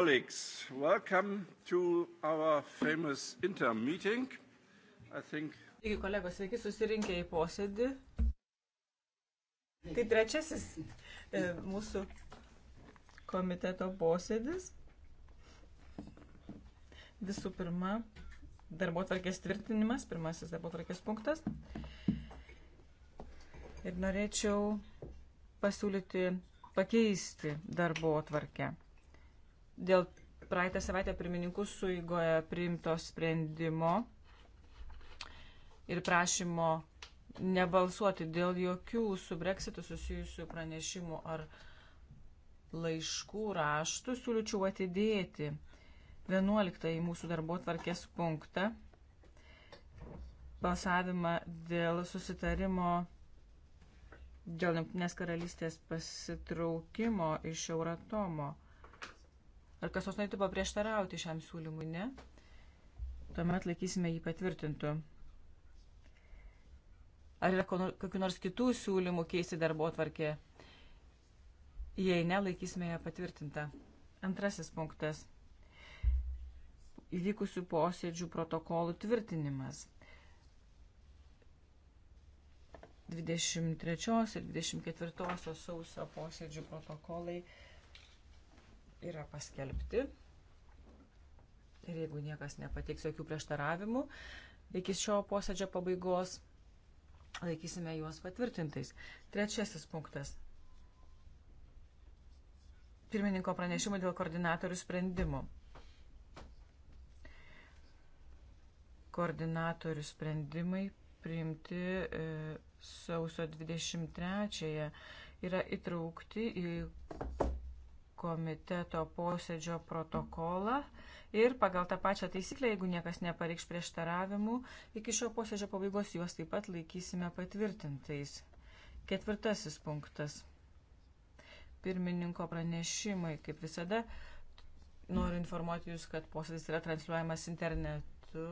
Colleagues, welcome to our famous interim meeting. I think. Taigi, kolegos, sveiki susirinkę į posėdį. Tai trečiasis e, mūsų komiteto posėdis. Visų pirma, darbo tvarkės tvirtinimas, pirmasis darbo tvarkės punktas. Ir norėčiau pasiūlyti pakeisti darbo tvarkę dėl praeitą savaitę pirmininkų suigoje priimto sprendimo ir prašymo nebalsuoti dėl jokių su breksitu susijusių pranešimų ar laiškų raštų, siūlyčiau atidėti 11 mūsų darbo tvarkės punktą balsavimą dėl susitarimo dėl Junktinės karalystės pasitraukimo iš Euratomo. Ar kas nors norėtų paprieštarauti šiam siūlymui? Ne. Tuomet laikysime jį patvirtintų. Ar yra kokiu nors kitų siūlymų keisti darbo atvarkė? Jei ne, laikysime ją patvirtintą. Antrasis punktas. Įvykusių posėdžių protokolų tvirtinimas. 23 ir 24 sausio posėdžių protokolai yra paskelbti. Ir jeigu niekas nepateiks jokių prieštaravimų, iki šio posėdžio pabaigos laikysime juos patvirtintais. Trečiasis punktas. Pirmininko pranešimo dėl koordinatorių sprendimų. Koordinatorių sprendimai priimti e, sausio 23-ąją yra įtraukti į komiteto posėdžio protokolą ir pagal tą pačią taisyklę, jeigu niekas nepareikš prieštaravimų, iki šio posėdžio pabaigos juos taip pat laikysime patvirtintais. Ketvirtasis punktas. Pirmininko pranešimai, kaip visada, noriu informuoti Jūs, kad posėdis yra transliuojamas internetu.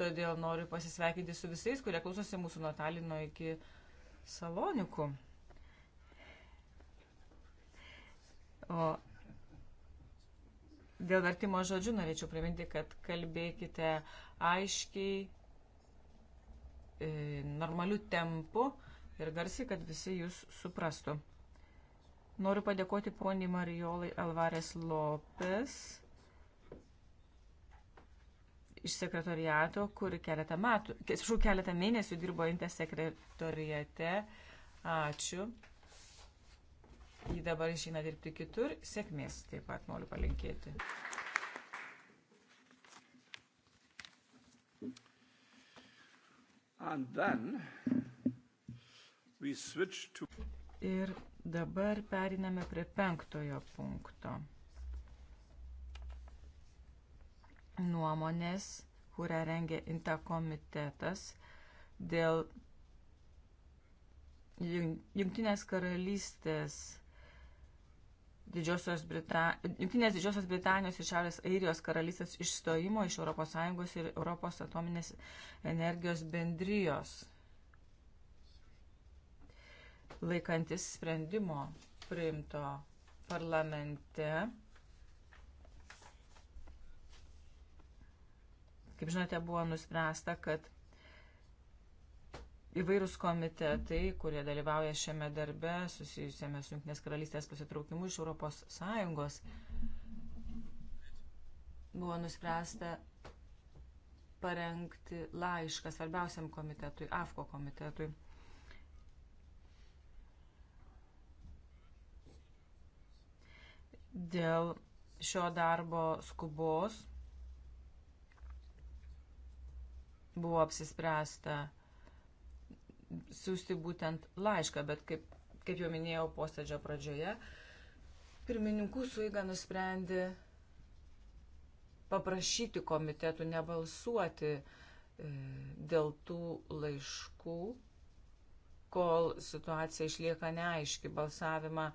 Todėl noriu pasisveikinti su visais, kurie klausosi mūsų nuo Talino iki Salonikų. O dėl vertimo žodžių norėčiau priminti, kad kalbėkite aiškiai, e, normaliu tempu ir garsiai, kad visi jūs suprastų. Noriu padėkoti poniai Marijolai Alvarės Lopes iš sekretoriato, kuri keletą metų, atsiprašau, keletą mėnesių dirbo Inte sekretoriate. Ačiū. Ji dabar išeina dirbti kitur. Sėkmės taip pat noriu palinkėti. To... Ir dabar periname prie penktojo punkto. Nuomonės, kurią rengia INTA komitetas dėl Jungtinės karalystės Didžiosios Brita... Junktinės Didžiosios Britanijos ir Šiaurės Airijos karalystės išstojimo iš ES ir Europos atominės energijos bendrijos laikantis sprendimo priimto parlamente. Kaip žinote, buvo nuspręsta, kad įvairūs komitetai, kurie dalyvauja šiame darbe, susijusiame su Junktinės karalystės pasitraukimu iš Europos Sąjungos, buvo nuspręsta parengti laišką svarbiausiam komitetui, AFKO komitetui. Dėl šio darbo skubos buvo apsispręsta siūsti būtent laišką, bet kaip, kaip jau minėjau posėdžio pradžioje, pirmininkų suiga nusprendė paprašyti komitetų nebalsuoti e, dėl tų laiškų, kol situacija išlieka neaiški, balsavimą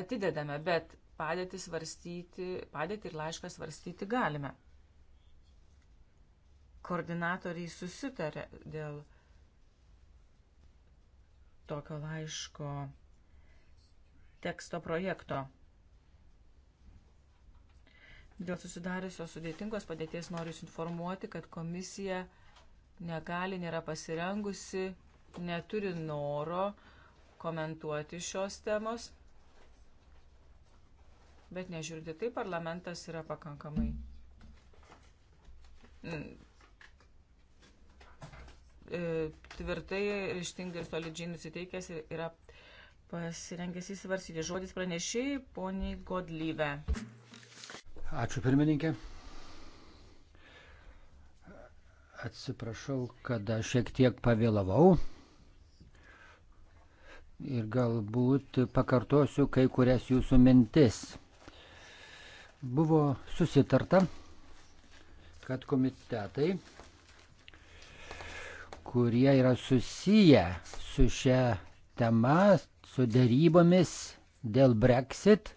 atidedame, bet padėtį svarstyti, padėtį ir laišką svarstyti galime. Koordinatoriai susitarė dėl tokio laiško teksto projekto. Dėl susidariusios sudėtingos padėties noriu Jūs informuoti, kad komisija negali, nėra pasirengusi, neturi noro komentuoti šios temos. Bet nežiūrėti, tai parlamentas yra pakankamai E, tvirtai, ryštingai ir solidžiai nusiteikęs ir yra pasirengęs įsivarsyti. Žodis pranešėjai, poniai Godlyve. Ačiū pirmininkė. Atsiprašau, kad aš šiek tiek pavėlavau. Ir galbūt pakartosiu kai kurias jūsų mintis. Buvo susitarta, kad komitetai kurie yra susiję su šia tema, su darybomis dėl Brexit,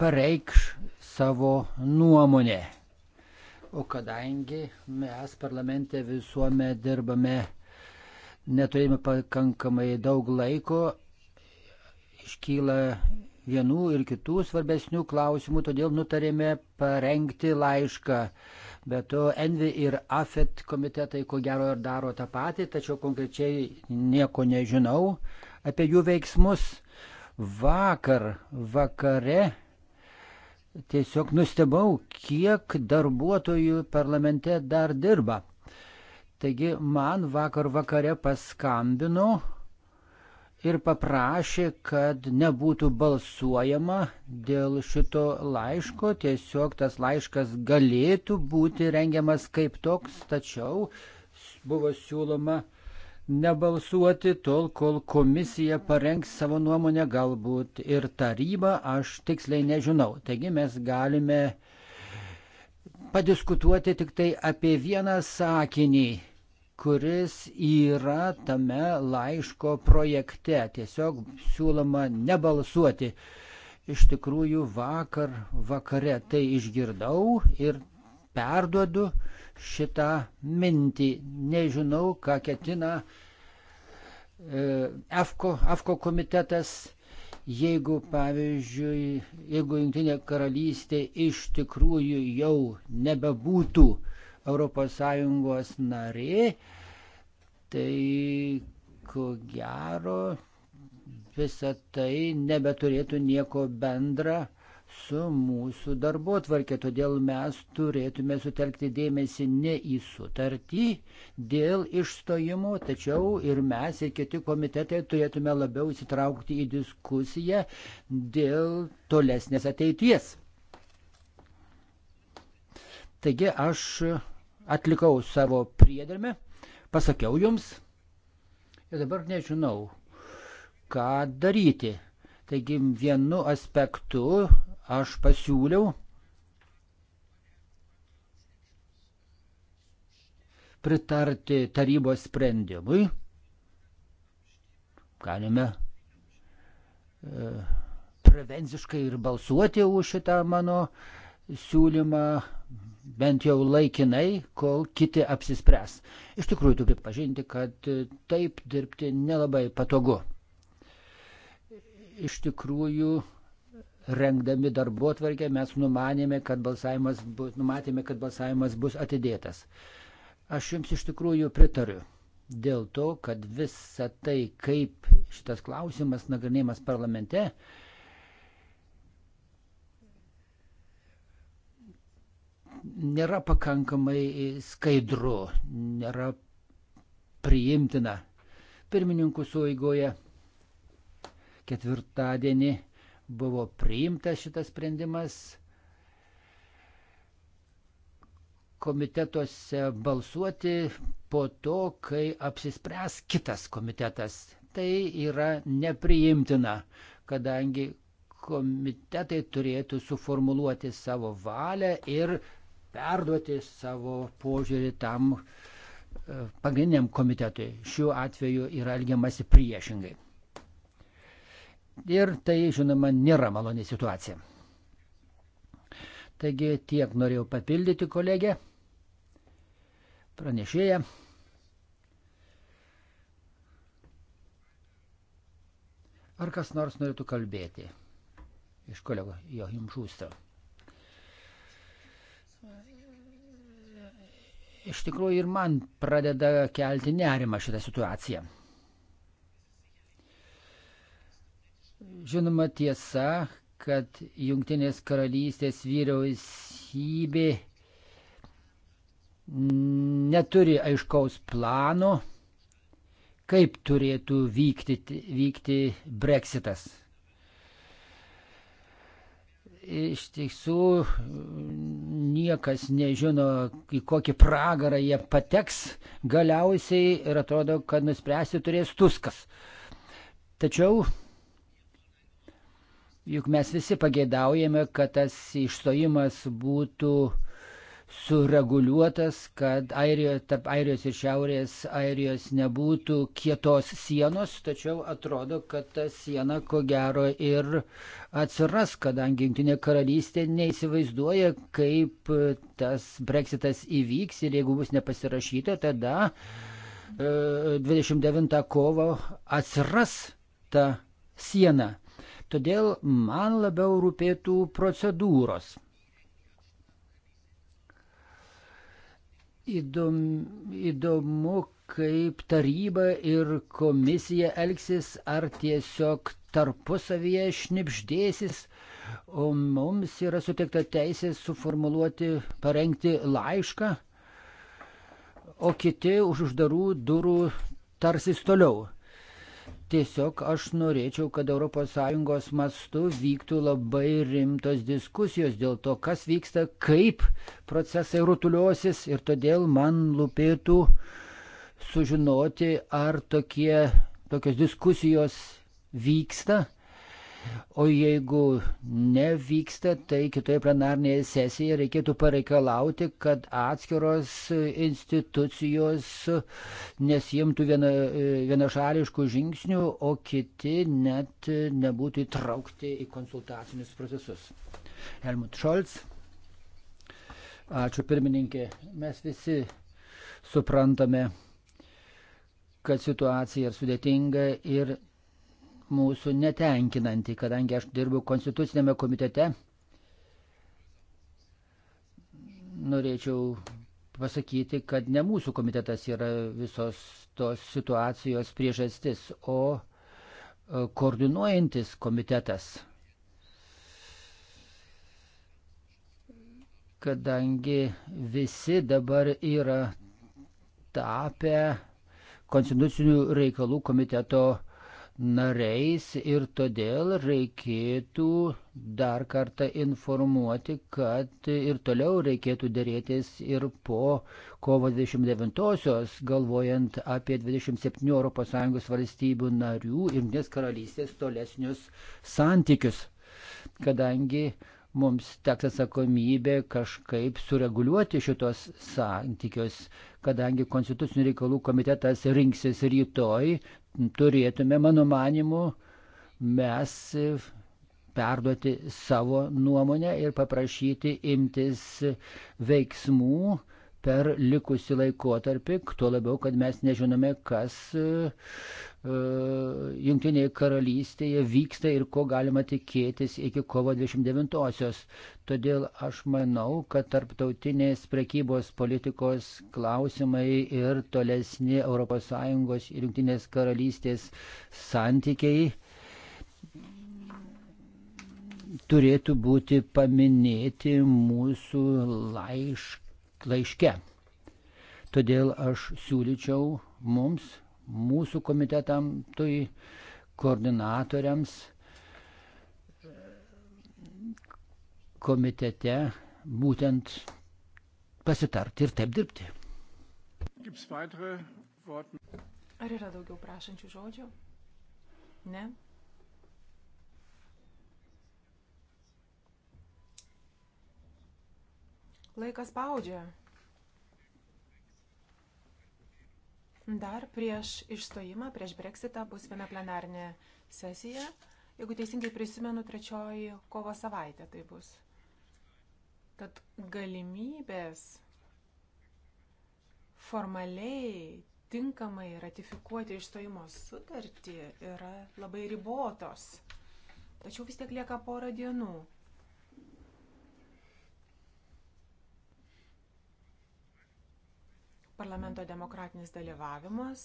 pareikš savo nuomonę. O kadangi mes parlamente visuomet dirbame, neturime pakankamai daug laiko, iškyla vienų ir kitų svarbesnių klausimų, todėl nutarėme parengti laišką Be to, Envi ir AFET komitetai ko gero ir daro tą patį, tačiau konkrečiai nieko nežinau apie jų veiksmus. Vakar, vakare tiesiog nustebau, kiek darbuotojų parlamente dar dirba. Taigi man vakar vakare paskambino ir paprašė, kad nebūtų balsuojama dėl šito laiško, tiesiog tas laiškas galėtų būti rengiamas kaip toks, tačiau buvo siūloma nebalsuoti tol, kol komisija parengs savo nuomonę, galbūt ir taryba, aš tiksliai nežinau. Taigi mes galime padiskutuoti tik tai apie vieną sakinį kuris yra tame laiško projekte. Tiesiog siūloma nebalsuoti. Iš tikrųjų, vakar vakare tai išgirdau ir perduodu šitą mintį. Nežinau, ką ketina e, EFKO, EFKO komitetas jeigu, pavyzdžiui, jeigu Junktinė karalystė iš tikrųjų jau nebebūtų ES narė, tai ko gero visa tai nebeturėtų nieko bendra su mūsų darbo tvarkė. Todėl mes turėtume sutelkti dėmesį ne į sutartį dėl išstojimo, tačiau ir mes ir kiti komitetai turėtume labiau įsitraukti į diskusiją dėl tolesnės ateities. Taigi aš atlikau savo priedermę, pasakiau jums ir dabar nežinau, ką daryti. Taigi vienu aspektu aš pasiūliau pritarti tarybos sprendimui. Galime e, prevenciškai ir balsuoti už šitą mano siūlymą bent jau laikinai, kol kiti apsispręs. Iš tikrųjų, turiu pripažinti, kad taip dirbti nelabai patogu. Iš tikrųjų, rengdami darbo atvarkę mes numanėme, kad balsavimas bus, numatėme, kad balsavimas bus atidėtas. Aš jums iš tikrųjų pritariu dėl to, kad visa tai, kaip šitas klausimas nagrinėjimas parlamente, nėra pakankamai skaidru, nėra priimtina. Pirmininkų suigoje ketvirtadienį buvo priimtas šitas sprendimas. Komitetuose balsuoti po to, kai apsispręs kitas komitetas. Tai yra nepriimtina, kadangi komitetai turėtų suformuluoti savo valią ir perduoti savo požiūrį tam e, pagrindiniam komitetui. Šiuo atveju yra elgiamasi priešingai. Ir tai, žinoma, nėra maloni situacija. Taigi tiek norėjau papildyti kolegę, pranešėją. Ar kas nors norėtų kalbėti iš kolego Johim Šūstro? iš tikrųjų ir man pradeda kelti nerimą šitą situaciją. Žinoma tiesa, kad Junktinės karalystės vyriausybė neturi aiškaus plano, kaip turėtų vykti, vykti breksitas iš tiesų niekas nežino, į kokį pragarą jie pateks galiausiai ir atrodo, kad nuspręsti turės Tuskas. Tačiau juk mes visi pageidaujame, kad tas išstojimas būtų uh, sureguliuotas, kad Airijo, tarp Airijos ir Šiaurės Airijos nebūtų kietos sienos, tačiau atrodo, kad ta siena ko gero ir atsiras, kadangi Junktinė karalystė neįsivaizduoja, kaip tas breksitas įvyks ir jeigu bus nepasirašyta, tada e, 29 kovo atsiras ta siena. Todėl man labiau rūpėtų procedūros. Įdomu, įdomu, kaip taryba ir komisija elgsis, ar tiesiog tarpusavyje šnipždėsis, o mums yra suteikta teisė suformuluoti, parengti laišką, o kiti už uždarų durų tarsis toliau. Tiesiog aš norėčiau, kad ES mastu vyktų labai rimtos diskusijos dėl to, kas vyksta, kaip procesai rutuliosis ir todėl man lūpėtų sužinoti, ar tokie, tokios diskusijos vyksta O jeigu nevyksta, tai kitoje plenarnėje sesijoje reikėtų pareikalauti, kad atskiros institucijos nesijimtų viena, vienašališkų žingsnių, o kiti net nebūtų įtraukti į konsultacinius procesus. Helmut Scholz. Ačiū pirmininkė. Mes visi suprantame, kad situacija ir sudėtinga ir mūsų netenkinanti, kadangi aš dirbu konstitucinėme komitete. Norėčiau pasakyti, kad ne mūsų komitetas yra visos tos situacijos priežastis, o e, koordinuojantis komitetas. Kadangi visi dabar yra tapę konstitucinių reikalų komiteto uh, nariais ir todėl reikėtų dar kartą informuoti, kad ir toliau reikėtų dėrėtis ir po kovo 29-osios, galvojant apie 27 ES valstybių narių ir Nes karalystės tolesnius santykius. Kadangi mums teks atsakomybė kažkaip sureguliuoti šitos santykius, kadangi Konstitucinių reikalų komitetas rinksis rytoj, turėtume, mano manimu, mes perduoti savo nuomonę ir paprašyti imtis veiksmų per likusi laikotarpį, tuo labiau, kad mes nežinome, kas E, Junktinėje karalystėje vyksta ir ko galima tikėtis iki kovo 29-osios. Todėl aš manau, kad tarptautinės prekybos politikos klausimai ir tolesni ES ir Junktinės karalystės santykiai turėtų būti paminėti mūsų laišk, laiške. Todėl aš siūlyčiau mums mūsų komitetam, tai koordinatoriams komitete būtent pasitarti ir taip dirbti. Ar yra daugiau prašančių žodžių? Ne? Laikas spaudžia. Dar prieš išstojimą, prieš breksitą bus viena plenarinė sesija. Jeigu teisingai prisimenu, trečioji kovo savaitė tai bus. Tad galimybės formaliai tinkamai ratifikuoti išstojimo sutartį yra labai ribotos. Tačiau vis tiek lieka porą dienų. parlamento demokratinis dalyvavimas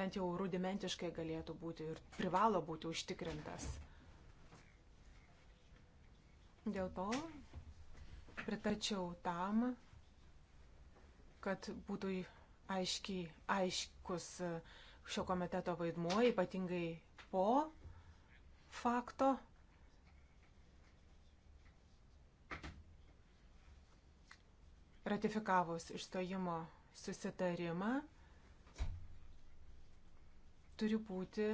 bent jau rudimentiškai galėtų būti ir privalo būti užtikrintas. Dėl to pritarčiau tam, kad būtų aiškiai, aiškus šio komiteto vaidmuo, ypatingai po fakto ratifikavus išstojimo susitarimą turi būti,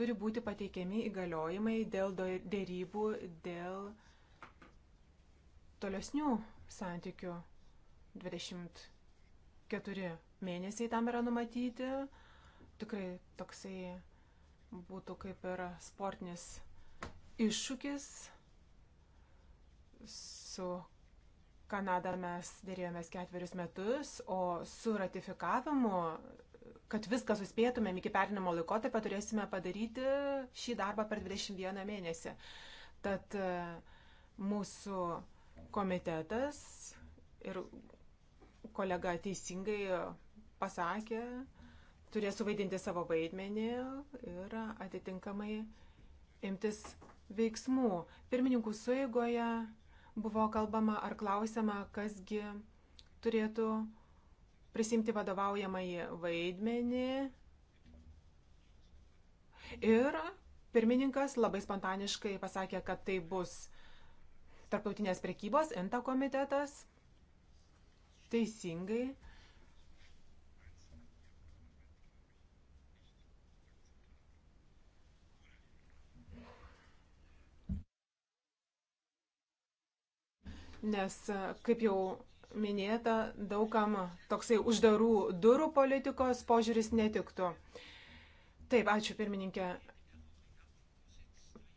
turi būti pateikiami įgaliojimai dėl dėrybų, dėl tolesnių santykių 24 mėnesiai tam yra numatyti. Tikrai toksai būtų kaip ir sportinis iššūkis su Kanadą mes dėrėjomės ketverius metus, o su ratifikavimu, kad viską suspėtumėm iki perinamo laikotarpio, turėsime padaryti šį darbą per 21 mėnesį. Tad e, mūsų komitetas ir kolega teisingai pasakė, turės suvaidinti savo vaidmenį ir atitinkamai imtis veiksmų. Pirmininkų suėgoje buvo kalbama ar klausima, kasgi turėtų prisimti vadovaujamąjį vaidmenį. Ir pirmininkas labai spontaniškai pasakė, kad tai bus tarptautinės prekybos enta komitetas. Teisingai. nes, e, kaip jau minėta, daugam toksai uždarų durų politikos požiūris netiktų. Taip, ačiū pirmininkė.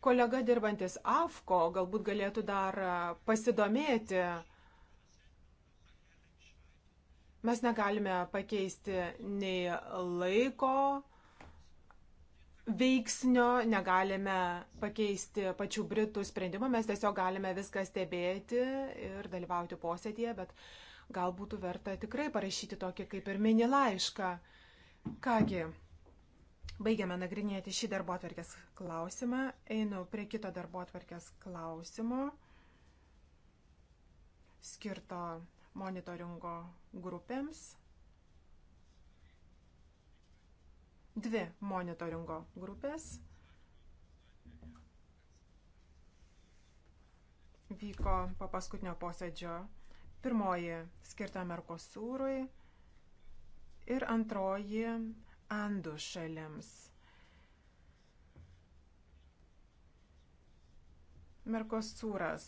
Kolega dirbantis AFKO galbūt galėtų dar e, pasidomėti. Mes negalime pakeisti nei laiko, veiksnio, negalime pakeisti pačių Britų sprendimų, mes tiesiog galime viską stebėti ir dalyvauti posėdėje, bet gal būtų verta tikrai parašyti tokį kaip ir mini laišką. Kągi, baigiame nagrinėti šį darbo atvarkės klausimą, einu prie kito darbo atvarkės klausimo skirto monitoringo grupėms dvi monitoringo grupės. Vyko po paskutinio posėdžio pirmoji skirta Merkosūrui ir antroji Andų šalims. Merkosūras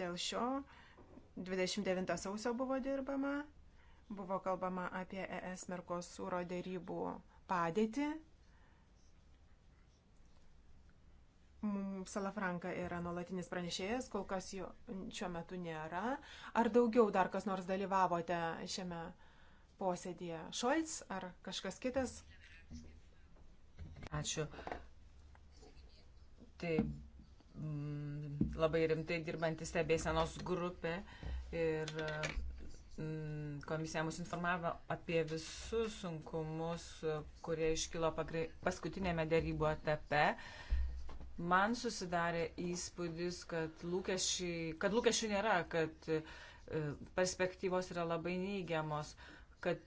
dėl šio 29 sausio buvo dirbama Buvo kalbama apie ES Merkosūro dėrybų padėtį. Salafranka yra nuolatinis pranešėjas, kol kas jo šiuo metu nėra. Ar daugiau dar kas nors dalyvavote šiame posėdėje? Šolts ar kažkas kitas? Ačiū. Tai mm, labai rimtai dirbanti stebėsenos grupė ir Mm, komisija mus informavo apie visus sunkumus, kurie iškilo paskutinėme dėrybų etape. Man susidarė įspūdis, kad lūkesčių, kad lūkesčių nėra, kad e, perspektyvos yra labai neigiamos, kad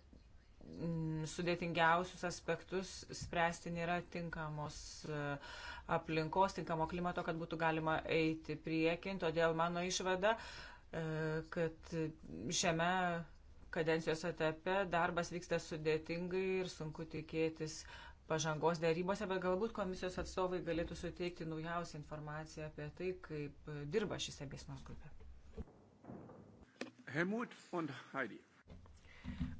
mm, sudėtingiausius aspektus spręsti nėra tinkamos e, aplinkos, tinkamo klimato, kad būtų galima eiti priekin. Todėl mano išvada, uh, E, kad šiame kadencijos etape darbas vyksta sudėtingai ir sunku tikėtis pažangos dėrybose, bet galbūt komisijos atstovai galėtų suteikti naujausią informaciją apie tai, kaip dirba šis stebėsnos grupė. Helmut und Heidi.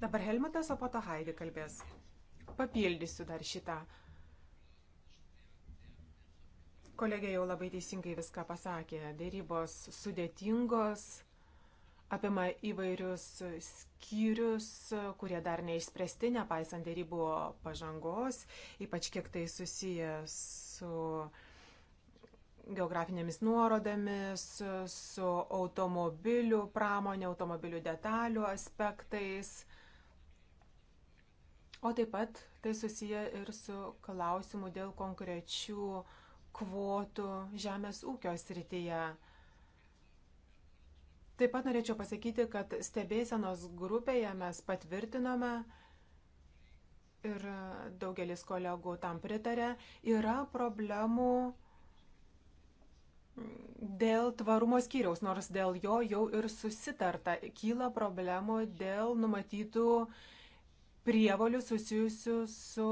Dabar Helmutas, o po to Heidi kalbės. Papildysiu dar šitą Kolegė jau labai teisingai viską pasakė. Dėrybos sudėtingos, apima įvairius skyrius, kurie dar neišspręsti, nepaisant dėrybų pažangos, ypač kiek tai susiję su geografinėmis nuorodomis, su automobilių pramonė, automobilių detalių aspektais. O taip pat tai susiję ir su klausimu dėl konkrečių uh, kvotų žemės ūkio srityje. Taip pat norėčiau pasakyti, kad stebėsenos grupėje mes patvirtinome ir daugelis kolegų tam pritarė, yra problemų dėl tvarumo skyriaus, nors dėl jo jau ir susitarta. Kyla problemų dėl numatytų prievolių susijusių su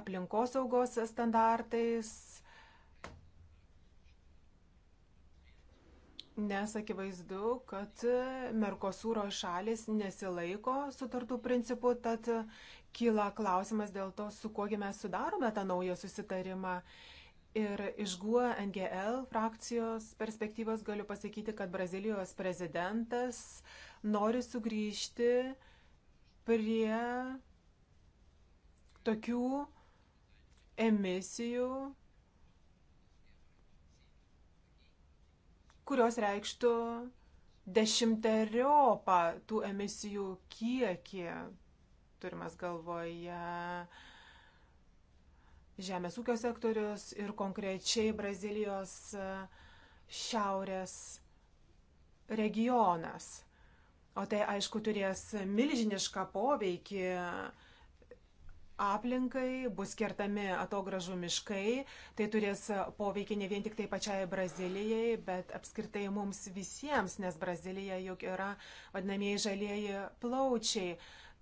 aplinkosaugos standartais, nes akivaizdu, kad Merkosūro šalis nesilaiko sutartų principų, tad kyla klausimas dėl to, su kuogi mes sudarome tą naują susitarimą. Ir iš GUA e NGL frakcijos perspektyvos galiu pasakyti, kad Brazilijos prezidentas nori sugrįžti prie tokių emisijų kurios reikštų dešimteriopą tų emisijų kiekį. Turimas galvoje žemės ūkio sektorius ir konkrečiai Brazilijos e, šiaurės regionas. O tai aišku turės milžinišką poveikį aplinkai, bus kertami atogražų miškai, tai turės poveikį ne vien tik tai pačiai Brazilijai, bet apskritai mums visiems, nes Brazilija juk yra vadinamieji žalieji plaučiai.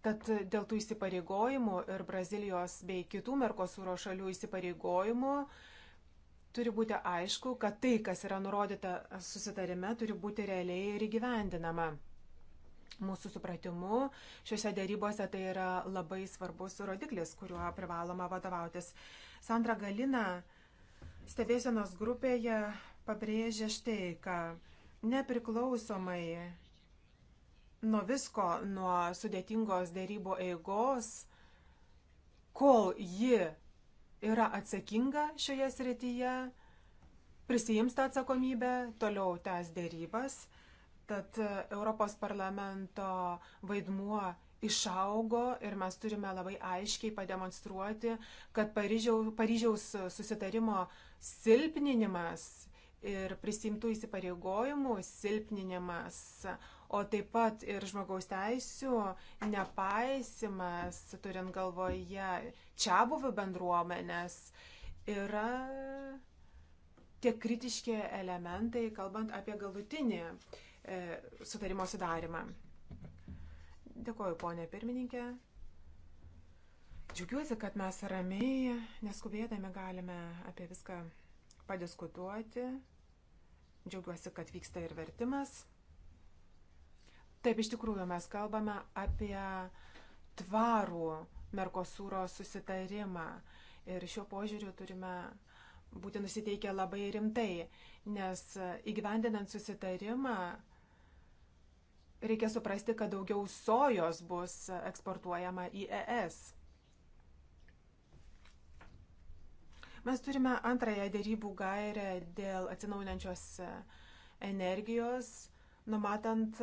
Tad dėl tų įsipareigojimų ir Brazilijos bei kitų Merkosūro šalių įsipareigojimų turi būti aišku, kad tai, kas yra nurodyta susitarime, turi būti realiai ir įgyvendinama. Mūsų supratimu, šiuose dėrybose tai yra labai svarbus rodiklis, kuriuo privaloma vadovautis. Sandra Galina stebėsenos grupėje pabrėžė štai, ką nepriklausomai nuo visko, nuo sudėtingos dėrybo eigos, kol ji yra atsakinga šioje srityje, prisijims tą atsakomybę, toliau tęs dėrybas Tad e, Europos parlamento vaidmuo išaugo ir mes turime labai aiškiai pademonstruoti, kad Paryžiaus, Paryžiaus susitarimo silpninimas ir prisimtų įsipareigojimų silpninimas, o taip pat ir žmogaus teisų nepaisimas, turint galvoje čia buvių bendruomenės, yra tie kritiški elementai, kalbant apie galutinį uh, E, sutarimo sudarimą. Dėkuoju, ponė pirmininkė. Džiugiuosi, kad mes ramiai, neskubėdami galime apie viską padiskutuoti. Džiaugiuosi, kad vyksta ir vertimas. Taip, iš tikrųjų, mes kalbame apie tvarų Merkosūro susitarimą. Ir šiuo požiūriu turime būti nusiteikę labai rimtai, nes įgyvendinant susitarimą reikia suprasti, kad daugiau sojos bus eksportuojama į ES. Mes turime antrąją dėrybų gairę dėl atsinaujinančios energijos, numatant,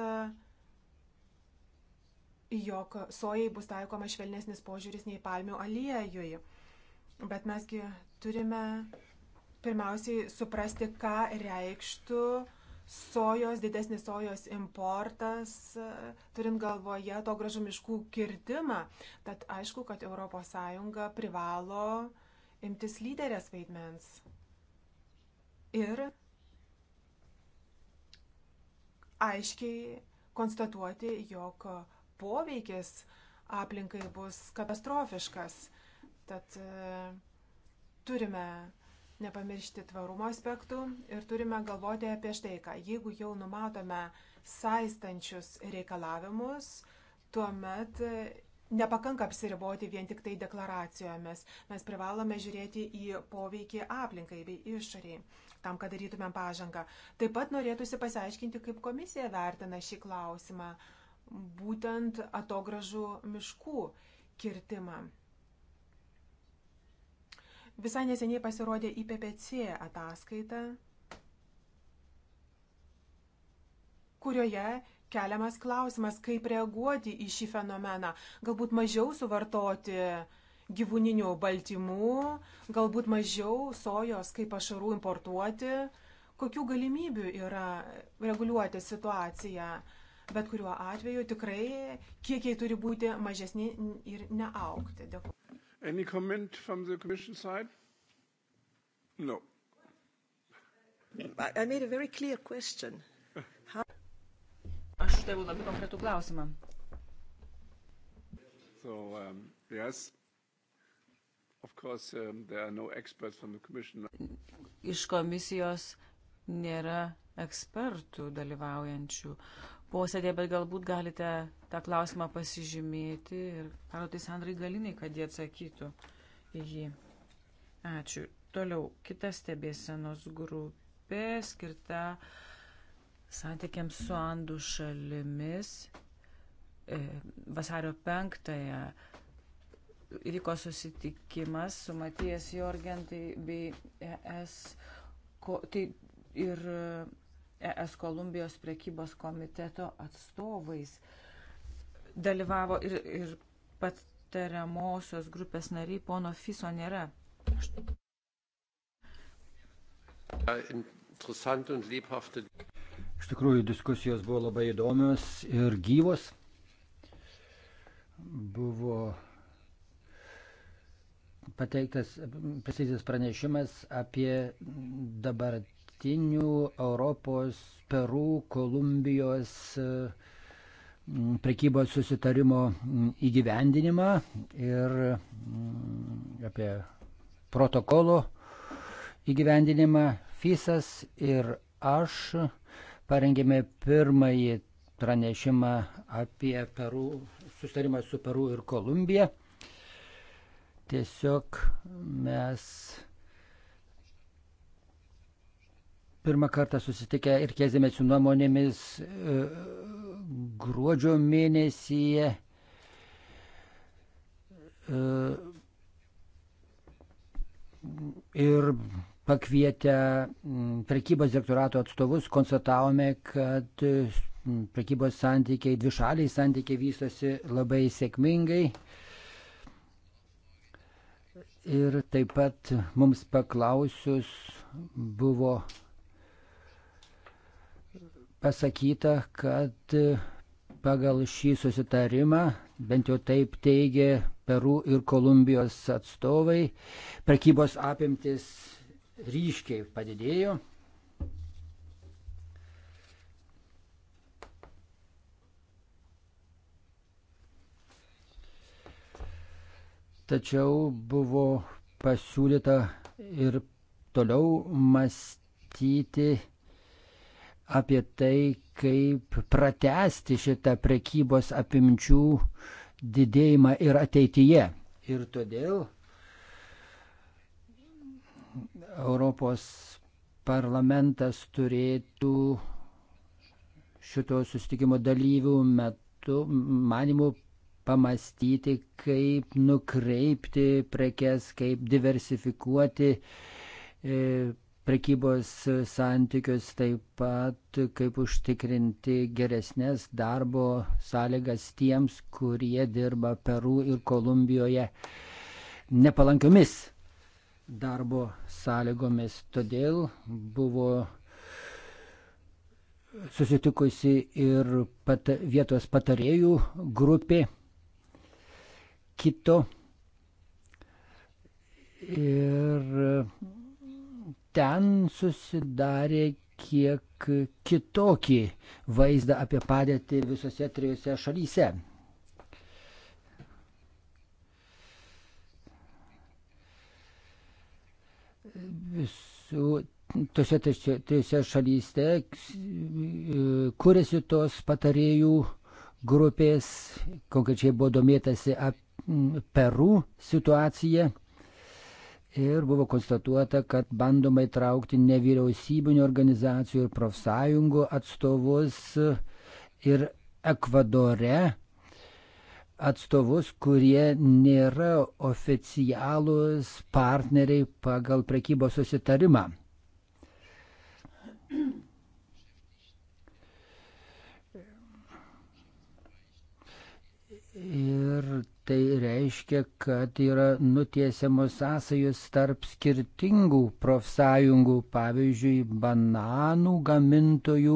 jog sojai bus taikoma švelnesnis požiūris nei palmių aliejui. Bet mesgi turime pirmiausiai suprasti, ką reikštų uh, sojos, didesnis sojos importas, turint galvoje to gražų miškų kirtimą. Tad aišku, kad ES privalo imtis lyderės vaidmens. Ir aiškiai konstatuoti, jog poveikis aplinkai bus katastrofiškas. Tad e, turime nepamiršti tvarumo aspektų ir turime galvoti apie štai ką. Jeigu jau numatome saistančius reikalavimus, tuomet nepakanka apsiriboti vien tik tai deklaracijomis. Mes privalome žiūrėti į poveikį aplinkai bei išoriai tam, kad darytumėm pažangą. Taip pat norėtųsi pasiaiškinti, kaip komisija vertina šį klausimą, būtent atogražų miškų kirtimą. Visai neseniai pasirodė IPPC ataskaita, kurioje keliamas klausimas, kaip reaguoti į šį fenomeną. Galbūt mažiau suvartoti gyvūninių baltymų, galbūt mažiau sojos kaip pašarų importuoti. Kokių galimybių yra reguliuoti situaciją? Bet kuriuo atveju tikrai kiekiai turi būti mažesni ir neaukti. Dėkuoju. Any comment from the Commission side? No. I, I made a very clear question. How... Aš uždaviau labai konkretų klausimą. So, um, yes. Of course, um, there are no experts from the Commission. Iš komisijos nėra ekspertų dalyvaujančių posėdėje, bet galbūt galite tą klausimą pasižymėti ir parodai Sandrai Galiniai, kad jie atsakytų į jį. Ačiū. Toliau, kita stebėsenos grupė skirta santykiams su Andų šalimis. E, vasario 5-ąją įvyko susitikimas su Matijas Jorgentai bei ES, ko, tai ir ES e Kolumbijos prekybos komiteto atstovais. E, dalyvavo ir, ir patariamosios grupės nariai, pono Fiso nėra. Iš tikrųjų, diskusijos buvo labai įdomios ir gyvos. Buvo pateiktas, pateiktas pranešimas apie dabartinių Europos, Perų, Kolumbijos uh, Mm, prekybos susitarimo mm, įgyvendinimą ir mm, apie protokolo įgyvendinimą. FISAS ir aš parengėme pirmąjį pranešimą apie Peru, susitarimą su Peru ir Kolumbija. Tiesiog mes pirmą kartą susitikę ir kėsėmės jų nuomonėmis e, gruodžio mėnesyje. E, ir pakvietę prekybos direktorato atstovus konstatavome, kad prekybos santykiai, dvišaliai santykiai vystosi labai sėkmingai. Ir taip pat mums paklausius buvo pasakyta, kad pagal šį susitarimą, bent jau taip teigia Peru ir Kolumbijos atstovai, prekybos apimtis ryškiai padidėjo. Tačiau buvo pasiūlyta ir toliau mąstyti apie tai, kaip pratesti šitą prekybos apimčių didėjimą ir ateityje. Ir todėl Europos parlamentas turėtų šito sustikimo dalyvių metu, manimų, pamastyti, kaip nukreipti prekes, kaip diversifikuoti e, prekybos santykius, taip pat kaip užtikrinti geresnės darbo sąlygas tiems, kurie dirba Peru ir Kolumbijoje nepalankiomis darbo sąlygomis. Todėl buvo susitikusi ir pat, vietos patarėjų grupė kito. Ir ten susidarė kiek kitokį vaizdą apie padėtį visose trijose šalyse. Visų tose trijose šalyse e, kuriasi tos patarėjų grupės, konkrečiai buvo domėtasi apie Peru situaciją ir buvo konstatuota, kad bandoma įtraukti nevyriausybinio organizacijų ir profsąjungų atstovus ir Ekvadore atstovus, kurie nėra oficialūs partneriai pagal prekybos susitarimą. Ir Tai reiškia, kad yra nutiesiamos sąsajos tarp skirtingų profsąjungų, pavyzdžiui, bananų gamintojų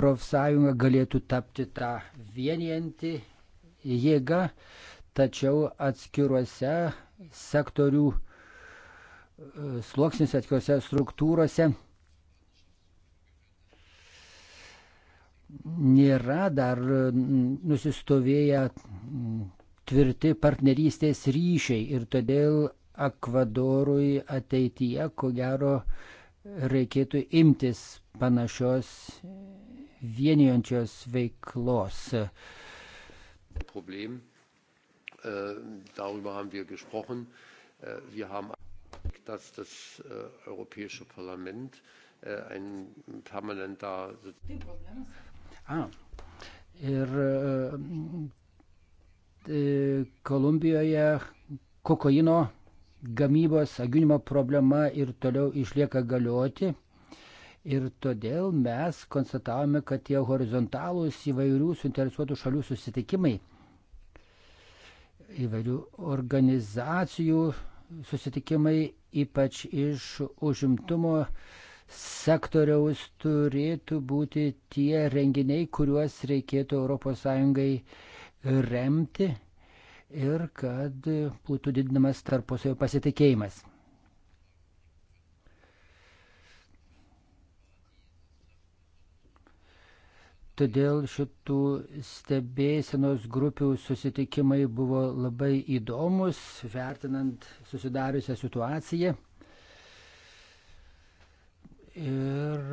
profsąjunga galėtų tapti tą vienijanti jėga, tačiau atskiruose sektorių e, sluoksniuose, atskiruose struktūrose nėra dar nusistovėję tvirti partnerystės ryšiai ir todėl Ekvadorui ateityje, ko gero, reikėtų imtis panašios vienijančios veiklos. Problem. Äh, darüber haben wir gesprochen. Äh, wir haben, dass das äh, Europäische Parlament ein permanenter. Ah. Ir E, Kolumbijoje kokaino gamybos auginimo problema ir toliau išlieka galioti. Ir todėl mes konstatavome, kad tie horizontalūs įvairių suinteresuotų šalių susitikimai, įvairių organizacijų susitikimai, ypač iš užimtumo sektoriaus, turėtų būti tie renginiai, kuriuos reikėtų ES remti ir kad būtų didinamas tarpusavio pasitikėjimas. Todėl šitų stebėsenos grupių susitikimai buvo labai įdomus, vertinant susidariusią situaciją. Ir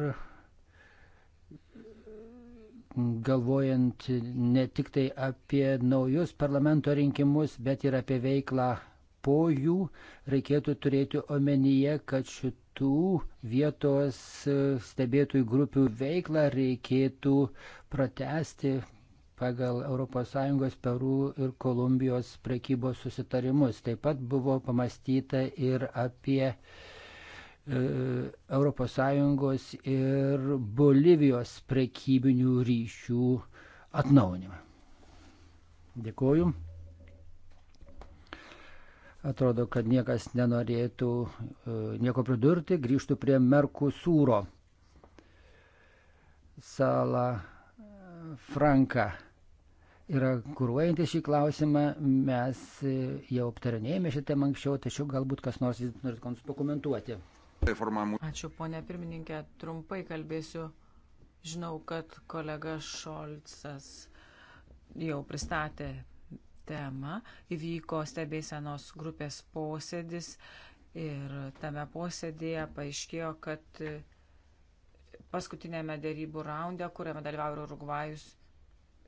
galvojant ne tik tai apie naujus parlamento rinkimus, bet ir apie veiklą po jų, reikėtų turėti omenyje, kad šitų vietos stebėtojų grupių veiklą reikėtų pratesti pagal ES Peru ir Kolumbijos prekybos susitarimus. Taip pat buvo pamastyta ir apie ES ir Bolivijos prekybinių ryšių atnaunimą. Dėkuoju. Atrodo, kad niekas nenorėtų e, nieko pridurti. Grįžtų prie Merkusūro. Sala e, Franka yra kūruojantis šį klausimą, mes e, jau aptarinėjome šitą anksčiau, tačiau galbūt kas nors norite pakomentuoti. Ačiū, ponė pirmininkė. Trumpai kalbėsiu. Žinau, kad kolega Šolcas jau pristatė temą. Įvyko stebėsenos grupės posėdis ir tame posėdėje paaiškėjo, kad paskutinėme dėrybų raunde, kuriame dalyvauja Urugvajus,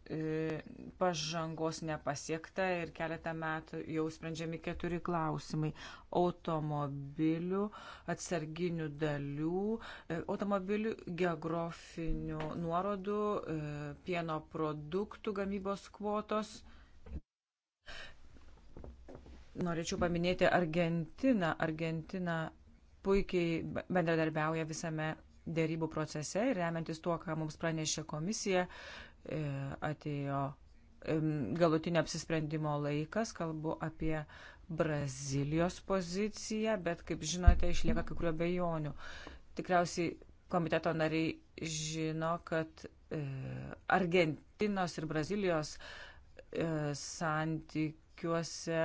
E, pažangos nepasiekta ir keletą metų jau sprendžiami keturi klausimai - automobilių, atsarginių dalių, e, automobilių geografinių nuorodų, e, pieno produktų gamybos kvotos. Norėčiau paminėti Argentiną. Argentina puikiai bendradarbiauja visame dėrybų procese ir remiantis tuo, ką mums pranešė komisija, E, atėjo e, galutinio apsisprendimo laikas, kalbu apie Brazilijos poziciją, bet kaip žinote, išlieka kai kurio bejonių. Tikriausiai komiteto nariai žino, kad e, Argentinos ir Brazilijos santykiuose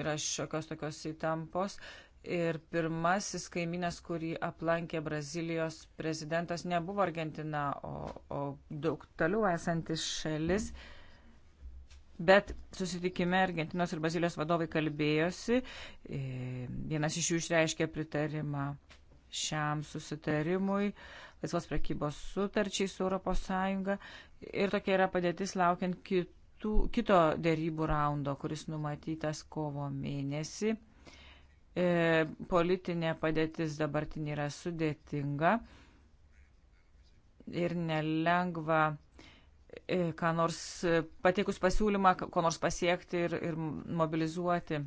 yra šiokios tokios įtampos Ir pirmasis kaimynas, kurį aplankė Brazilijos prezidentas, nebuvo Argentina, o, o daug toliau esantis šalis. Bet susitikime Argentinos ir Brazilijos vadovai kalbėjosi. E, vienas iš jų išreiškė pritarimą šiam susitarimui, laisvos prekybos sutarčiai su ES. Ir tokia yra padėtis laukiant kitų, kito dėrybų raundo, kuris numatytas kovo mėnesį e, politinė padėtis dabartinė yra sudėtinga ir nelengva e, ką nors e, pateikus pasiūlymą, ko nors pasiekti ir, ir mobilizuoti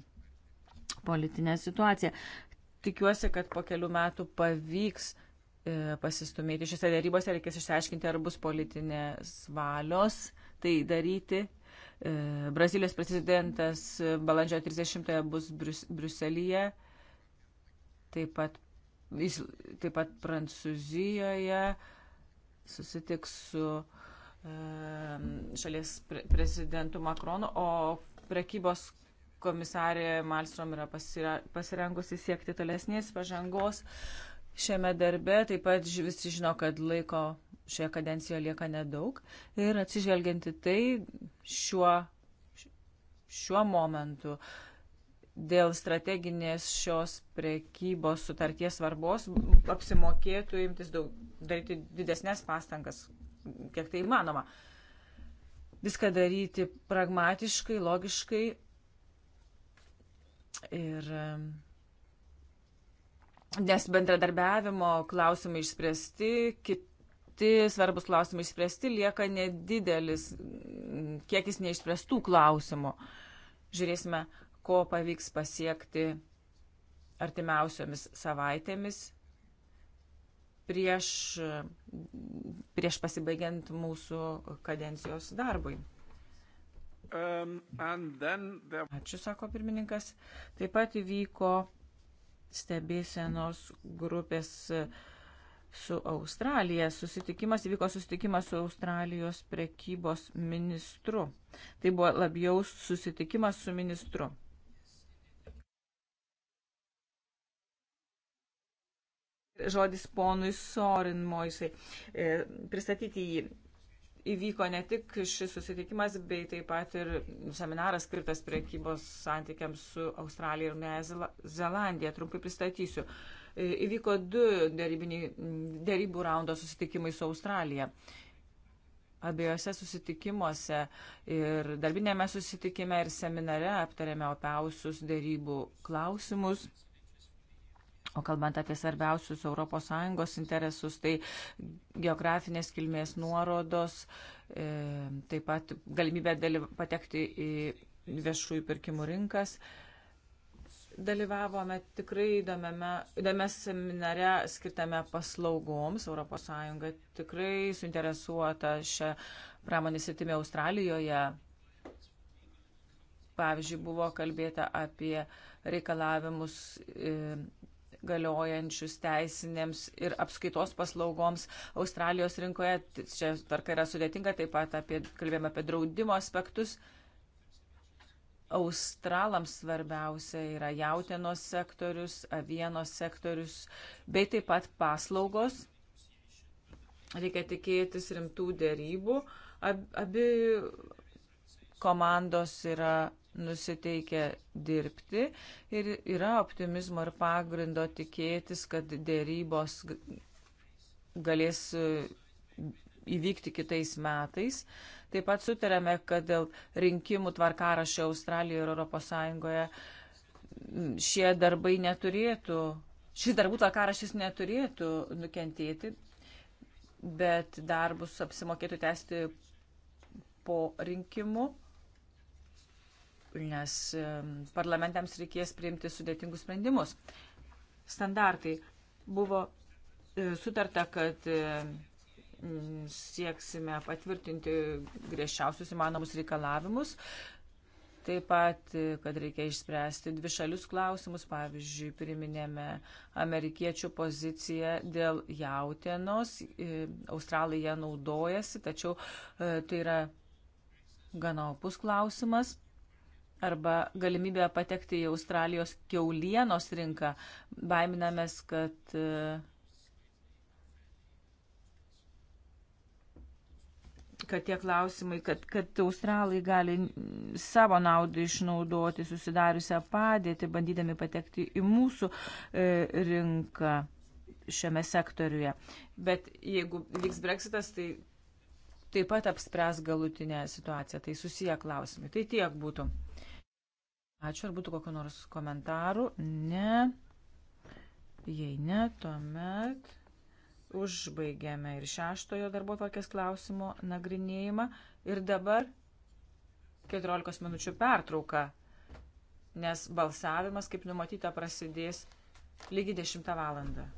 politinę situaciją. Tikiuosi, kad po kelių metų pavyks e, pasistumėti šiose dėrybose, reikės išsiaiškinti, ar bus politinės valios tai daryti E, Brazilijos prezidentas e, balandžio 30-ąją bus Brius, Briuselyje, taip pat, jis, taip pat Prancūzijoje susitiks su e, šalies pre prezidentu Makronu, o prekybos komisarė Malstrom yra pasira, pasirengusi siekti tolesnės pažangos šiame darbe. Taip pat visi žino, kad laiko šioje kadencijoje lieka nedaug ir atsižvelgianti tai šiuo, šiuo momentu dėl strateginės šios prekybos sutarties svarbos apsimokėtų imtis daug, daryti didesnės pastangas, kiek tai įmanoma. Viską daryti pragmatiškai, logiškai ir nes bendradarbiavimo klausimai išspręsti, kit, išspręsti, svarbus klausimai išspręsti, lieka nedidelis mm, kiekis neišspręstų klausimų. Žiūrėsime, ko pavyks pasiekti artimiausiomis savaitėmis prieš, prieš pasibaigiant mūsų kadencijos darbui. Um, there... Ačiū, sako pirmininkas. Taip pat įvyko stebėsenos grupės uh, su Australija. Susitikimas įvyko susitikimas su Australijos prekybos ministru. Tai buvo labiau susitikimas su ministru. Žodis ponui Sorin Moisai. E, pristatyti jį. Įvyko ne tik šis susitikimas, bei taip pat ir seminaras skirtas priekybos santykiams su Australija ir Nuoja Zelandija. Trumpai pristatysiu. Uh, E, įvyko du dėrybų raundo susitikimai su Australija. Abiejose susitikimuose ir darbinėme susitikime ir seminare aptarėme opiausius dėrybų klausimus. O kalbant apie svarbiausius ES interesus, tai geografinės kilmės nuorodos, e, taip pat galimybė patekti į viešųjų pirkimų rinkas. E, Dalyvavome tikrai įdomiame, įdomiame seminare skirtame paslaugoms. ES tikrai suinteresuota šią pramonės įtimę Australijoje. Pavyzdžiui, buvo kalbėta apie reikalavimus e, galiojančius teisinėms ir apskaitos paslaugoms Australijos rinkoje. Čia tvarka yra sudėtinga, taip pat apie, kalbėjome apie draudimo aspektus. Uh, Australams svarbiausia yra jautienos sektorius, avienos sektorius, bei taip pat paslaugos. Reikia tikėtis rimtų dėrybų. Ab, abi komandos yra nusiteikę dirbti ir yra optimizmo ir pagrindo tikėtis, kad dėrybos galės e, įvykti kitais metais. Uh, Taip pat sutarėme, kad dėl rinkimų tvarkarašio Australijoje ir ES šie darbai neturėtų, šis darbų tvarkarašys neturėtų nukentėti, bet darbus apsimokėtų tęsti po rinkimų nes parlamentams reikės priimti sudėtingus sprendimus. Standartai buvo e, sutarta, kad e, Mm, sieksime patvirtinti griežčiausius įmanomus reikalavimus. Taip pat, kad reikia išspręsti dvi šalius klausimus, pavyzdžiui, priminėme amerikiečių poziciją dėl jautienos, e, australai ją naudojasi, tačiau e, tai yra gana opus klausimas arba galimybė patekti į Australijos keulienos rinką. Baiminamės, kad e, kad tie klausimai, kad, kad australai gali savo naudai išnaudoti susidariusią padėtį, bandydami patekti į mūsų e, rinką šiame sektoriuje. Bet jeigu vyks breksitas, tai taip pat apspręs galutinę situaciją. Tai susiję klausimai. Tai tiek būtų. Ačiū, ar būtų kokiu nors komentaru? Ne. Jei ne, tuomet. Užbaigėme ir šeštojo darbo tvarkės klausimo nagrinėjimą ir dabar 14 minučių pertrauka, nes balsavimas, kaip numatyta, prasidės lygiai 10 valandą.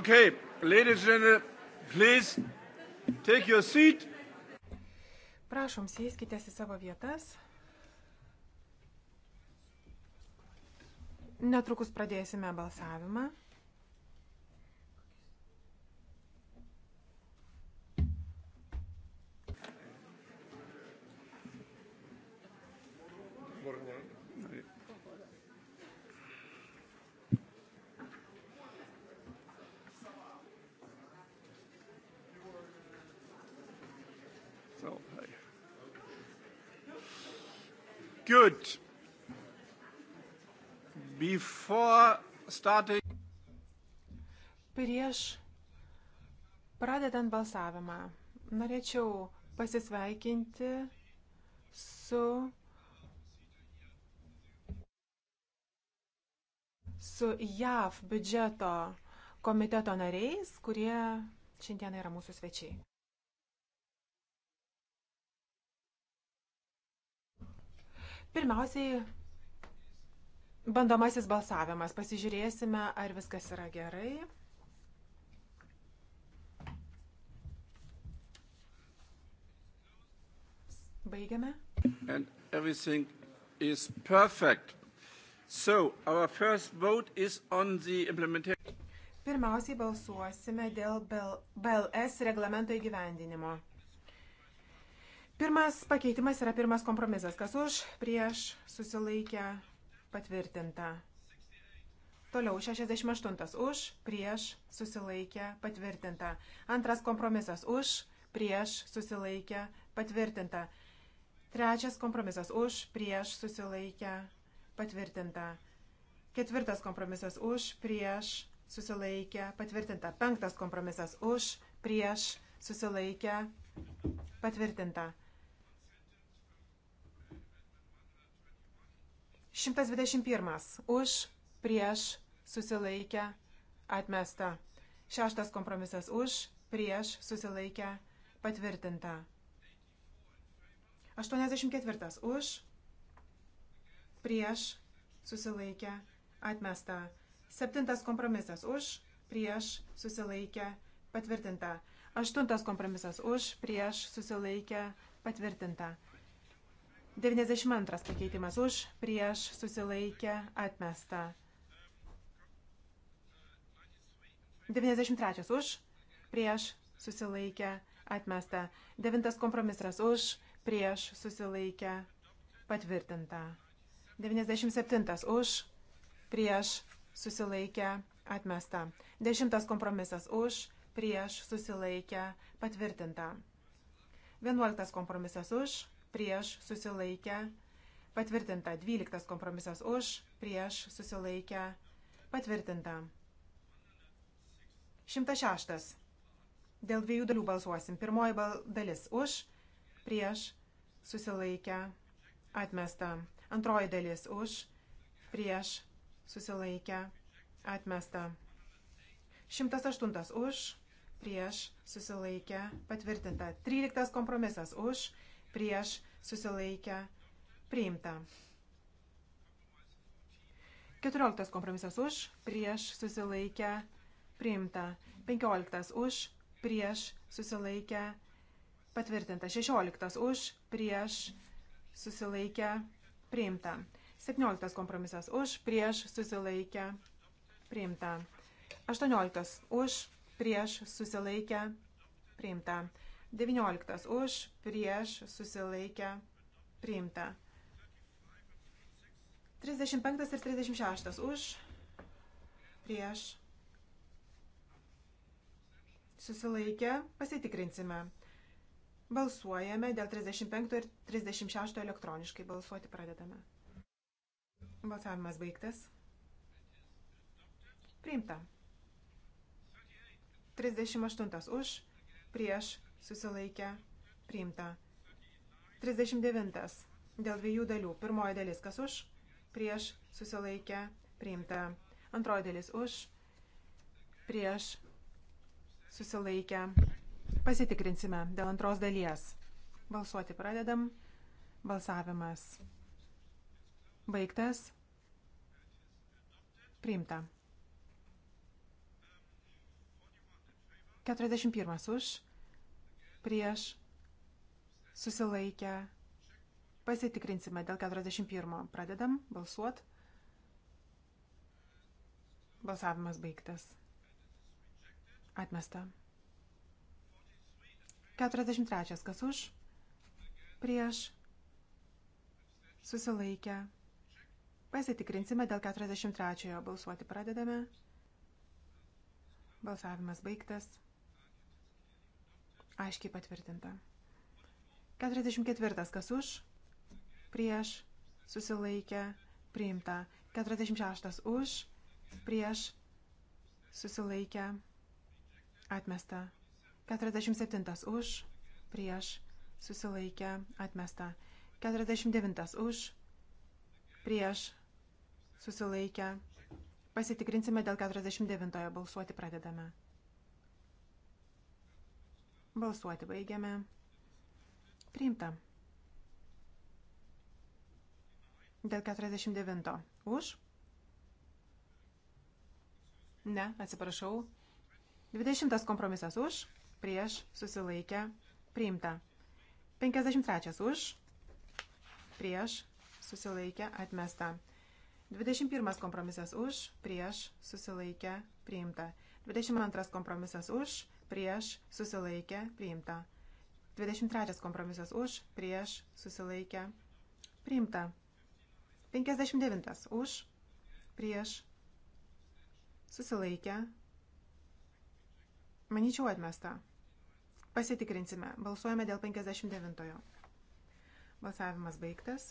Okay, ladies and gentlemen, please take your seat. Prašom, sėskite į savo vietas. Netrukus pradėsime balsavimą. Good. Before starting... Prieš pradedant balsavimą norėčiau pasisveikinti su, su JAV biudžeto komiteto nariais, kurie šiandien yra mūsų svečiai. Pirmiausiai, bandomasis balsavimas. Pasižiūrėsime, ar viskas yra gerai. Baigiame. And everything is perfect. So, our first vote is on the implementation. Pirmiausiai balsuosime dėl BLS reglamento įgyvendinimo. Pirmas pakeitimas yra pirmas kompromisas. Kas už, prieš, susilaikę, patvirtinta. Toliau 68 už, prieš, susilaikę, patvirtinta. Antras kompromisas už, prieš, susilaikę, patvirtinta. Trečias kompromisas už, prieš, susilaikę, patvirtinta. Ketvirtas kompromisas už, prieš, susilaikę, patvirtinta. Penktas kompromisas už, prieš, susilaikę, patvirtinta. 121. Už, prieš, susilaikę, atmesta. Šeštas kompromisas už, prieš, susilaikę, patvirtinta. 84. Už, prieš, susilaikę, atmesta. Septintas kompromisas už, prieš, susilaikę, patvirtinta. Aštuntas kompromisas už, prieš, susilaikę, patvirtinta. 92 pakeitimas už, prieš, susilaikę, atmesta. 93 už, prieš, susilaikę, atmesta. 9 kompromisas už, prieš, susilaikę, patvirtinta. 97 už, prieš, susilaikę, atmesta. 10 kompromisas už, prieš, susilaikę, patvirtinta. 11 kompromisas už, prieš susilaikę patvirtinta. 12 kompromisas už, prieš susilaikę patvirtinta. 106. Dėl dviejų dalių balsuosim. Pirmoji bal dalis už, prieš susilaikę atmesta. Antroji dalis už, prieš susilaikę atmesta. 108 už, prieš susilaikę patvirtinta. 13 kompromisas už, prieš susilaikę priimta. 14 kompromisas už, prieš susilaikę priimta. 15 už, prieš susilaikę patvirtinta. 16 už, prieš susilaikę priimta. 17 kompromisas už, prieš susilaikę priimta. 18 už, prieš susilaikę priimta. 19 už, prieš, susilaikę, priimta. 35 ir 36 už, prieš, susilaikę, pasitikrinsime. Balsuojame dėl 35 ir 36 elektroniškai. Balsuoti pradedame. Balsavimas baigtas. Priimta. 38 už, prieš, susilaikė, priimta. 39. Dėl dviejų dalių. Pirmoji dalis kas už, prieš, susilaikė, priimta. Antroji dalis už, prieš, susilaikę. Pasitikrinsime dėl antros dalies. Balsuoti pradedam. Balsavimas. Baigtas. Priimta. 41 už prieš susilaikę. Pasitikrinsime dėl 41. Pradedam balsuot. Balsavimas baigtas. Atmesta. 43. Kas už? Prieš susilaikę. Pasitikrinsime dėl 43. Balsuoti pradedame. Balsavimas baigtas. Aiškiai patvirtinta. 44. Kas už? Prieš. Susilaikė. Priimta. 46. Už. Prieš. Susilaikė. Atmesta. 47. Už. Prieš. Susilaikė. Atmesta. 49. Už. Prieš. Susilaikė. Pasitikrinsime dėl 49. Balsuoti pradedame. Balsuoti baigiame. Priimta. Dėl 49. Už? Ne, atsiprašau. 20 kompromisas už, prieš, susilaikę, priimta. 53 už, prieš, susilaikę, atmesta. 21 kompromisas už, prieš, susilaikę, priimta. 22 kompromisas už, prieš susilaikę priimta. 23 kompromisas už, prieš susilaikę priimta. 59 už, prieš susilaikę. Manyčiau atmesta. Pasitikrinsime. Balsuojame dėl 59. Balsavimas baigtas.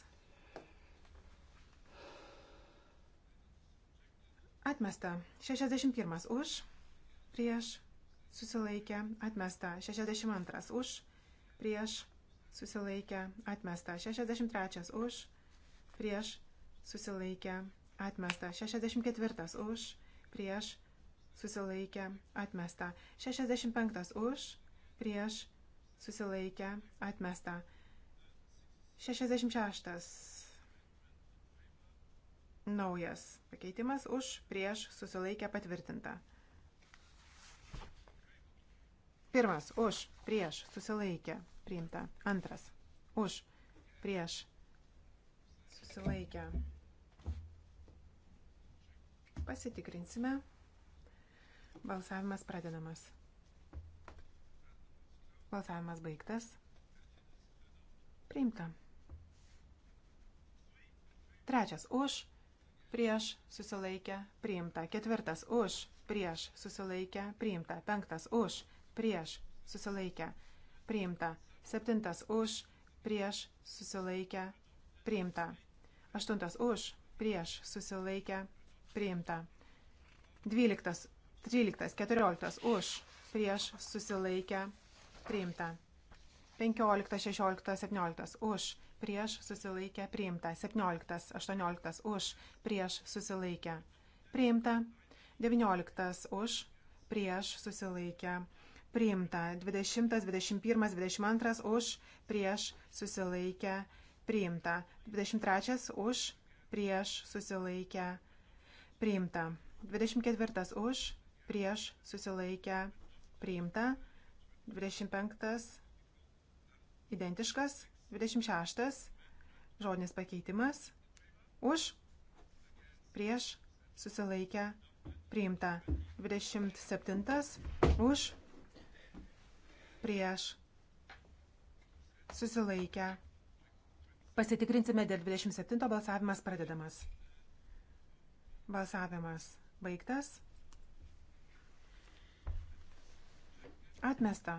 Atmesta. 61 už, prieš susilaikė, atmesta. 62 už, prieš, susilaikė, atmesta. 63 už, prieš, susilaikė, atmesta. 64 už, prieš, susilaikė, atmesta. 65 už, prieš, susilaikė, atmesta. 66 naujas pakeitimas už prieš susilaikę patvirtinta. Pirmas. Už. Prieš. Susilaikė. Priimta. Antras. Už. Prieš. Susilaikė. Pasitikrinsime. Balsavimas pradedamas. Balsavimas baigtas. Priimta. Trečias už, prieš susilaikę, priimta. Ketvirtas už, prieš susilaikę, priimta. Penktas už, prieš susilaikę priimta. Septintas už prieš susilaikę priimta. Aštuntas už prieš susilaikę priimta. Dvyliktas, tryliktas, keturioliktas už prieš susilaikę priimta. 15, 16, 17 už, prieš susilaikę priimta, 17, 18 už, prieš susilaikę priimta, 19 už, prieš susilaikę priimta. 20, 21, 22 už, prieš susilaikę priimta. 23 už, prieš susilaikę priimta. 24 už, prieš susilaikę priimta. 25 identiškas. 26 žodinis pakeitimas už, prieš susilaikę priimta. 27 už, prieš, susilaikę. Pasitikrinsime dėl 27 balsavimas pradedamas. Balsavimas baigtas. Atmesta.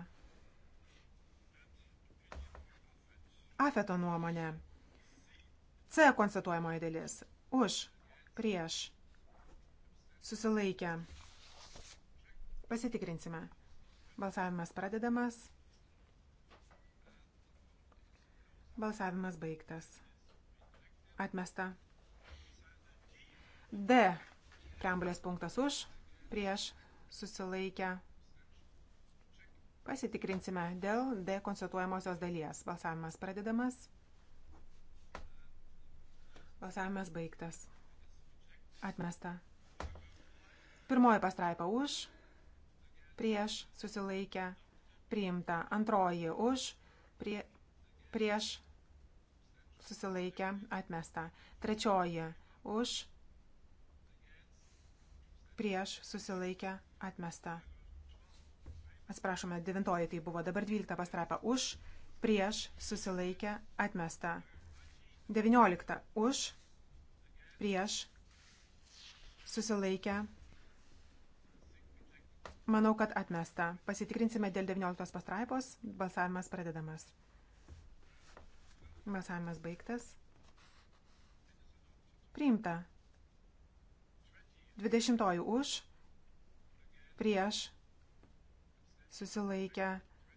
Afeto nuomonė. C konstatuojamoji dalis. Už, prieš, susilaikę. Pasitikrinsime. Balsavimas pradedamas. Balsavimas baigtas. Atmesta. D. Preambulės punktas už, prieš, susilaikę. Pasitikrinsime dėl D konstatuojamosios dalies. Balsavimas pradedamas. Balsavimas baigtas. Atmesta. Pirmoji pastraipa už, prieš susilaikę priimta. Antroji už prie, prieš susilaikę atmesta. Trečioji už prieš susilaikę atmesta. Atsiprašome, devintoji tai buvo, dabar dvylikta pastraipa už prieš susilaikę atmesta. Devyniolikta už prieš susilaikę atmesta Manau, kad atmesta. Pasitikrinsime dėl 19 pastraipos. Balsavimas pradedamas. Balsavimas baigtas. Priimta. 20 už. Prieš. Susilaikę.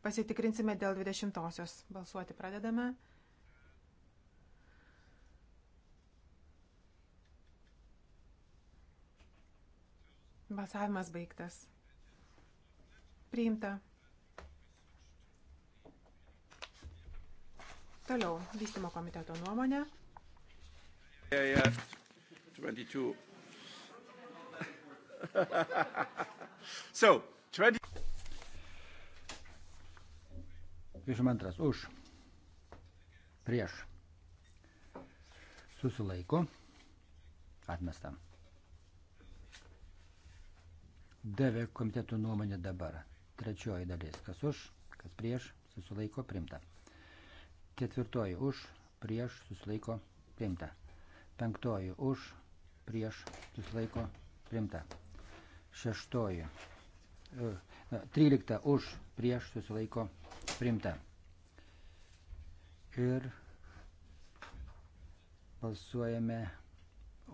Pasitikrinsime dėl 20-osios. Balsuoti pradedame. Balsavimas baigtas. Priimta. Toliau vystimo komiteto nuomonė. Yeah, yeah. 22. so, 20... 22. Už. Prieš. Susilaiko. Atmesta. Deve komiteto nuomonė dabar. Trečioji dalis. Kas už, kas prieš, susilaiko primta. Ketvirtoji už, prieš, susilaiko primta. Penktoji už, prieš, susilaiko primta. Šeštoji. E, e, trylikta už, prieš, susilaiko primta. Ir balsuojame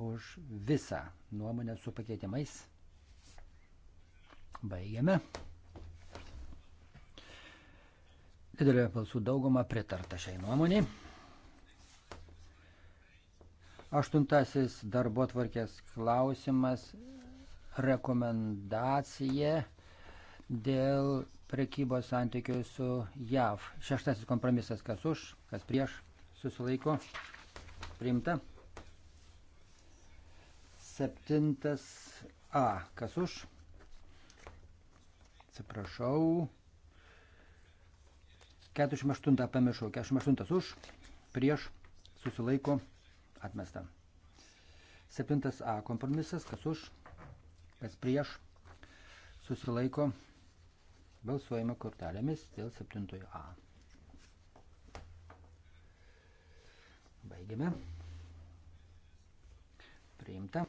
už visą nuomonę su pakeitimais. Baigiame. Didelė balsų dauguma pritarta šiai nuomonė. Aštuntasis darbo tvarkės klausimas - rekomendacija dėl prekybos santykių su JAV. Šeštasis kompromisas - kas už, kas prieš, susilaiko, priimta. Septintas A - kas už, atsiprašau, 48 pamiršau, 48 už, prieš, susilaiko, atmesta. 7a kompromisas, kas už, kas prieš, susilaiko, balsuojama kortelėmis dėl 7a. Baigiame. Priimta.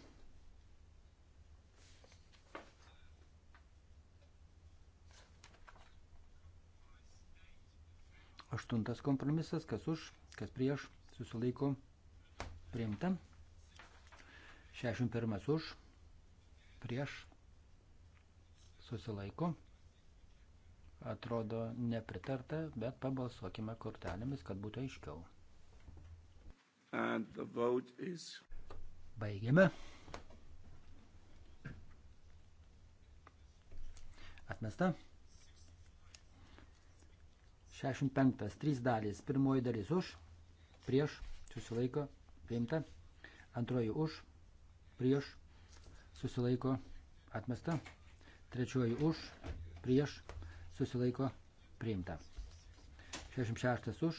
Aštuntas kompromisas, kas už, kas prieš, susilaiko priimta. 61 už, prieš, susilaiko. Atrodo nepritarta, bet pabalsuokime kortelėmis, kad būtų aiškiau. Is... Baigiame. Atmesta. 65. Trys dalys. Pirmoji dalis už, prieš, susilaiko, priimta. Antroji už, prieš, susilaiko, atmesta. Trečioji už, prieš, susilaiko, priimta. 66 už,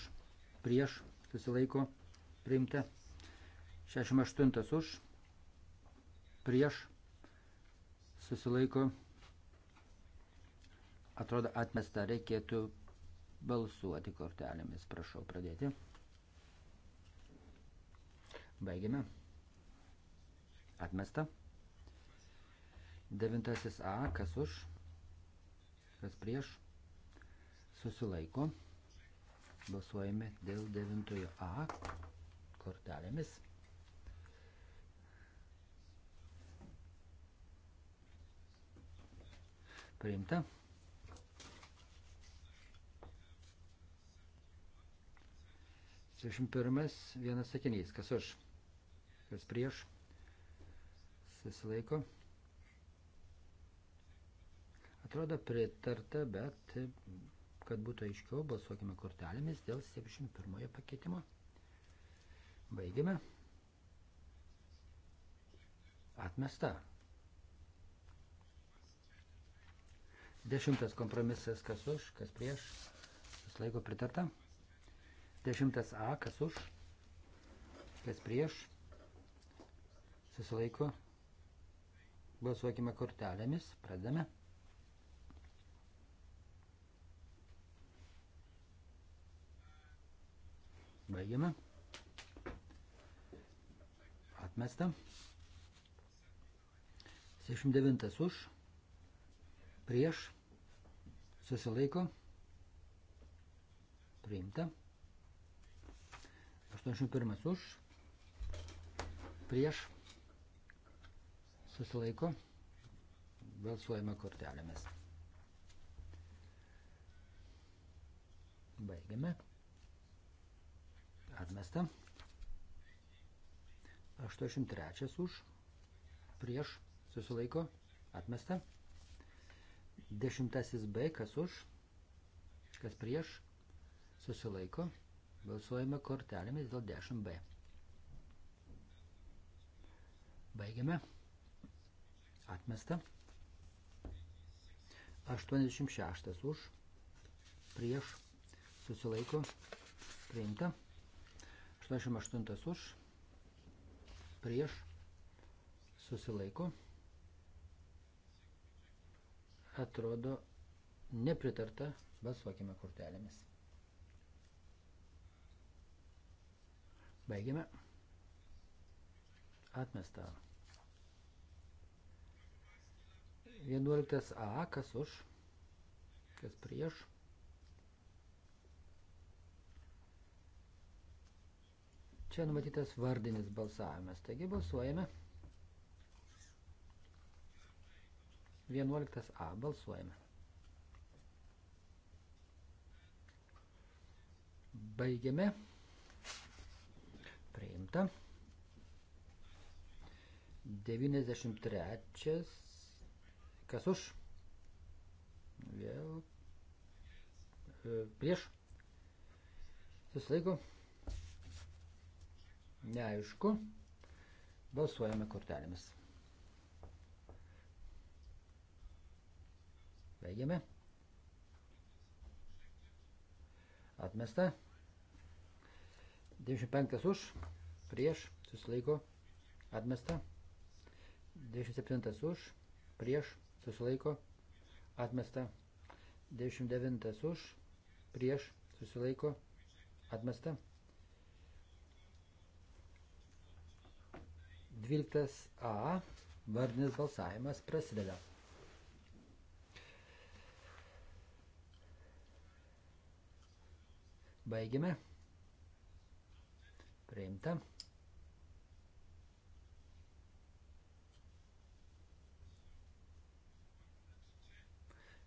prieš, susilaiko, priimta. 68 už, prieš, susilaiko, atrodo atmesta, reikėtų balsuoti kortelėmis. Prašau pradėti. Baigime. Atmesta. Devintasis A. Kas už? Kas prieš? Susilaiko. Balsuojame dėl devintojo A kortelėmis. Priimta. Priimta. 61. Vienas sakinys. Kas už? Kas prieš? Susilaiko. Atrodo pritarta, bet kad būtų aiškiau, balsuokime kortelėmis dėl 71 pakeitimo. Baigime. Atmesta. Dešimtas kompromisas, kas už, kas prieš, susilaiko pritarta. Dešimtas A, kas už, kas prieš, susilaiko. Balsuokime kortelėmis, pradame. Baigiame. Atmesta. 69 už, prieš, susilaiko, priimta. 81 už, prieš, susilaiko, balsuojame kortelėmis. Baigiame. Atmesta. 83 už, prieš, susilaiko, atmesta. Dešimtasis B, kas už, kas prieš, susilaiko, atmesta Balsuojame kortelėmis dėl 10B. Baigiame. Atmesta. 86 už. Prieš. Susilaiko. Priimta. 88 už. Prieš. Susilaiko. Atrodo nepritarta. Balsuokime kortelėmis. Baigiame. Atmesta. 11 A, kas už, kas prieš. Čia numatytas vardinis balsavimas. Taigi balsuojame. 11 A, balsuojame. Baigiame priimta. 93. Kas už? Vėl. E, prieš. Susilaiko. Neaišku. Balsuojame kortelėmis. Baigiame. Atmesta. 95 už, prieš, susilaiko, atmesta. 97 už, prieš, susilaiko, atmesta. 99 už, prieš, susilaiko, atmesta. 12a vardinis balsavimas prasideda. Baigime. Priimta.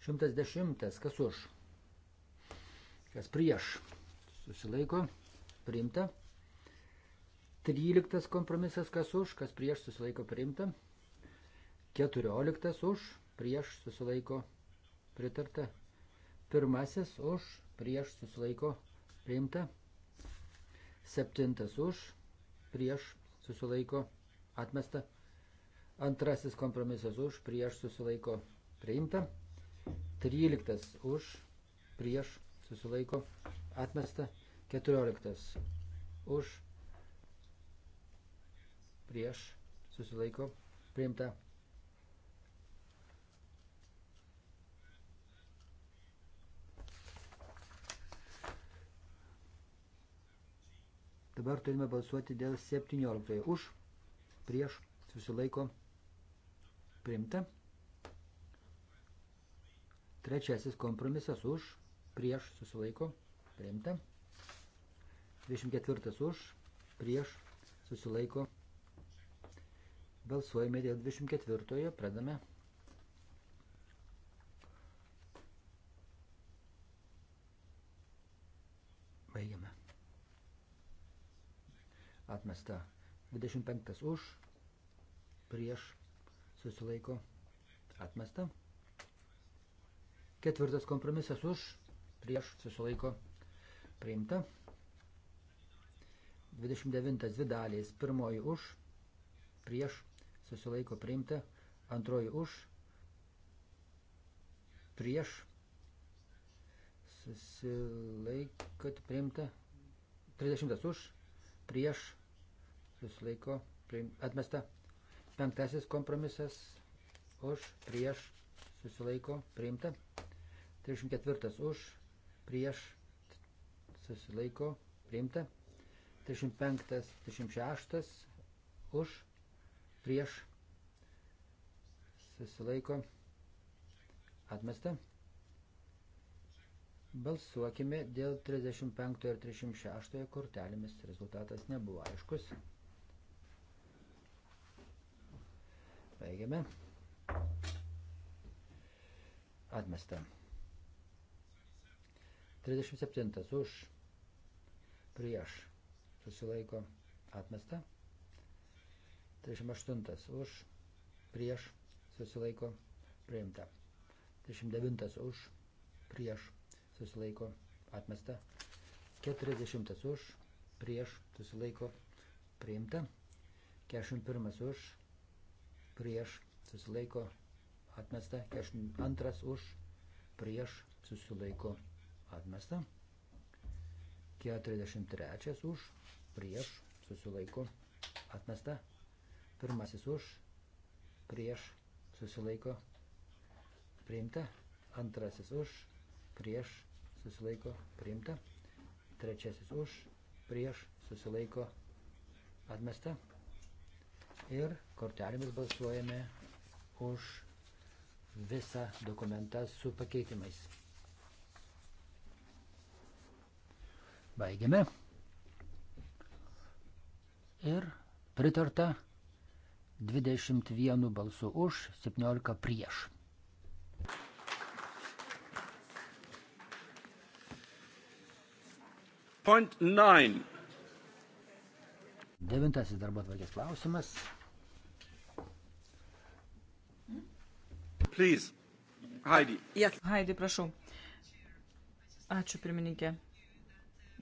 Šimtas dešimtas, kas už? Kas prieš? Susilaiko. Priimta. Tryliktas kompromisas, kas už, kas prieš susilaiko priimta. Keturioliktas už, prieš susilaiko pritarta. Pirmasis už, prieš susilaiko priimta. Septintas už, prieš susilaiko atmesta. Antrasis kompromisas už, prieš susilaiko priimta. Tryliktas už, prieš susilaiko atmesta. Keturioliktas už, prieš susilaiko priimta. Dabar turime balsuoti dėl 17. Už, prieš, susilaiko, priimta. Trečiasis kompromisas už, prieš, susilaiko, priimta. 24 už, prieš, susilaiko. Balsuojame dėl 24. Pradame. atmesta. 25 už, prieš, susilaiko, atmesta. Ketvirtas kompromisas už, prieš, susilaiko, priimta. 29 dvi dalys, pirmoji už, prieš, susilaiko, priimta. Antroji už, prieš, susilaiko, priimta. 30 už, prieš, susilaiko atmesta. Penktasis kompromisas už, prieš, susilaiko priimta. 34 už, prieš, susilaiko priimta. 35, 36 už, prieš, susilaiko atmesta. Balsuokime dėl 35 ir 36 kortelėmis. Rezultatas nebuvo aiškus. Baigiame. Atmesta. 37 už. Prieš. Susilaiko. Atmesta. 38 už. Prieš. Susilaiko. Priimta. 39 už. Prieš. Susilaiko. Atmesta. 40 už. Prieš. Susilaiko. Priimta. 41 už prieš susilaiko atmesta, 42 už prieš susilaiko atmesta, 43 už prieš susilaiko atmesta, pirmasis už prieš susilaiko priimta, antrasis už prieš susilaiko priimta, trečiasis už prieš susilaiko atmesta ir kortelėmis balsuojame už visą dokumentą su pakeitimais. Baigiame. Ir pritarta 21 balsu už, 17 prieš. Point 9. Devintasis darbo atvarkės klausimas. Please. Heidi. Yes. Heidi, prašau. Ačiū, pirmininkė.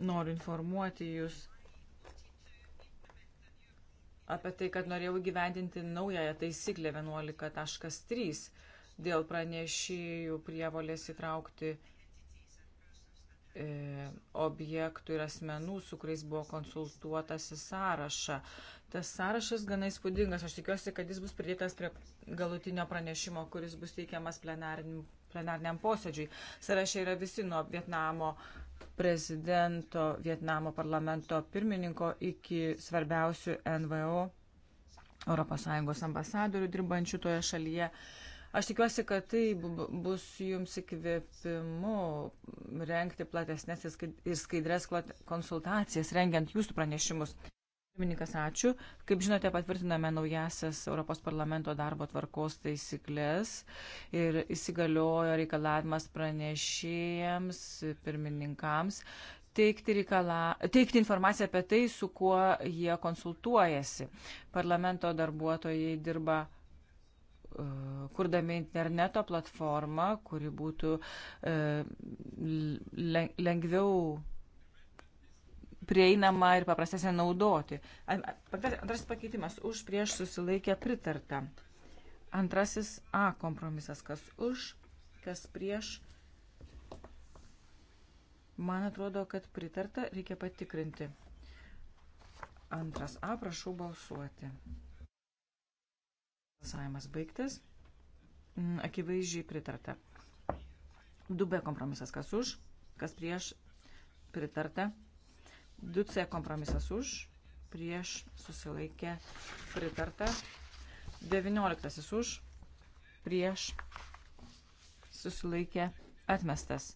Noriu informuoti Jūs apie tai, kad norėjau gyvendinti naująją taisyklę 11.3 dėl pranešėjų prievolės įtraukti E, objektų ir asmenų, su kuriais buvo konsultuotas į sąrašą. Tas sąrašas gana įspūdingas. Aš tikiuosi, kad jis bus pridėtas prie galutinio pranešimo, kuris bus teikiamas plenariniam posėdžiui. Sąrašai yra visi nuo Vietnamo prezidento, Vietnamo parlamento pirmininko iki svarbiausių NVO, ES ambasadorių dirbančių toje šalyje. Uh, Aš tikiuosi, kad tai bus jums įkvėpimu renkti platesnės ir skaidrės konsultacijas, rengiant jūsų pranešimus. Pirmininkas, ačiū. Kaip žinote, patvirtiname naujasias Europos parlamento darbo tvarkos taisyklės ir įsigaliojo reikalavimas pranešėjams, pirmininkams teikti, reikala, teikti informaciją apie tai, su kuo jie konsultuojasi. Parlamento darbuotojai dirba E, kurdami interneto platformą, kuri būtų e, lengviau prieinama ir paprastesnė naudoti. Antrasis pakeitimas - už prieš susilaikę pritarta. Antrasis A kompromisas - kas už, kas prieš. Man atrodo, kad pritarta, reikia patikrinti. Antras A, prašau balsuoti. Balsavimas baigtas. Mm, akivaizdžiai pritarta. 2B kompromisas kas už, kas prieš pritarta. 2C kompromisas už, prieš susilaikė pritarta. 19 už, prieš susilaikė atmestas.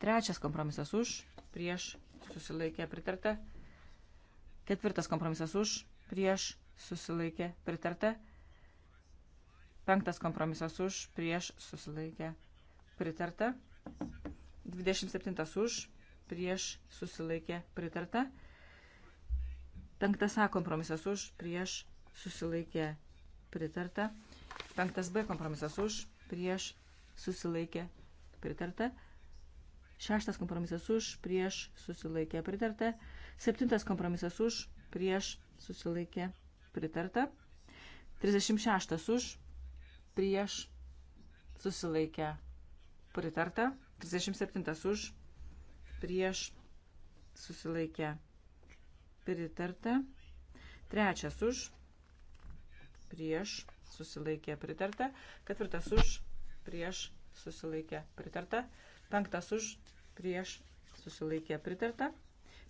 Trečias kompromisas už, prieš susilaikė pritarta. Ketvirtas kompromisas už, prieš susilaikė pritarta. Penktas kompromisas už, prieš susilaikę pritarta. 27 už, prieš susilaikė pritarta. Penktas A kompromisas už, prieš susilaikė pritarta. Penktas B kompromisas už, prieš susilaikė pritarta. Šeštas kompromisas už, prieš susilaikė pritarta. Septintas kompromisas už, prieš susilaikė pritarta. 36 už, prieš susilaikę pritarta, 37 už prieš susilaikę pritarta, trečias už prieš susilaikė pritarta, ketvirtas už prieš susilaikė pritarta, penktas už prieš susilaikė pritarta,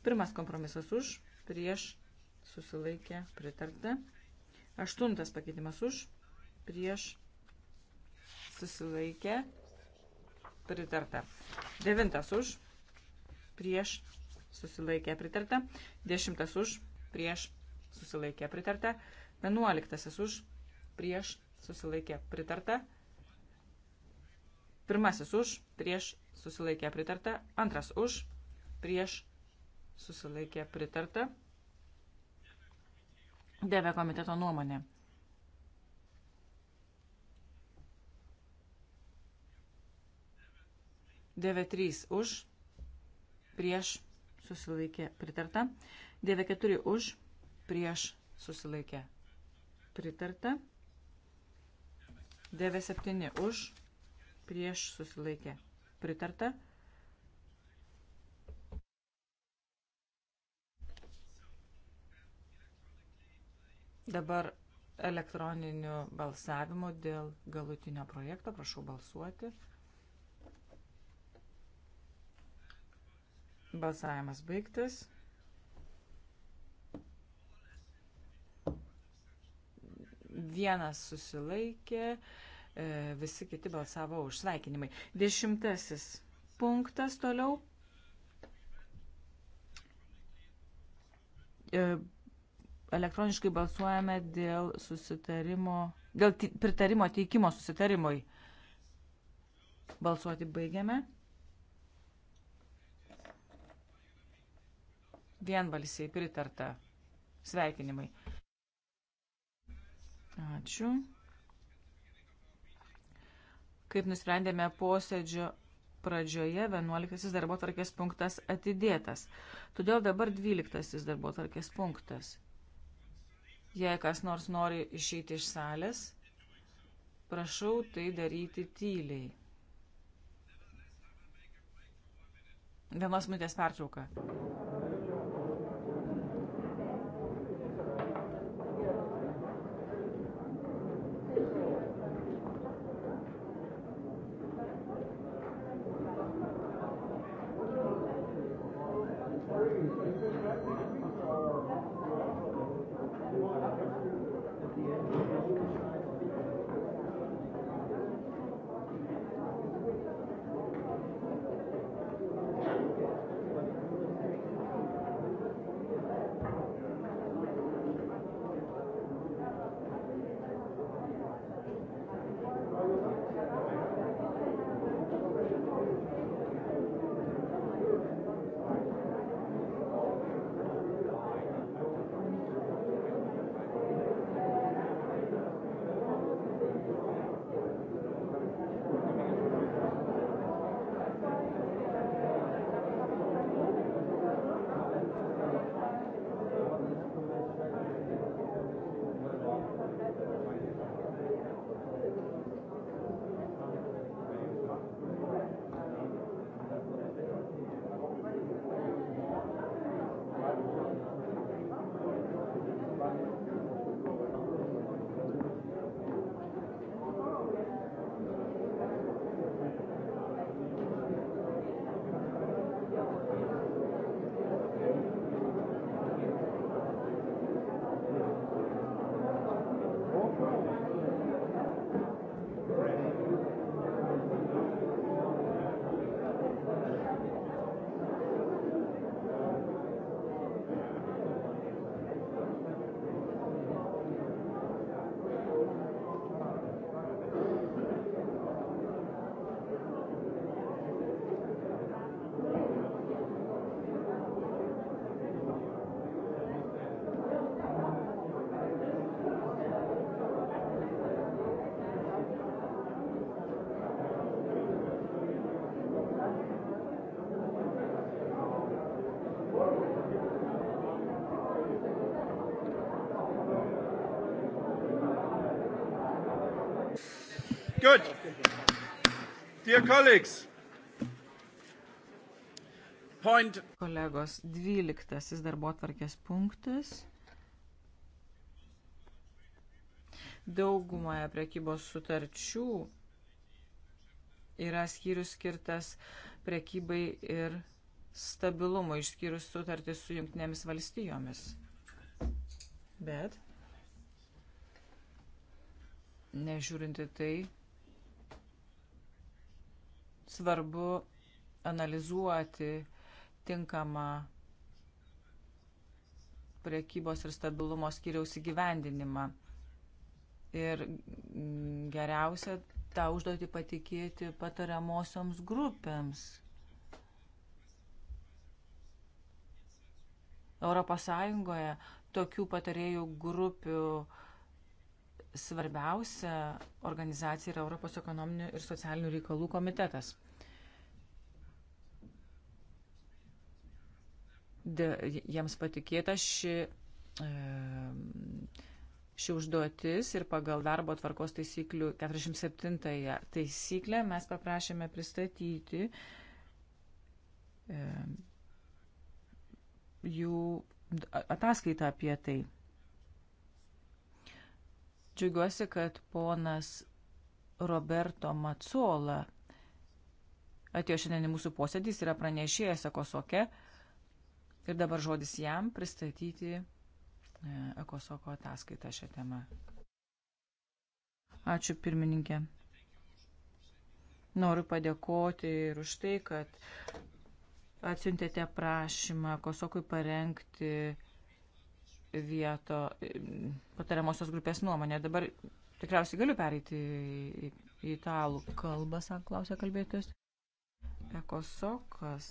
pirmas kompromisas už prieš susilaikė pritarta. Aštuntas pakeitimas už, prieš susilaikė, pritarta. Devintas už, prieš, susilaikė, pritarta. Dešimtas už, prieš, susilaikė, pritarta. Vienuoliktasis už, prieš, susilaikė, pritarta. Pirmasis už, prieš, susilaikė, pritarta. Antras už, prieš, susilaikė, pritarta. Dėvė komiteto nuomonė. 93 už, prieš susilaikė pritarta. 94 už, prieš susilaikė pritarta. 97 už, prieš susilaikė pritarta. Dabar elektroniniu balsavimu dėl galutinio projekto prašau balsuoti. Balsavimas baigtas. Vienas susilaikė, e, visi kiti balsavo už sveikinimai. Dešimtasis punktas toliau. E, elektroniškai balsuojame dėl susitarimo, dėl pritarimo teikimo susitarimui. Balsuoti baigiame. Vienbalsiai pritarta. Sveikinimai. Ačiū. Kaip nusprendėme posėdžio pradžioje, 11 darbo tarkės punktas atidėtas. Todėl dabar 12 darbo tarkės punktas. Jei kas nors nori išeiti iš salės, prašau tai daryti tyliai. Vienos minutės pertrauka. Good. Dear colleagues. Point. Kolegos, dvyliktasis darbo atvarkės punktas. Daugumoje prekybos sutarčių yra skyrius skirtas prekybai ir stabilumui, išskyrus sutartį su jungtinėmis valstijomis. Bet nežiūrinti tai, svarbu analizuoti tinkamą priekybos ir stabilumo skyriaus įgyvendinimą. Ir geriausia tą užduotį patikėti patariamosioms grupėms. Europos Sąjungoje tokių patarėjų grupių svarbiausia organizacija yra Europos ekonominių ir socialinių reikalų komitetas. jiems patikėta ši, e, ši užduotis ir pagal darbo tvarkos taisyklių 47 taisyklę mes paprašėme pristatyti e, jų ataskaitą apie tai. Džiugiuosi, kad ponas Roberto Macola atėjo šiandien į mūsų posėdį, jis yra pranešėjęs Ekosoke. Ir dabar žodis jam pristatyti e, Ekosoko ataskaitą šią temą. Ačiū pirmininkė. Noriu padėkoti ir už tai, kad atsiuntėte prašymą Kosokui parengti vieto e, patariamosios grupės nuomonę. Dabar tikriausiai galiu pereiti į, į italų kalbą, sako klausė kalbėtis. Ekosokas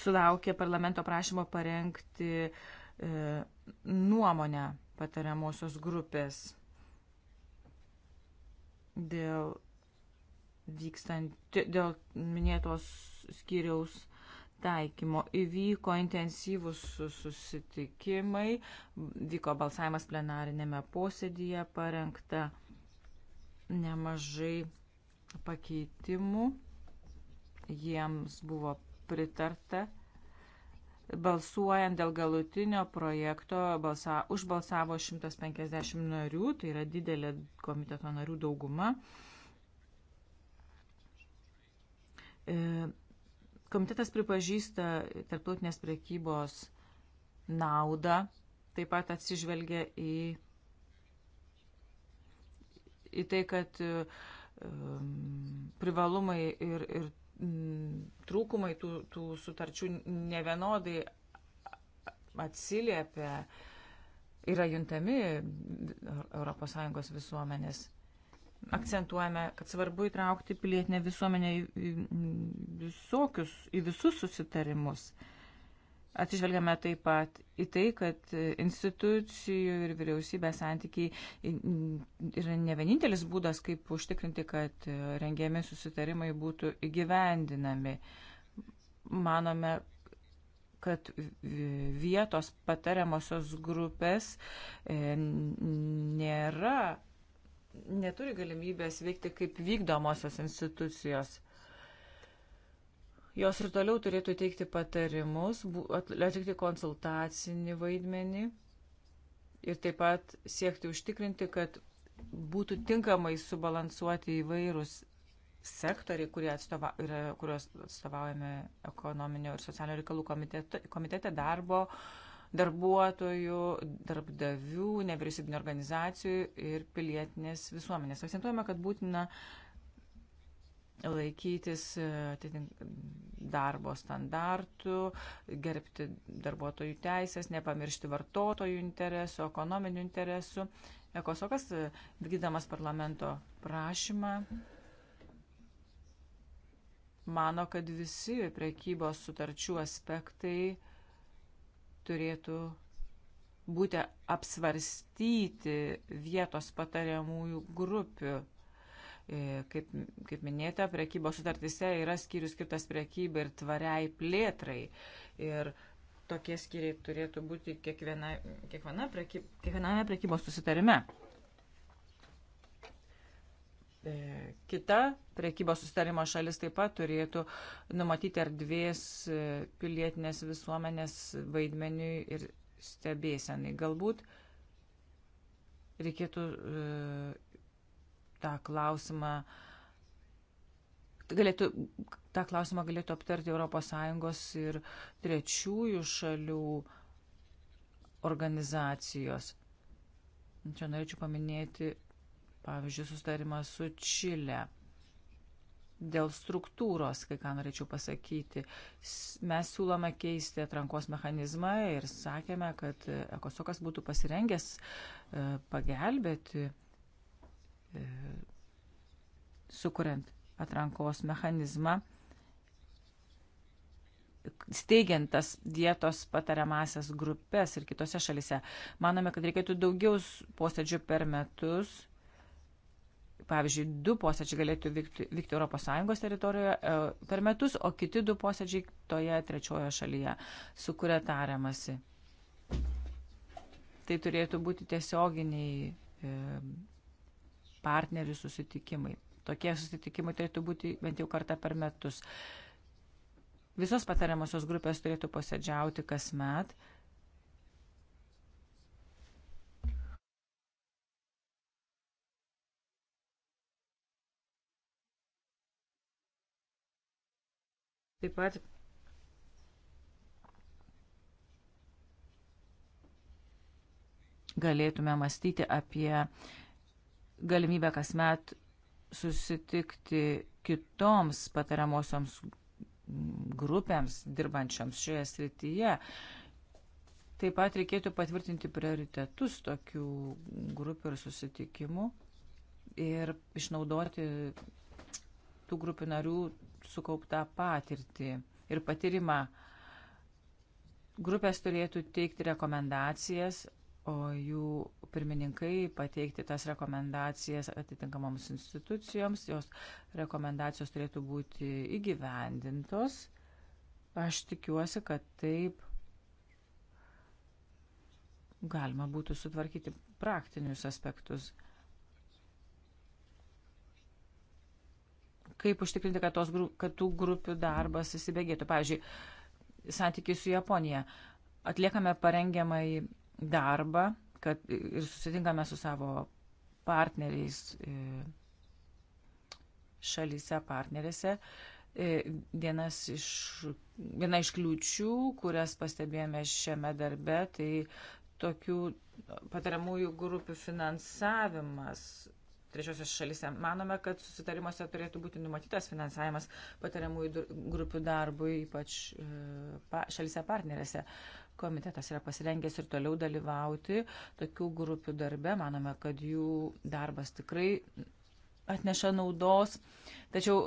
sulaukė parlamento prašymo parengti e, nuomonę patariamosios grupės dėl vykstant, dėl minėtos skyriaus taikymo. Įvyko intensyvūs susitikimai, vyko balsavimas plenarinėme posėdyje, parengta nemažai pakeitimų, jiems buvo pritarta. Balsuojant dėl galutinio projekto balsa, užbalsavo 150 narių, tai yra didelė komiteto narių dauguma. E, komitetas pripažįsta tarptautinės prekybos naudą, taip pat atsižvelgia į, į tai, kad um, privalumai ir, ir Mm, trūkumai tų, tų sutarčių nevienodai atsiliepia, yra juntami ES visuomenės. Akcentuojame, kad svarbu įtraukti pilietinę visuomenę į, visokius, į visus susitarimus. Atsižvelgiame taip pat į tai, kad institucijų ir vyriausybės santykiai yra ne vienintelis būdas, kaip užtikrinti, kad rengiami susitarimai būtų įgyvendinami. Manome, kad vietos patariamosios grupės e, nėra, neturi galimybės veikti kaip vykdomosios institucijos. Jos ir toliau turėtų teikti patarimus, atlikti konsultacinį vaidmenį ir taip pat siekti užtikrinti, kad būtų tinkamai subalansuoti įvairūs sektoriai, atstova, yra, kuriuos atstovaujame ekonominio ir socialinio reikalų komitete, komitete darbo, darbuotojų, darbdavių, nevyriausybinio organizacijų ir pilietinės visuomenės. Akcentuojame, kad būtina uh, laikytis e, darbo standartų, gerbti darbuotojų teisės, nepamiršti vartotojų interesų, ekonominių interesų. Ekosokas, e, vykdydamas parlamento prašymą, mano, kad visi prekybos sutarčių aspektai turėtų būti apsvarstyti vietos patariamųjų grupių E, kaip, kaip minėta, prekybos sutartise yra skyrius skirtas prekybai ir tvariai plėtrai. Ir tokie skyriai turėtų būti kiekviena, kiekviena prekyb, kiekviename prekybos susitarime. E, kita prekybos susitarimo šalis taip pat turėtų numatyti erdvės e, pilietinės visuomenės vaidmeniui ir stebėsenai. Galbūt reikėtų tą klausimą galėtų, tą klausimą galėtų aptarti ES ir trečiųjų šalių organizacijos. Čia norėčiau paminėti, pavyzdžiui, sustarimą su Čile. Dėl struktūros, kai ką norėčiau pasakyti, mes siūlome keisti atrankos mechanizmą ir sakėme, kad ekosokas būtų pasirengęs e, pagelbėti E, sukuriant atrankos mechanizmą, steigiant tas dietos patariamasias grupės ir kitose šalise. Manome, kad reikėtų daugiau posėdžių per metus. Pavyzdžiui, du posėdžiai galėtų vykti, vykti ES teritorijoje e, per metus, o kiti du posėdžiai toje trečiojo šalyje, su kuria tariamasi. Tai turėtų būti tiesioginiai e, partnerių susitikimai. Tokie susitikimai turėtų būti bent jau kartą per metus. Visos patariamosios grupės turėtų posėdžiauti kasmet. Taip pat galėtume mąstyti apie galimybę kasmet susitikti kitoms patariamosioms grupėms dirbančioms šioje srityje. Taip pat reikėtų patvirtinti prioritetus tokių grupių ir susitikimų ir išnaudoti tų grupių narių sukauptą patirtį ir patyrimą. Grupės turėtų teikti rekomendacijas, o jų pirmininkai pateikti tas rekomendacijas atitinkamoms institucijoms, jos rekomendacijos turėtų būti įgyvendintos. Aš tikiuosi, kad taip galima būtų sutvarkyti praktinius aspektus. Kaip užtikrinti, kad, tos, kad tų grupių darbas įsibėgėtų. Pavyzdžiui, santykiai su Japonija. Atliekame parengiamąjį darbą kad ir susitinkame su savo partneriais e, šalyse, partnerėse. E, vienas iš, viena iš kliūčių, kurias pastebėjome šiame darbe, tai tokių patariamųjų grupių finansavimas trečiosios šalyse. Manome, kad susitarimuose turėtų būti numatytas finansavimas patariamųjų grupių darbui, ypač e, šalyse partnerėse. Komitetas yra pasirengęs ir toliau dalyvauti tokių grupių darbe. Manome, kad jų darbas tikrai atneša naudos, tačiau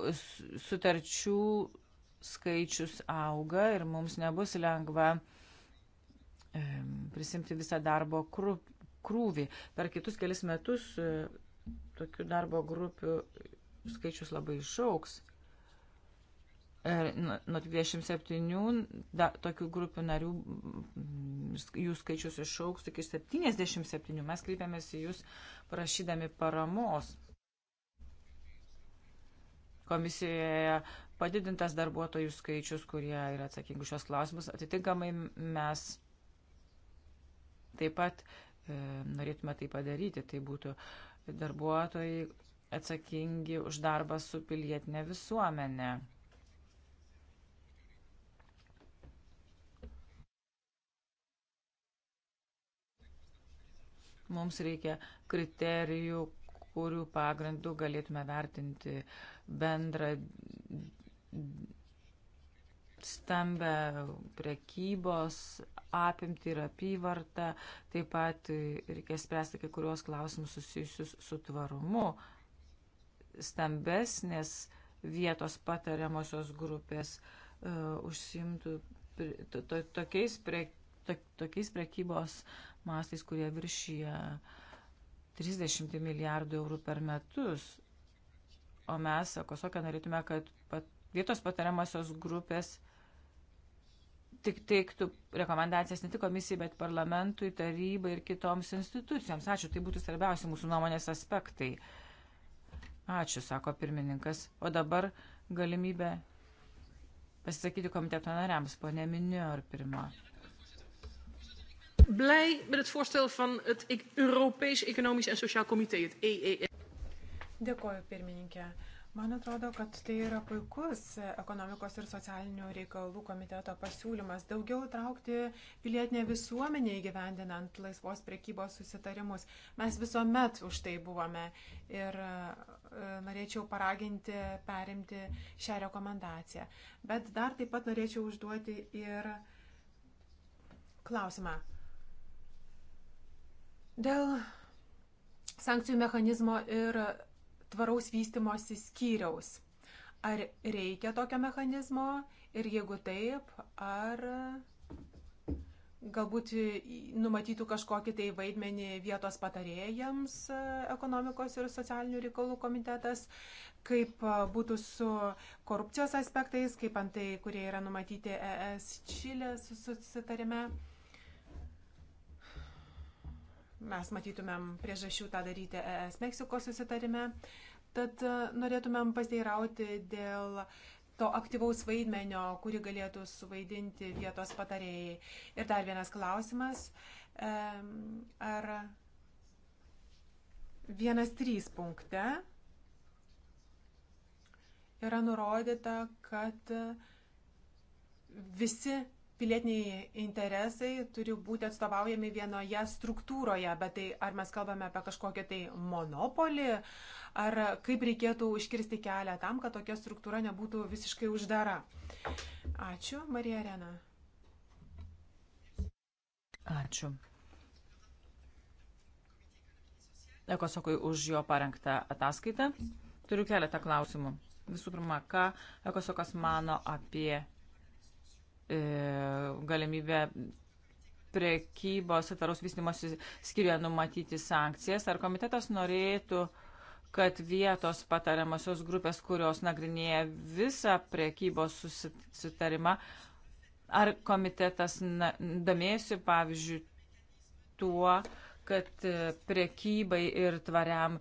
sutarčių skaičius auga ir mums nebus lengva prisimti visą darbo krūvį. Per kitus kelis metus e, tokių darbo grupių skaičius labai išauks nuo 27 da, tokių grupių narių mm, jų skaičius išauks iki 77. Mes kreipiamės į jūs prašydami paramos. Komisijoje padidintas darbuotojų skaičius, kurie yra atsakingi šios klausimus. Atitinkamai mes taip pat e, norėtume tai padaryti. Tai būtų darbuotojai atsakingi už darbą su pilietinė visuomenė Mums reikia kriterijų, kurių pagrindų galėtume vertinti bendrą stambę prekybos apimti ir apyvartą. Taip pat reikia spręsti kai kurios klausimus susijusius su tvarumu. Stambesnės vietos patariamosios grupės uh, užsimtų tokiais, pre, to, tokiais prekybos mastais, kurie viršyje 30 milijardų eurų per metus. O mes, Kosokė, norėtume, kad pat, vietos patariamosios grupės tik teiktų rekomendacijas ne tik komisijai, bet parlamentui, tarybai ir kitoms institucijoms. Ačiū, tai būtų svarbiausi mūsų nuomonės aspektai. Ačiū, sako pirmininkas. O dabar galimybė pasisakyti komiteto nariams, ponė Minior pirmą blij met het voorstel van het e-, Europees Economisch en Sociaal Comité, het EES. E. Dėkoju, pirmininkė. Man atrodo, kad tai yra puikus e, ekonomikos ir socialinių reikalų komiteto pasiūlymas daugiau traukti pilietinę visuomenę įgyvendinant laisvos prekybos susitarimus. Mes visuomet už tai buvome ir norėčiau paraginti perimti šią rekomendaciją. Bet dar taip pat norėčiau užduoti ir klausimą. Dėl sankcijų mechanizmo ir tvaraus vystimosi skyriaus. Ar reikia tokio mechanizmo ir jeigu taip, ar galbūt numatytų kažkokį tai vaidmenį vietos patarėjams e, ekonomikos ir socialinių reikalų komitetas, kaip e, būtų su korupcijos aspektais, kaip antai, kurie yra numatyti ES Čilės susitarime. Su Mes matytumėm priežasčių tą daryti ES Meksikos susitarime. Tad e, norėtumėm pasiteirauti dėl to aktyvaus vaidmenio, kurį galėtų suvaidinti vietos patarėjai. Ir dar vienas klausimas. E, ar vienas trys punkte yra nurodyta, kad visi pilietiniai interesai turi būti atstovaujami vienoje struktūroje, bet tai ar mes kalbame apie kažkokią tai monopolį, ar kaip reikėtų užkirsti kelią tam, kad tokia struktūra nebūtų visiškai uždara. Ačiū, Marija Arena. Ačiū. Ekosokui už jo parengtą ataskaitą. Turiu keletą klausimų. Visų pirma, ką Ekosokas mano apie E, galimybę prekybos ir taros vystimosi skirioje numatyti sankcijas. Ar komitetas norėtų, kad vietos patariamosios grupės, kurios nagrinėja visą prekybos susitarimą, ar komitetas domėsi, pavyzdžiui, tuo, kad prekybai ir tvariam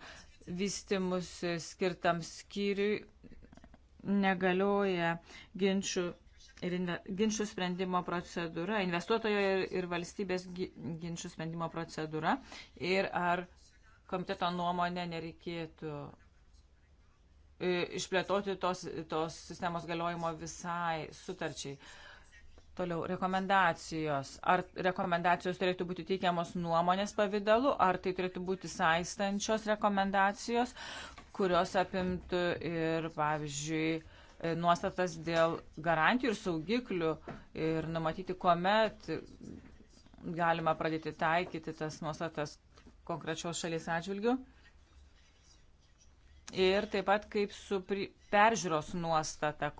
vystimus skirtam skyriui negalioja ginčių ir ginčių sprendimo procedūra, investuotojo ir, ir valstybės ginčių sprendimo procedūra ir ar komiteto nuomonė nereikėtų e, išplėtoti tos, tos sistemos galiojimo visai sutarčiai. Toliau, rekomendacijos. Ar rekomendacijos turėtų būti teikiamos nuomonės pavydalu, ar tai turėtų būti saistančios rekomendacijos, kurios apimtų ir, pavyzdžiui, E, nuostatas dėl garantijų ir saugiklių ir numatyti, kuomet galima pradėti taikyti tas nuostatas konkrečios šalies atžvilgių. Ir taip pat kaip su peržiūros nuostata,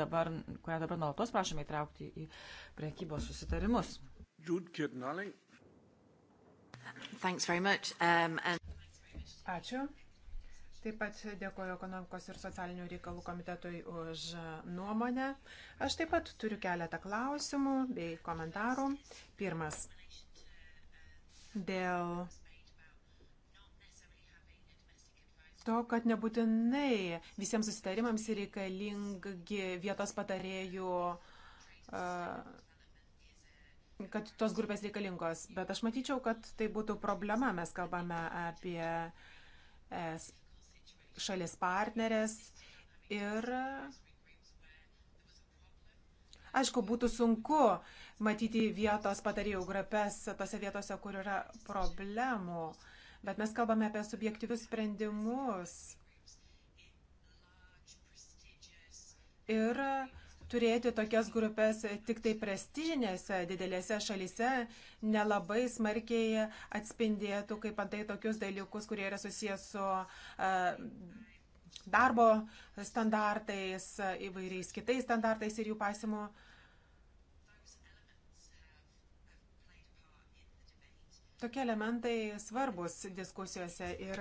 dabar, kurią dabar nuolatos prašome įtraukti į priekybos susitarimus. Um, Ačiū. Taip pat dėkoju ekonomikos ir socialinių reikalų komitetui už nuomonę. Aš taip pat turiu keletą klausimų bei komentarų. Pirmas. Dėl to, kad nebūtinai visiems susitarimams reikalingi vietos patarėjų, e, kad tos grupės reikalingos. Bet aš matyčiau, kad tai būtų problema. Mes kalbame apie ES šalis partnerės ir Aišku, būtų sunku matyti vietos patarėjų grupės tose vietose, kur yra problemų, bet mes kalbame apie subjektyvius sprendimus. Ir turėti tokias grupės tik tai prestižinėse didelėse šalyse nelabai smarkiai atspindėtų kaip antai tokius dalykus, kurie yra susijęs su e, darbo standartais, įvairiais kitais standartais ir jų pasimu. Tokie elementai svarbus diskusijose ir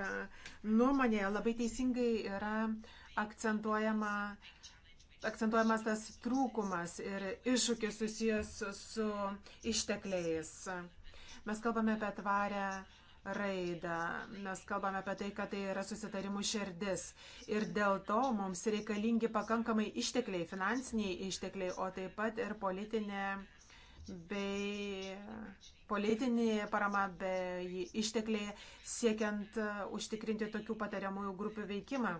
nuomonėje labai teisingai yra akcentuojama uh, akcentuojamas tas trūkumas ir iššūkis susijęs su ištekliais. Mes kalbame apie tvarę raidą, mes kalbame apie tai, kad tai yra susitarimų širdis. Ir dėl to mums reikalingi pakankamai ištekliai, finansiniai ištekliai, o taip pat ir politinė bei politinė parama, bei ištekliai siekiant užtikrinti tokių patariamųjų grupių veikimą.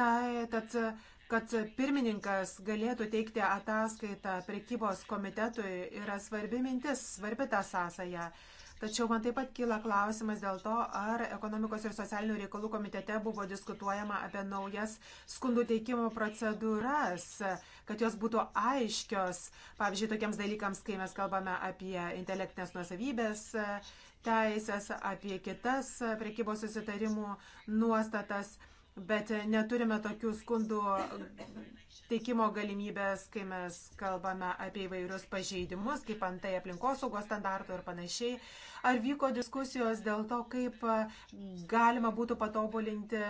tai, tad, kad pirmininkas galėtų teikti ataskaitą prekybos komitetui yra svarbi mintis, svarbi ta sąsaja. Tačiau man taip pat kyla klausimas dėl to, ar ekonomikos ir socialinių reikalų komitete buvo diskutuojama apie naujas skundų teikimo procedūras, kad jos būtų aiškios, pavyzdžiui, tokiems dalykams, kai mes kalbame apie intelektinės nuosavybės e, teisės, apie kitas prekybos susitarimų nuostatas bet e, neturime tokių skundų teikimo galimybės, kai mes kalbame apie įvairius pažeidimus, kaip antai aplinkosaugos standartų ir panašiai. Ar vyko diskusijos dėl to, kaip e, galima būtų patobulinti e,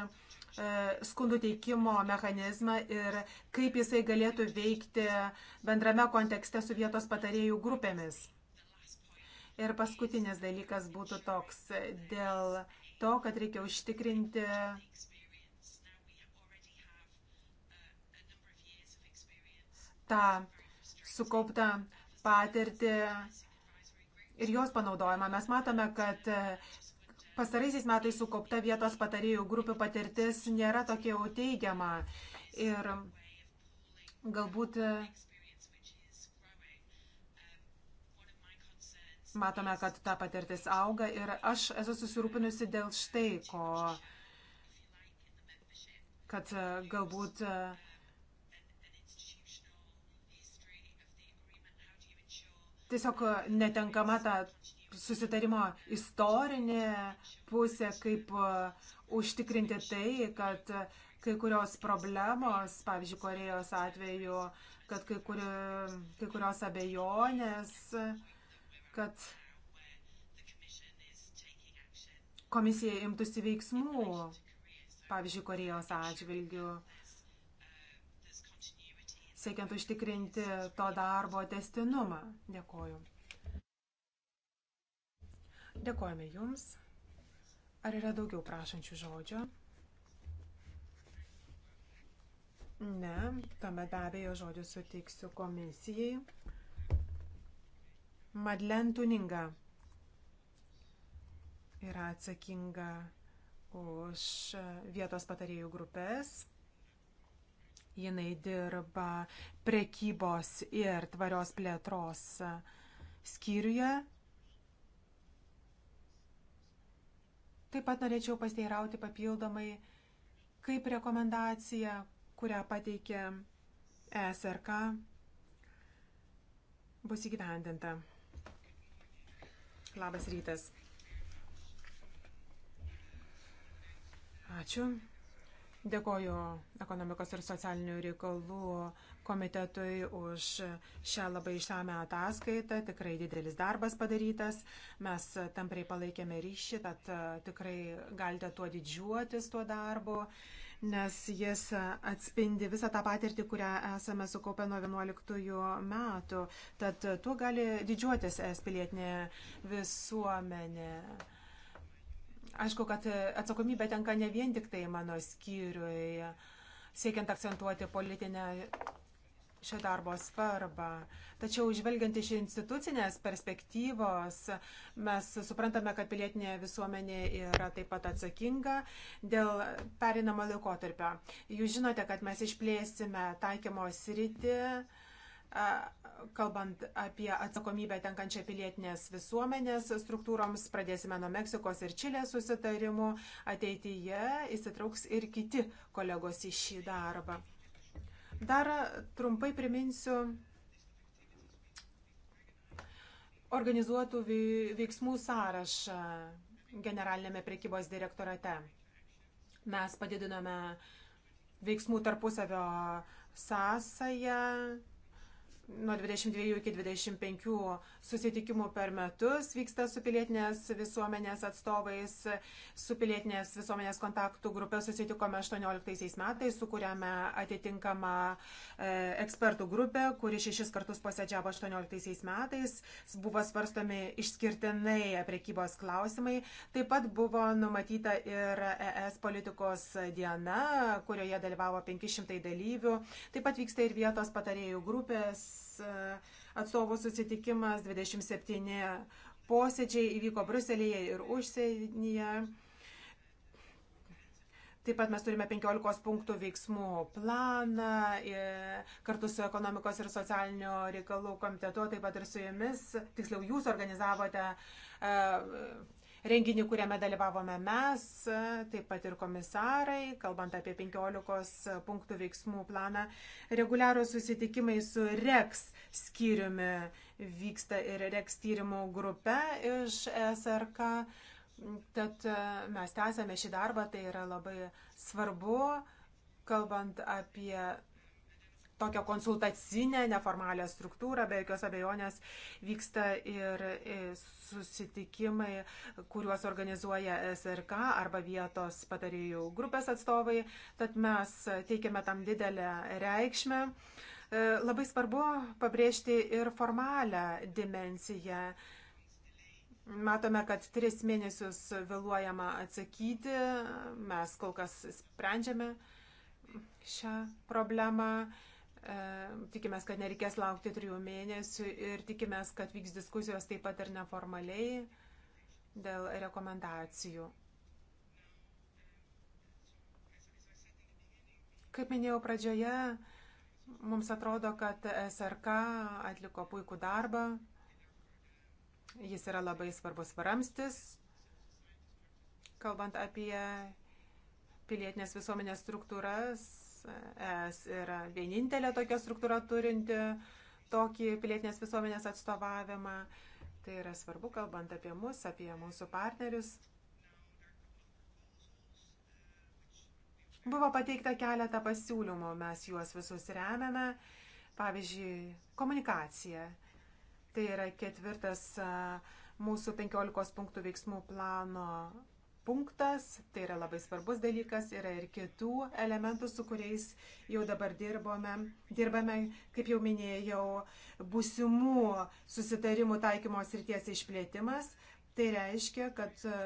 skundų teikimo mechanizmą ir kaip jisai galėtų veikti bendrame kontekste su vietos patarėjų grupėmis? Ir paskutinis dalykas būtų toks dėl to, kad reikia užtikrinti tą sukauptą patirtį ir jos panaudojimą. Mes matome, kad pastaraisiais metais sukaupta vietos patarėjų grupių patirtis nėra tokia jau teigiama. Ir galbūt matome, kad ta patirtis auga ir aš esu susirūpinusi dėl štai ko, kad galbūt uh, tiesiog netenkama ta susitarimo istorinė pusė, kaip e, užtikrinti tai, kad kai kurios problemos, pavyzdžiui, Korejos atveju, kad kai, kuri, kai kurios abejonės, kad komisija imtųsi veiksmų, pavyzdžiui, Korejos atžvilgių siekiant užtikrinti to darbo testinumą. Dėkoju. Dėkojame Jums. Ar yra daugiau prašančių žodžio? Ne, tuomet be abejo žodžiu suteiksiu komisijai. Madlen Tuninga yra atsakinga už vietos patarėjų grupės Jinai dirba prekybos ir tvarios plėtros skyriuje. Taip pat norėčiau pasteirauti papildomai, kaip rekomendacija, kurią pateikė ESRK, bus įgyvendinta. Labas rytas. Ačiū. Dėkoju ekonomikos ir socialinių reikalų komitetui už šią labai išsame ataskaitą. Tikrai didelis darbas padarytas. Mes tamprai palaikėme ryšį, tad e, tikrai galite tuo didžiuotis, tuo darbu, nes jis atspindi visą tą patirtį, kurią esame sukaupę nuo 11 metų. Tad tuo gali didžiuotis es pilietinė visuomenė. Aišku, kad e, atsakomybė tenka ne vien tik tai mano skyriui, siekiant akcentuoti politinę šio darbo svarbą. Tačiau žvelgiant iš institucinės perspektyvos, mes suprantame, kad pilietinė visuomenė yra taip pat atsakinga dėl perinamo laikotarpio. Jūs žinote, kad mes išplėsime taikymo sritį Kalbant apie atsakomybę tenkančią pilietinės visuomenės struktūroms, pradėsime nuo Meksikos ir Čilės susitarimų. Ateityje įsitrauks ir kiti kolegos į šį darbą. Dar trumpai priminsiu organizuotų veiksmų sąrašą generalinėme prekybos direktorate. Mes padidinome veiksmų tarpusavio sąsają nuo 22 iki 25 susitikimų per metus vyksta su pilietinės visuomenės atstovais. Su pilietinės visuomenės kontaktų grupė susitikome 18 metais, sukūrėme atitinkamą e, ekspertų grupę, kuri šešis kartus posėdžiavo 18 metais. Buvo svarstomi išskirtinai prekybos klausimai. Taip pat buvo numatyta ir ES politikos diena, kurioje dalyvavo 500 dalyvių. Taip pat vyksta ir vietos patarėjų grupės atstovų susitikimas, 27 posėdžiai įvyko Bruselėje ir užsienyje. Taip pat mes turime 15 punktų veiksmų planą kartu su ekonomikos ir socialinio reikalų komitetu, taip pat ir su jumis, tiksliau jūs organizavote e, renginį, kuriame dalyvavome mes, taip pat ir komisarai, kalbant apie 15 punktų veiksmų planą. Reguliarūs susitikimai su REX skyriumi vyksta ir REX tyrimų grupe iš SRK. Tad e, mes tęsėme šį darbą, tai yra labai svarbu, kalbant apie tokią konsultacinę, neformalią struktūrą, be jokios abejonės vyksta ir e, susitikimai, kuriuos organizuoja SRK arba vietos patarėjų grupės atstovai. Tad mes teikiame tam didelę reikšmę. E, labai svarbu pabrėžti ir formalią dimenciją. Matome, kad tris mėnesius vėluojama atsakyti, mes kol kas sprendžiame šią problemą E, tikimės, kad nereikės laukti trijų mėnesių ir tikimės, kad vyks diskusijos taip pat ir neformaliai dėl rekomendacijų. Kaip minėjau pradžioje, mums atrodo, kad SRK atliko puikų darbą. Jis yra labai svarbus varamstis, kalbant apie pilietinės visuomenės struktūras ES yra vienintelė tokia struktūra turinti tokį pilietinės visuomenės atstovavimą. Tai yra svarbu, kalbant apie mus, apie mūsų partnerius. Buvo pateikta keletą pasiūlymų, mes juos visus remiame. Pavyzdžiui, komunikacija. Tai yra ketvirtas mūsų 15 punktų veiksmų plano punktas, tai yra labai svarbus dalykas, yra ir kitų elementų, su kuriais jau dabar dirbome, dirbame, kaip jau minėjau, būsimų susitarimų taikymos ryties išplėtimas. Tai reiškia, kad e,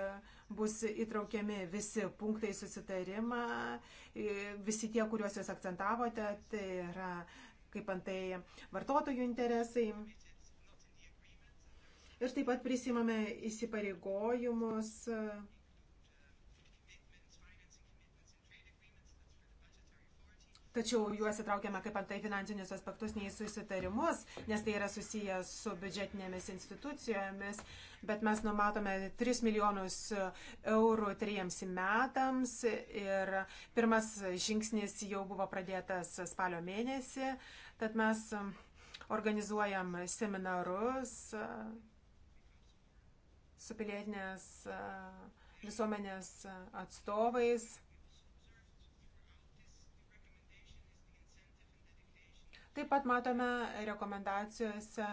bus įtraukiami visi punktai susitarimą, e, visi tie, kuriuos jūs akcentavote, tai yra kaip antai vartotojų interesai, Ir taip pat prisimame įsipareigojimus e, tačiau juos įtraukiame kaip antai finansinius aspektus, nei susitarimus, nes tai yra susiję su biudžetinėmis institucijomis, bet mes numatome 3 milijonus eurų trijiems metams ir pirmas žingsnis jau buvo pradėtas spalio mėnesį, tad mes organizuojam seminarus su pilietinės visuomenės atstovais Taip pat matome rekomendacijose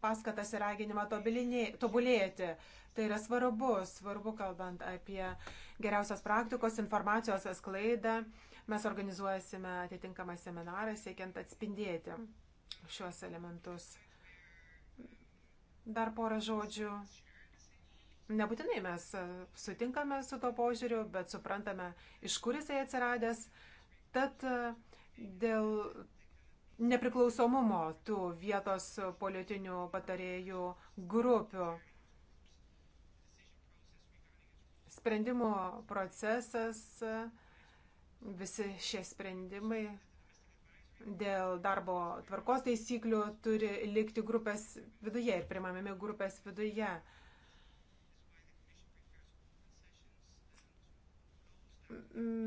paskatas ir raginimą tobulėti. Tai yra svarbu, svarbu kalbant apie geriausios praktikos, informacijos sklaidą. Mes organizuosime atitinkamą seminarą, siekiant atspindėti šiuos elementus. Dar porą žodžių. Nebūtinai mes sutinkame su to požiūriu, bet suprantame, iš kur jisai atsiradęs. Tad uh, dėl nepriklausomumo tų vietos politinių patarėjų grupių. Sprendimų procesas, visi šie sprendimai dėl darbo tvarkos taisyklių turi likti grupės viduje ir primamimi grupės viduje.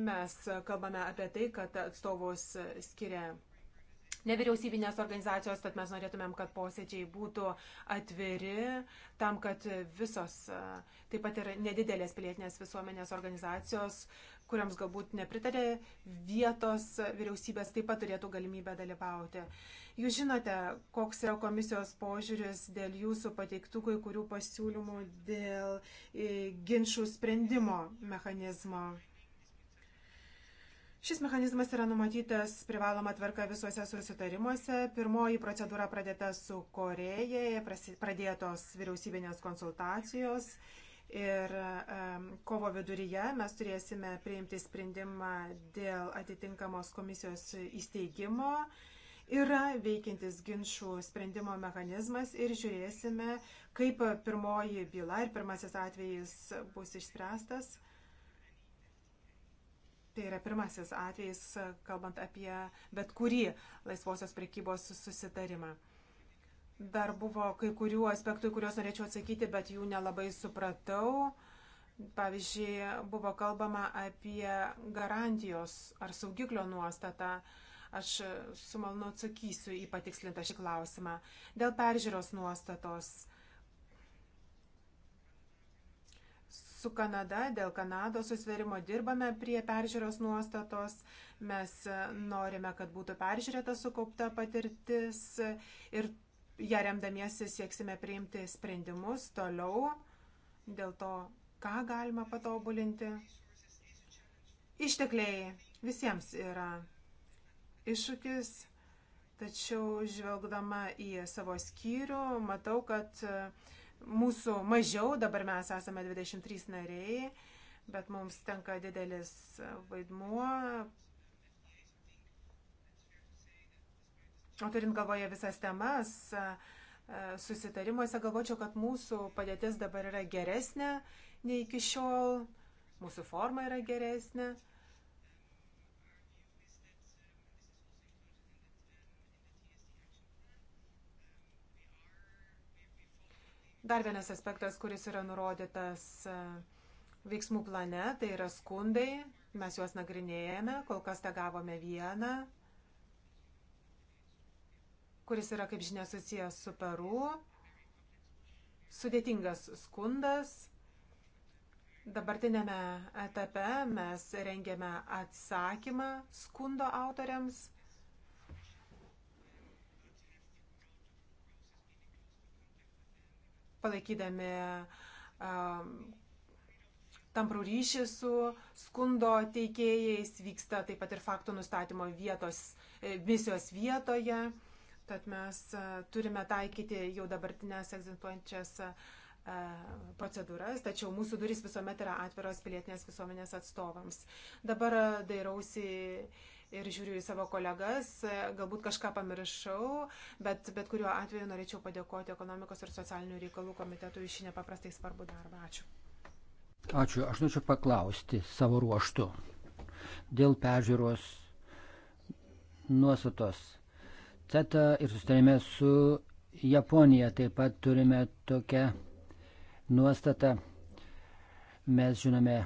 mes kalbame apie tai, kad atstovus skiria nevyriausybinės organizacijos, tad mes norėtumėm, kad posėdžiai būtų atviri tam, kad visos, taip pat ir nedidelės pilietinės visuomenės organizacijos, kuriams galbūt nepritarė vietos vyriausybės, taip pat turėtų galimybę dalyvauti. Jūs žinote, koks yra komisijos požiūris dėl jūsų pateiktų kai kurių pasiūlymų dėl e, ginčių sprendimo mechanizmo. Šis mechanizmas yra numatytas privaloma tvarka visuose susitarimuose. Pirmoji procedūra pradėta su Koreja, pradėtos vyriausybinės konsultacijos ir um, kovo viduryje mes turėsime priimti sprendimą dėl atitinkamos komisijos įsteigimo. Yra veikiantis ginčių sprendimo mechanizmas ir žiūrėsime, kaip pirmoji byla ir pirmasis atvejis bus išspręstas. Tai yra pirmasis atvejis, kalbant apie bet kurį laisvosios prekybos susitarimą. Dar buvo kai kurių aspektų, kuriuos norėčiau atsakyti, bet jų nelabai supratau. Pavyzdžiui, buvo kalbama apie garantijos ar saugiklio nuostatą. Aš su malonu atsakysiu į patikslintą šį klausimą. Dėl peržiūros nuostatos su Kanada, dėl Kanados susverimo dirbame prie peržiūros nuostatos. Mes e, norime, kad būtų peržiūrėta sukaupta patirtis ir ją remdamiesi sieksime priimti sprendimus toliau dėl to, ką galima patobulinti. Ištekliai visiems yra iššūkis, tačiau žvelgdama į savo skyrių, matau, kad mūsų mažiau, dabar mes esame 23 nariai, bet mums tenka didelis vaidmuo. O turint galvoje visas temas, e, susitarimuose galvočiau, kad mūsų padėtis dabar yra geresnė nei iki šiol, mūsų forma yra geresnė. Dar vienas aspektas, kuris yra nurodytas e, veiksmų plane, tai yra skundai. Mes juos nagrinėjame, kol kas tą gavome vieną, kuris yra, kaip žinia, susijęs su Peru. Sudėtingas skundas. Dabartinėme etape mes rengiame atsakymą skundo autoriams. palaikydami um, tamprų ryšį su skundo teikėjais, vyksta taip pat ir faktų nustatymo vietos, e, misijos vietoje. Tad mes e, turime taikyti jau dabartinės egzistuojančias e, procedūras, tačiau mūsų durys visuomet yra atviros pilietinės visuomenės atstovams. Dabar dairausi ir žiūriu į savo kolegas, e, galbūt kažką pamiršau, bet bet kuriuo atveju norėčiau padėkoti ekonomikos ir socialinių reikalų komitetui iš nepaprastai svarbu darbą. Ačiū. Ačiū. Aš norėčiau paklausti savo ruoštų dėl peržiūros nuostatos. CETA ir sustarėme su Japonija taip pat turime tokią nuostatą. Mes žinome,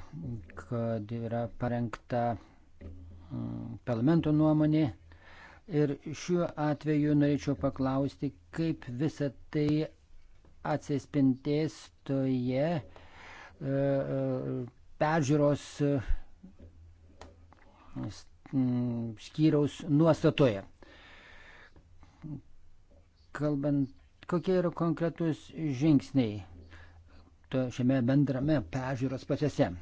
kad yra parengta parlamento nuomonė. Ir šiuo atveju norėčiau paklausti, kaip visa tai atsispintės toje e, e, peržiūros e, skyriaus nuostatoje. Kalbant, kokie yra konkretus žingsniai to, šiame bendrame peržiūros procese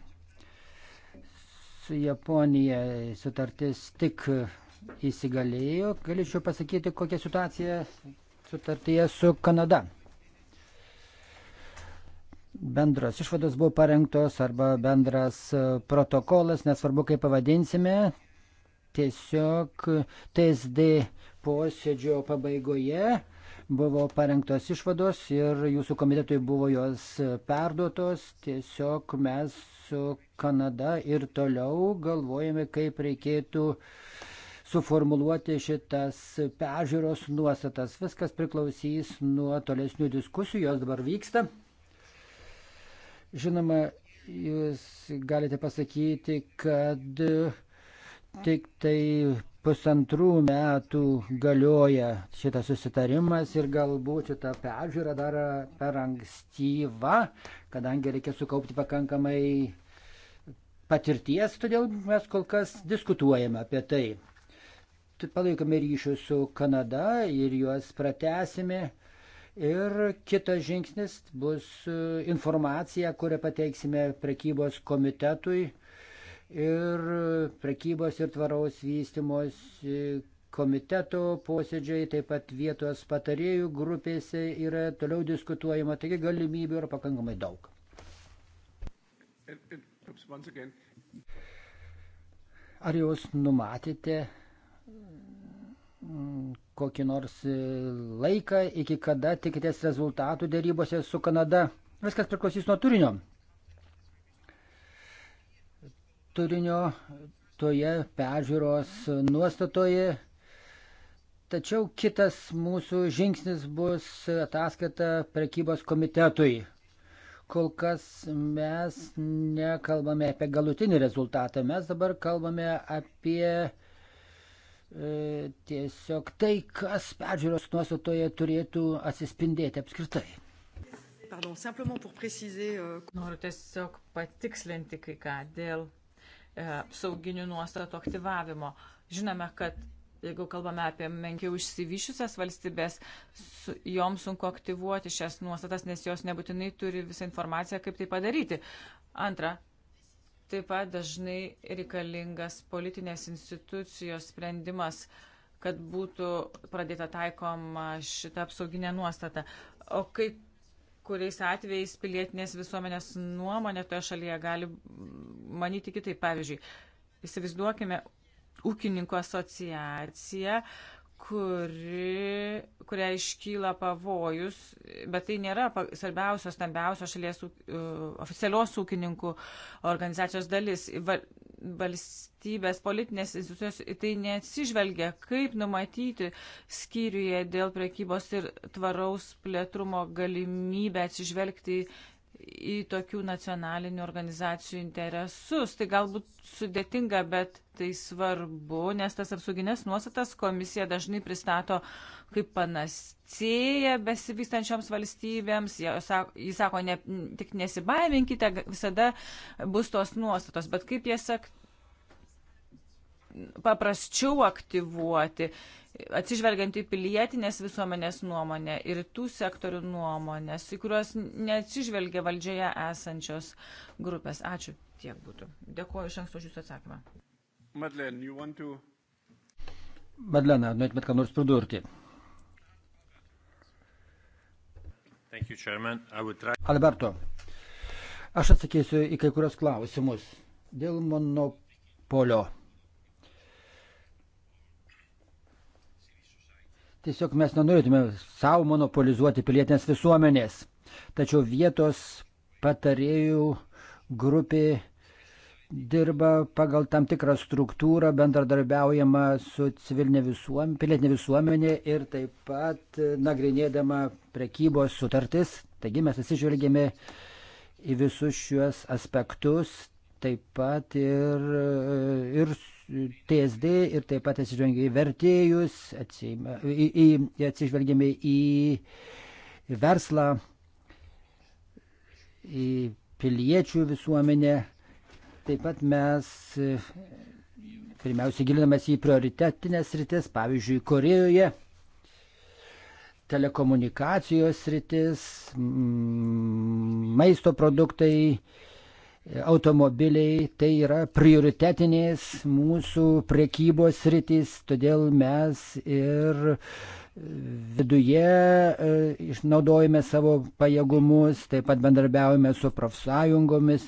su Japonija sutartis tik įsigalėjo. Galėčiau pasakyti, kokia situacija sutartyje su Kanada. Bendros išvados buvo parengtos arba bendras protokolas, nesvarbu kaip pavadinsime. Tiesiog TSD posėdžio pabaigoje buvo parengtos išvados ir jūsų komitetui buvo jos perduotos. Tiesiog mes su Kanada ir toliau galvojame, kaip reikėtų suformuluoti šitas pežiūros nuostatas. Viskas priklausys nuo tolesnių diskusijų, jos dabar vyksta. Žinoma, jūs galite pasakyti, kad tik tai pusantrų metų galioja šitas susitarimas ir galbūt šita peržiūra dar per ankstyva, kadangi reikia sukaupti pakankamai patirties, todėl mes kol kas diskutuojame apie tai. Palaikome ryšius su Kanada ir juos pratesime. Ir kitas žingsnis bus e, informacija, kurią pateiksime prekybos komitetui ir prekybos ir tvaraus vystimos komiteto posėdžiai, taip pat vietos patarėjų grupėse yra toliau diskutuojama, taigi galimybių yra pakankamai daug. Ar jūs numatėte mm, kokį nors laiką, iki kada tikitės rezultatų dėrybose su Kanada? Viskas priklausys nuo turinio turinio toje peržiūros nuostatoje. Tačiau kitas mūsų žingsnis bus ataskaita prekybos komitetui. Kol kas mes nekalbame apie galutinį rezultatą, mes dabar kalbame apie e, tiesiog tai, kas peržiūros nuostatoje turėtų atsispindėti apskritai. Pardon, simplement pour préciser. Euh... Noriu tiesiog patikslinti kai ką dėl E, apsauginių nuostatų aktyvavimo. Žinome, kad jeigu kalbame apie menkiau išsivyšiusias valstybės, su, joms sunku aktyvuoti šias nuostatas, nes jos nebūtinai turi visą informaciją, kaip tai padaryti. Antra, taip pat dažnai reikalingas politinės institucijos sprendimas, kad būtų pradėta taikoma šita apsauginė nuostata. O kaip kuriais atvejais pilietinės visuomenės nuomonė toje šalyje gali manyti kitaip. Pavyzdžiui, įsivaizduokime ūkininkų asociaciją, kuri, kuria iškyla pavojus, bet tai nėra svarbiausios, stambiausios šalies uh, oficialios ūkininkų organizacijos dalis valstybės politinės institucijos į tai neatsižvelgia, kaip numatyti skyriuje dėl prekybos ir tvaraus plėtrumo galimybę atsižvelgti į tokių nacionalinių organizacijų interesus. Tai galbūt sudėtinga, bet tai svarbu, nes tas apsauginės nuostatas komisija dažnai pristato kaip panacėja besivystančioms valstybėms. Jis sako, ne, tik nesibaiminkite, visada bus tos nuostatos, bet kaip jie sak paprasčiau aktyvuoti atsižvelgiant į pilietinės visuomenės nuomonę ir tų sektorių nuomonės, į kuriuos neatsižvelgia valdžioje esančios grupės. Ačiū tiek būtų. Dėkuoju iš anksto už Jūsų atsakymą. Madlen, you want to... Madlena, norėtumėt ką nors pridurti? You, try... Alberto, aš atsakysiu į kai kurios klausimus dėl monopolio. Tiesiog mes nenorėtume savo monopolizuoti pilietinės visuomenės. Tačiau vietos patarėjų grupė dirba pagal tam tikrą struktūrą, bendradarbiaujama su civilinė visuomenė, pilietinė visuomenė ir taip pat nagrinėdama prekybos sutartis. Taigi mes atsižvelgėme į visus šiuos aspektus, taip pat ir, ir TSD ir taip pat atsižvelgiame į vertėjus, atsima, į, į, atsižvelgiame į verslą, į piliečių visuomenę. Taip pat mes e, pirmiausia gilinamės į prioritetinės rytis, pavyzdžiui, Korejoje telekomunikacijos rytis, maisto produktai, automobiliai tai yra prioritetinės mūsų prekybos rytis, todėl mes ir viduje e, išnaudojame savo pajėgumus, taip pat bendarbiaujame su profsąjungomis.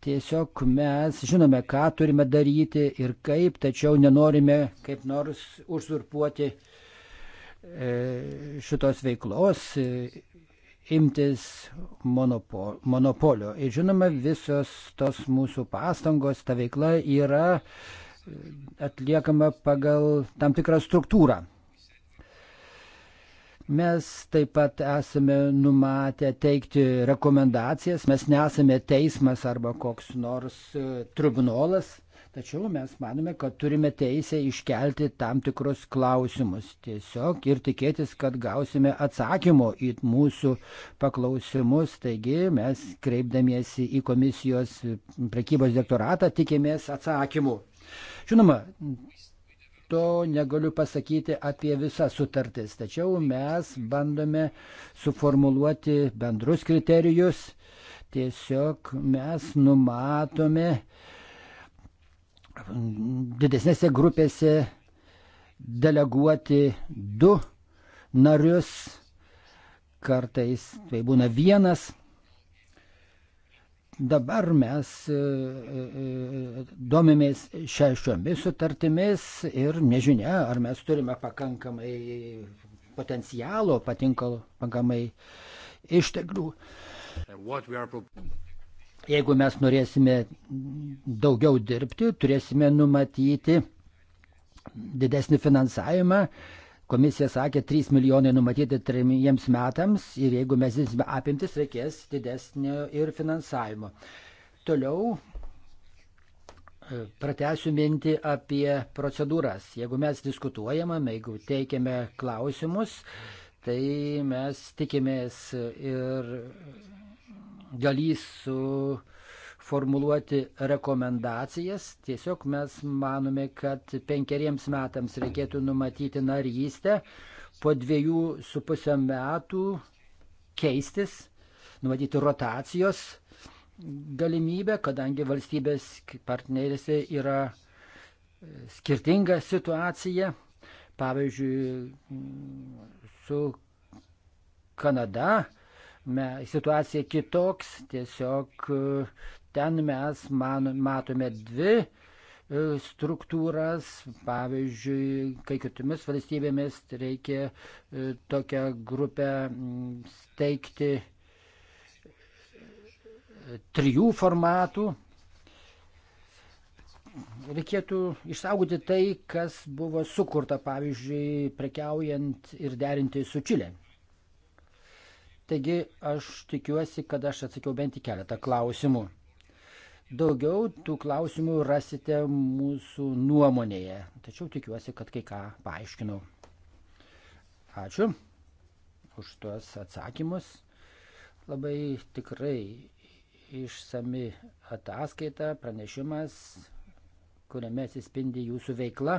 Tiesiog mes žinome, ką turime daryti ir kaip, tačiau nenorime kaip nors užsurpuoti e, šitos veiklos imtis monopo, monopolio. Ir žinoma, visos tos mūsų pastangos, ta veikla yra e, atliekama pagal tam tikrą struktūrą. Mes taip pat esame numatę teikti rekomendacijas, mes nesame teismas arba koks nors e, tribunolas. Tačiau mes manome, kad turime teisę iškelti tam tikrus klausimus tiesiog ir tikėtis, kad gausime atsakymo į mūsų paklausimus. Taigi mes kreipdamiesi į komisijos prekybos direktoratą tikimės atsakymų. Žinoma, to negaliu pasakyti apie visas sutartis, tačiau mes bandome suformuluoti bendrus kriterijus. Tiesiog mes numatome didesnėse grupėse deleguoti du narius, kartais tai būna vienas. Dabar mes e, e, e, domimės šešiomis sutartimis ir nežinia, ar mes turime pakankamai potencialo, patinkalo, pakankamai išteklių. Jeigu mes norėsime daugiau dirbti, turėsime numatyti didesnį finansavimą. Komisija sakė, 3 milijonai numatyti trimiems metams ir jeigu mes didinsime apimtis, reikės didesnio ir finansavimo. Toliau e, pratęsiu mintį apie procedūras. Jeigu mes diskutuojame, jeigu teikiame klausimus, tai mes tikimės ir galys suformuluoti rekomendacijas. Tiesiog mes manome, kad penkeriems metams reikėtų numatyti narystę, po dviejų su pusę metų keistis, numatyti rotacijos galimybę, kadangi valstybės partnerėse yra skirtinga situacija. Pavyzdžiui, su Kanada me, situacija kitoks, tiesiog e, ten mes man, matome dvi e, struktūras, pavyzdžiui, kai kitomis valstybėmis reikia e, tokią grupę mm, steigti trijų formatų. Reikėtų išsaugoti tai, kas buvo sukurta, pavyzdžiui, prekiaujant ir derinti su Čilė. Taigi aš tikiuosi, kad aš atsakiau bent į keletą klausimų. Daugiau tų klausimų rasite mūsų nuomonėje, tačiau tikiuosi, kad kai ką paaiškinau. Ačiū už tuos atsakymus. Labai tikrai išsami ataskaita, pranešimas, kuriame atsispindi jūsų veikla.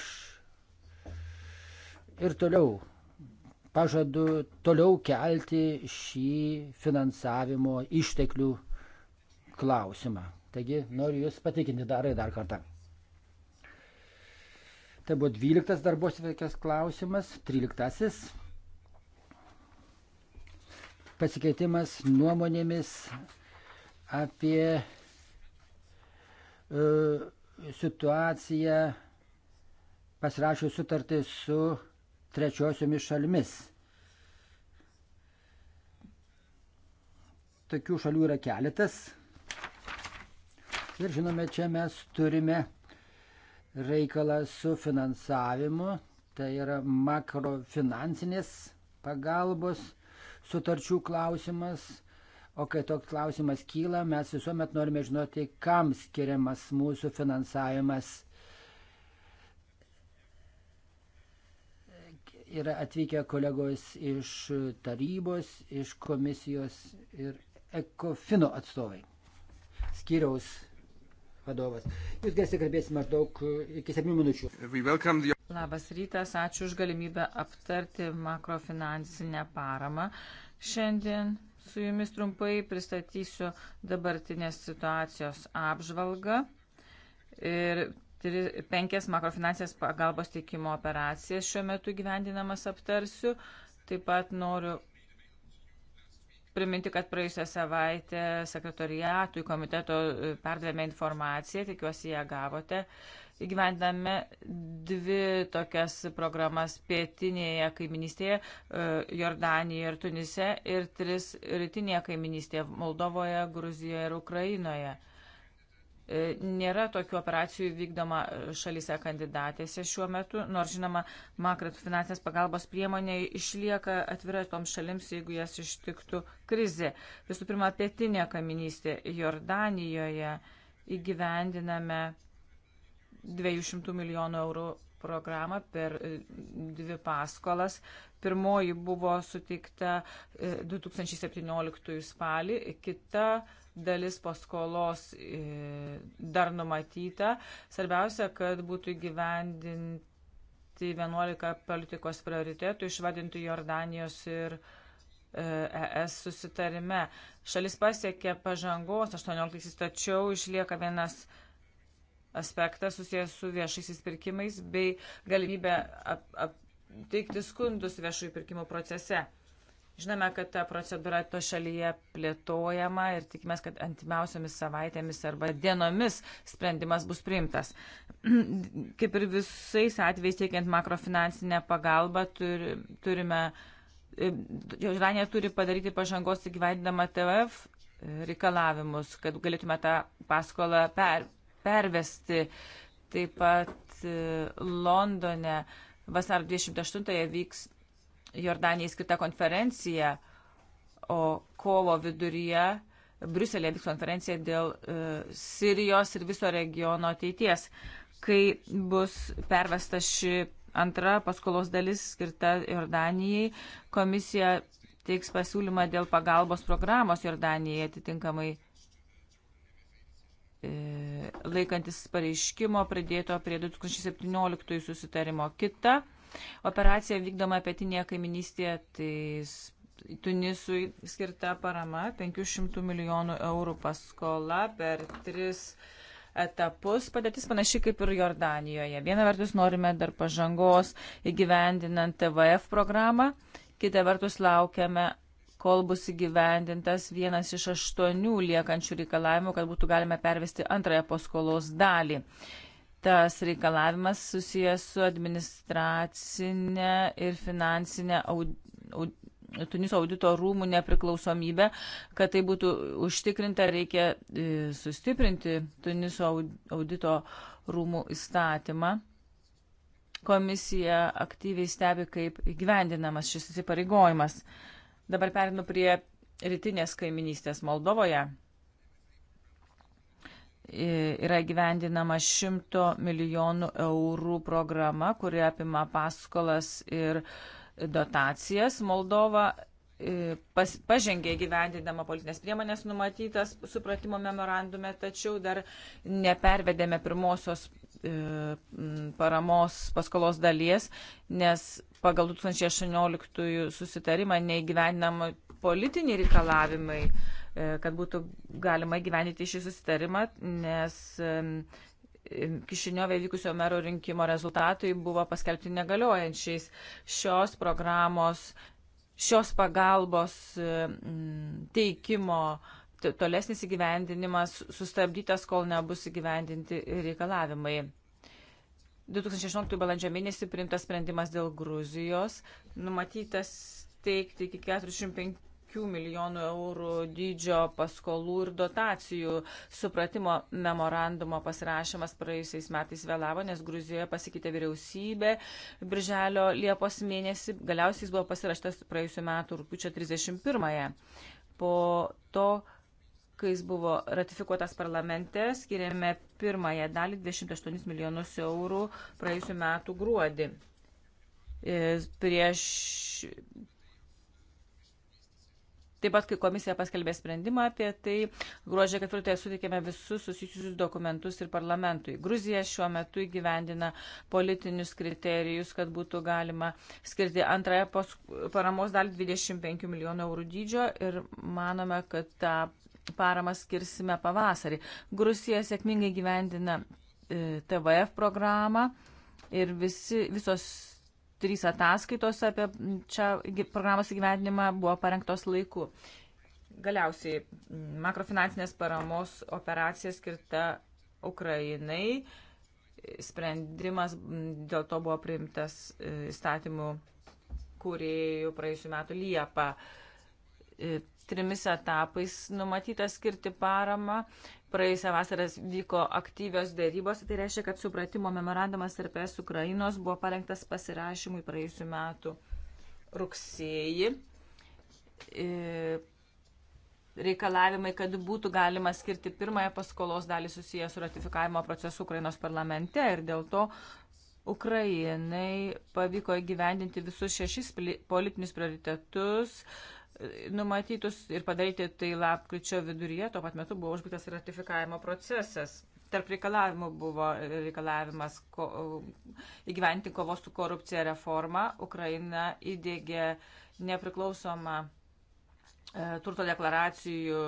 Aš ir toliau pažadu toliau kelti šį finansavimo išteklių klausimą. Taigi noriu Jūs patikinti darai dar kartą. Tai buvo 12 darbos veikės klausimas, 13. Pasikeitimas nuomonėmis apie uh, situaciją pasirašius sutartį su uh, trečiosiomis šalimis. Tokių šalių yra keletas. Ir žinome, čia mes turime reikalą su finansavimu, tai yra makrofinansinės pagalbos sutarčių klausimas. O kai toks klausimas kyla, mes visuomet norime žinoti, kam skiriamas mūsų finansavimas. yra atvykę kolegos iš tarybos, iš komisijos ir ekofino atstovai. Skyriaus vadovas. Jūs galėsite kalbėti maždaug iki 7 minučių. The... Labas rytas, ačiū už galimybę aptarti makrofinansinę paramą. Šiandien su jumis trumpai pristatysiu dabartinės situacijos apžvalgą ir penkias makrofinansės pagalbos teikimo operacijas šiuo metu gyvendinamas aptarsiu. Taip pat noriu priminti, kad praėjusią savaitę sekretoriatui komiteto e, perdavėme informaciją, tikiuosi ją gavote. Įgyvendame dvi tokias programas pietinėje kaiminystėje, e, Jordanijoje ir Tunise, ir tris rytinėje kaiminystėje, Moldovoje, Gruzijoje ir Ukrainoje. E, nėra tokių operacijų vykdoma e, šalyse kandidatėse šiuo metu, nors žinoma, makrofinansinės pagalbos priemonė išlieka atvira toms šalims, jeigu jas ištiktų krizė. Visų pirma, pietinė kaminystė Jordanijoje įgyvendiname 200 milijonų eurų programą per e, dvi paskolas. Pirmoji buvo suteikta 2017 e, spalį, kita dalis paskolos e, dar numatyta. Svarbiausia, kad būtų įgyvendinti 11 politikos prioritetų išvadinti Jordanijos ir ES susitarime. Šalis pasiekė pažangos 18, tačiau išlieka vienas aspektas susijęs su viešaisiais pirkimais bei galimybę ap, ap, teikti skundus viešųjų pirkimų procese. Žinome, kad ta procedūra to šalyje plėtojama ir tikimės, kad antimiausiamis savaitėmis arba dienomis sprendimas bus priimtas. Kaip ir visais atvejais teikiant makrofinansinę pagalbą, turi, turime, Jordanija e, turi padaryti pažangos įgyvendinamą TVF reikalavimus, kad galėtume tą paskolą per, pervesti. Taip pat e, Londone vasar 28-ąją vyks Jordanijai skirta konferencija, o kovo viduryje Briuselėje vyks konferencija dėl e, Sirijos ir viso regiono ateities, kai bus pervesta ši antra paskolos dalis skirta Jordanijai. Komisija teiks pasiūlymą dėl pagalbos programos Jordanijai atitinkamai E, laikantis pareiškimo pridėto prie 2017 susitarimo. Kita operacija vykdoma pietinėje kaiminystėje, tai Tunisui skirta parama 500 milijonų eurų paskola per tris etapus. Padėtis panaši kaip ir Jordanijoje. Viena vertus norime dar pažangos įgyvendinant TVF programą, kita vertus laukiame kol bus įgyvendintas vienas iš aštuonių liekančių reikalavimų, kad būtų galima pervesti antrąją paskolos dalį. Tas reikalavimas susijęs su administracinė ir finansinė aud... Aud... Tuniso audito rūmų nepriklausomybė, kad tai būtų užtikrinta, reikia e, sustiprinti Tuniso audito rūmų įstatymą. Komisija aktyviai stebi, kaip įgyvendinamas šis įsipareigojimas. Uh, Dabar perinu prie rytinės kaiminystės Moldovoje. Yra gyvendinama 100 milijonų eurų programa, kuri apima paskolas ir dotacijas. Moldova pas, pažengė gyvendinama politinės priemonės numatytas supratimo memorandume, tačiau dar nepervedėme pirmosios paramos paskolos dalies, nes pagal 2018 susitarimą neįgyvendinama politiniai reikalavimai, e, kad būtų galima įgyvendinti šį susitarimą, nes e, Kišiniovė vykusio mero rinkimo rezultatai buvo paskelbti negaliojančiais. Šios programos, šios pagalbos e, teikimo tolesnis įgyvendinimas sustabdytas, kol nebus įgyvendinti reikalavimai. 2016 balandžio mėnesį priimtas sprendimas dėl Gruzijos, numatytas teikti iki 405 milijonų eurų dydžio paskolų ir dotacijų. Supratimo memorandumo pasirašymas praėjusiais metais vėlavo, nes Gruzijoje pasikeitė vyriausybė. Birželio Liepos mėnesį galiausiai jis buvo pasirašytas praėjusiu metu rūpiučio 31. -ąją. Po to kai jis buvo ratifikuotas parlamente, skiriame pirmąją dalį 28 milijonus eurų praėjusiu metu gruodį. Prieš... Taip pat, kai komisija paskelbė sprendimą apie tai, gruodžio 4 suteikėme visus susijusius dokumentus ir parlamentui. Gruzija šiuo metu įgyvendina politinius kriterijus, kad būtų galima skirti antrąją paramos dalį 25 milijonų eurų dydžio ir manome, kad tą paramą skirsime pavasarį. Grusija sėkmingai gyvendina e, TVF programą ir visi, visos trys ataskaitos apie čia programos įgyvendinimą buvo parengtos laiku. Galiausiai makrofinansinės paramos operacija skirta Ukrainai. Sprendimas dėl to buvo priimtas e, įstatymų kuriejų praėjusiu metu Liepą e, trimis etapais numatyta skirti paramą. Praėjusią vasarą vyko aktyvios dėrybos, tai reiškia, kad supratimo memorandumas tarp ES Ukrainos buvo parengtas pasirašymui praėjusiu metu rugsėjį. E, reikalavimai, kad būtų galima skirti pirmąją paskolos dalį susijęs su ratifikavimo procesu Ukrainos parlamente ir dėl to Ukrainai pavyko įgyvendinti visus šešis politinius prioritetus, uh, numatytus ir padaryti tai lapkričio viduryje, tuo pat metu buvo užbaigtas ratifikavimo procesas. Tarp reikalavimų buvo reikalavimas ko, įgyventi kovos su korupcija reformą. Ukraina įdėgė nepriklausomą e, turto deklaracijų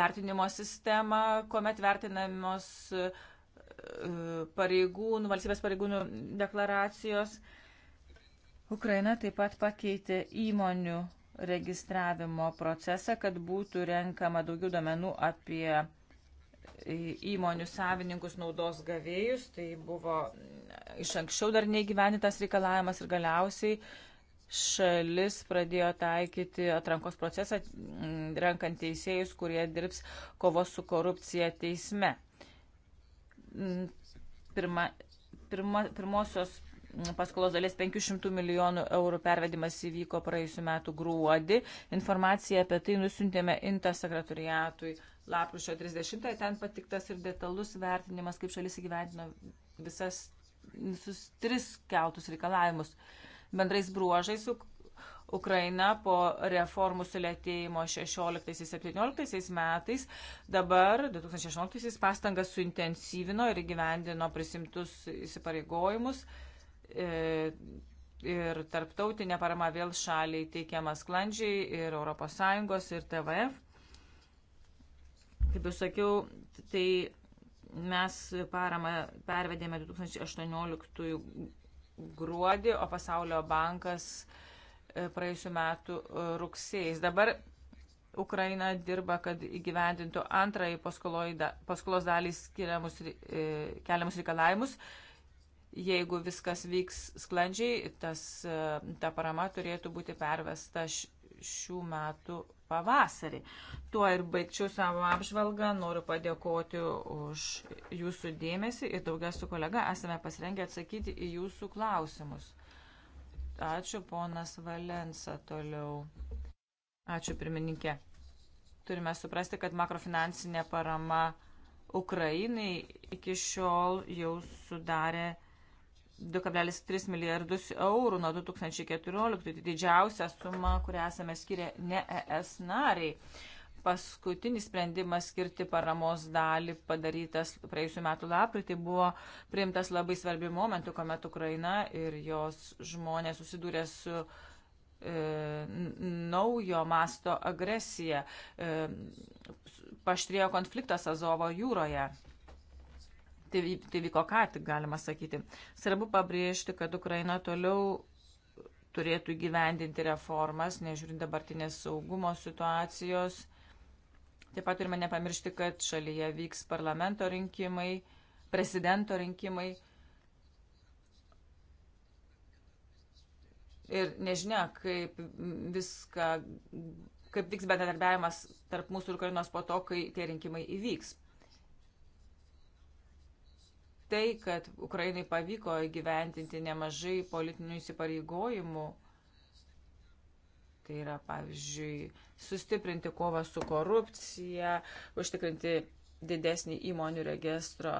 vertinimo sistemą, kuomet vertinamos e, pareigūnų, valstybės pareigūnų deklaracijos. Ukraina taip pat pakeitė įmonių registravimo procesą, kad būtų renkama daugiau domenų apie įmonių savininkus naudos gavėjus. Tai buvo iš anksčiau dar neįgyvenitas reikalavimas ir galiausiai šalis pradėjo taikyti atrankos procesą, mm, renkant teisėjus, kurie dirbs kovos su korupcija teisme. Mm, pirma, pirma, pirmosios paskolos dalies 500 milijonų eurų pervedimas įvyko praėjusiu metu gruodį. Informaciją apie tai nusintėme INTA sekretariatui lapkričio 30. Ten patiktas ir detalus vertinimas, kaip šalis įgyvendino visas, visus tris keltus reikalavimus. Bendrais bruožais Ukraina po reformų sulėtėjimo 16-17 metais dabar 2016 pastangas suintensyvino ir gyvendino prisimtus įsipareigojimus. Uh, E, ir tarptautinė parama vėl šaliai teikiama sklandžiai ir ES ir TVF. Kaip jau sakiau, tai mes paramą pervedėme 2018 gruodį, o Pasaulio bankas e, praėjusiu metu e, rugsėjais. Dabar Ukraina dirba, kad įgyvendintų antrąjį paskolos dalį skiriamus keliamus reikalavimus. E, jeigu viskas vyks sklandžiai, tas, e, ta parama turėtų būti pervesta šių metų pavasarį. Tuo ir baigčiau savo apžvalgą. Noriu padėkoti už jūsų dėmesį ir daugia su kolega esame pasirengę atsakyti į jūsų klausimus. Ačiū ponas Valensa toliau. Ačiū pirmininkė. Turime suprasti, kad makrofinansinė parama Ukrainai iki šiol jau sudarė 2,3 milijardus eurų nuo 2014, tai didžiausia suma, kurią esame skiria ne ES nariai. Paskutinis sprendimas skirti paramos dalį padarytas praėjusiu metu lapritį tai buvo priimtas labai svarbi momentu, kuomet Ukraina ir jos žmonės susidūrė su e, naujo masto agresija. E, paštrėjo konfliktas Azovo jūroje. Tai, tai vyko ką tik, galima sakyti. Svarbu pabrėžti, kad Ukraina toliau turėtų gyvendinti reformas, nežiūrint dabartinės saugumo situacijos. Taip pat turime nepamiršti, kad šalyje vyks parlamento rinkimai, prezidento rinkimai. Ir nežinia, kaip viską, kaip vyks bendradarbiavimas tarp mūsų ir Ukrainos po to, kai tie rinkimai įvyks tai, kad Ukrainai pavyko įgyventinti nemažai politinių įsipareigojimų. Tai yra, pavyzdžiui, sustiprinti kovą su korupcija, užtikrinti didesnį įmonių registro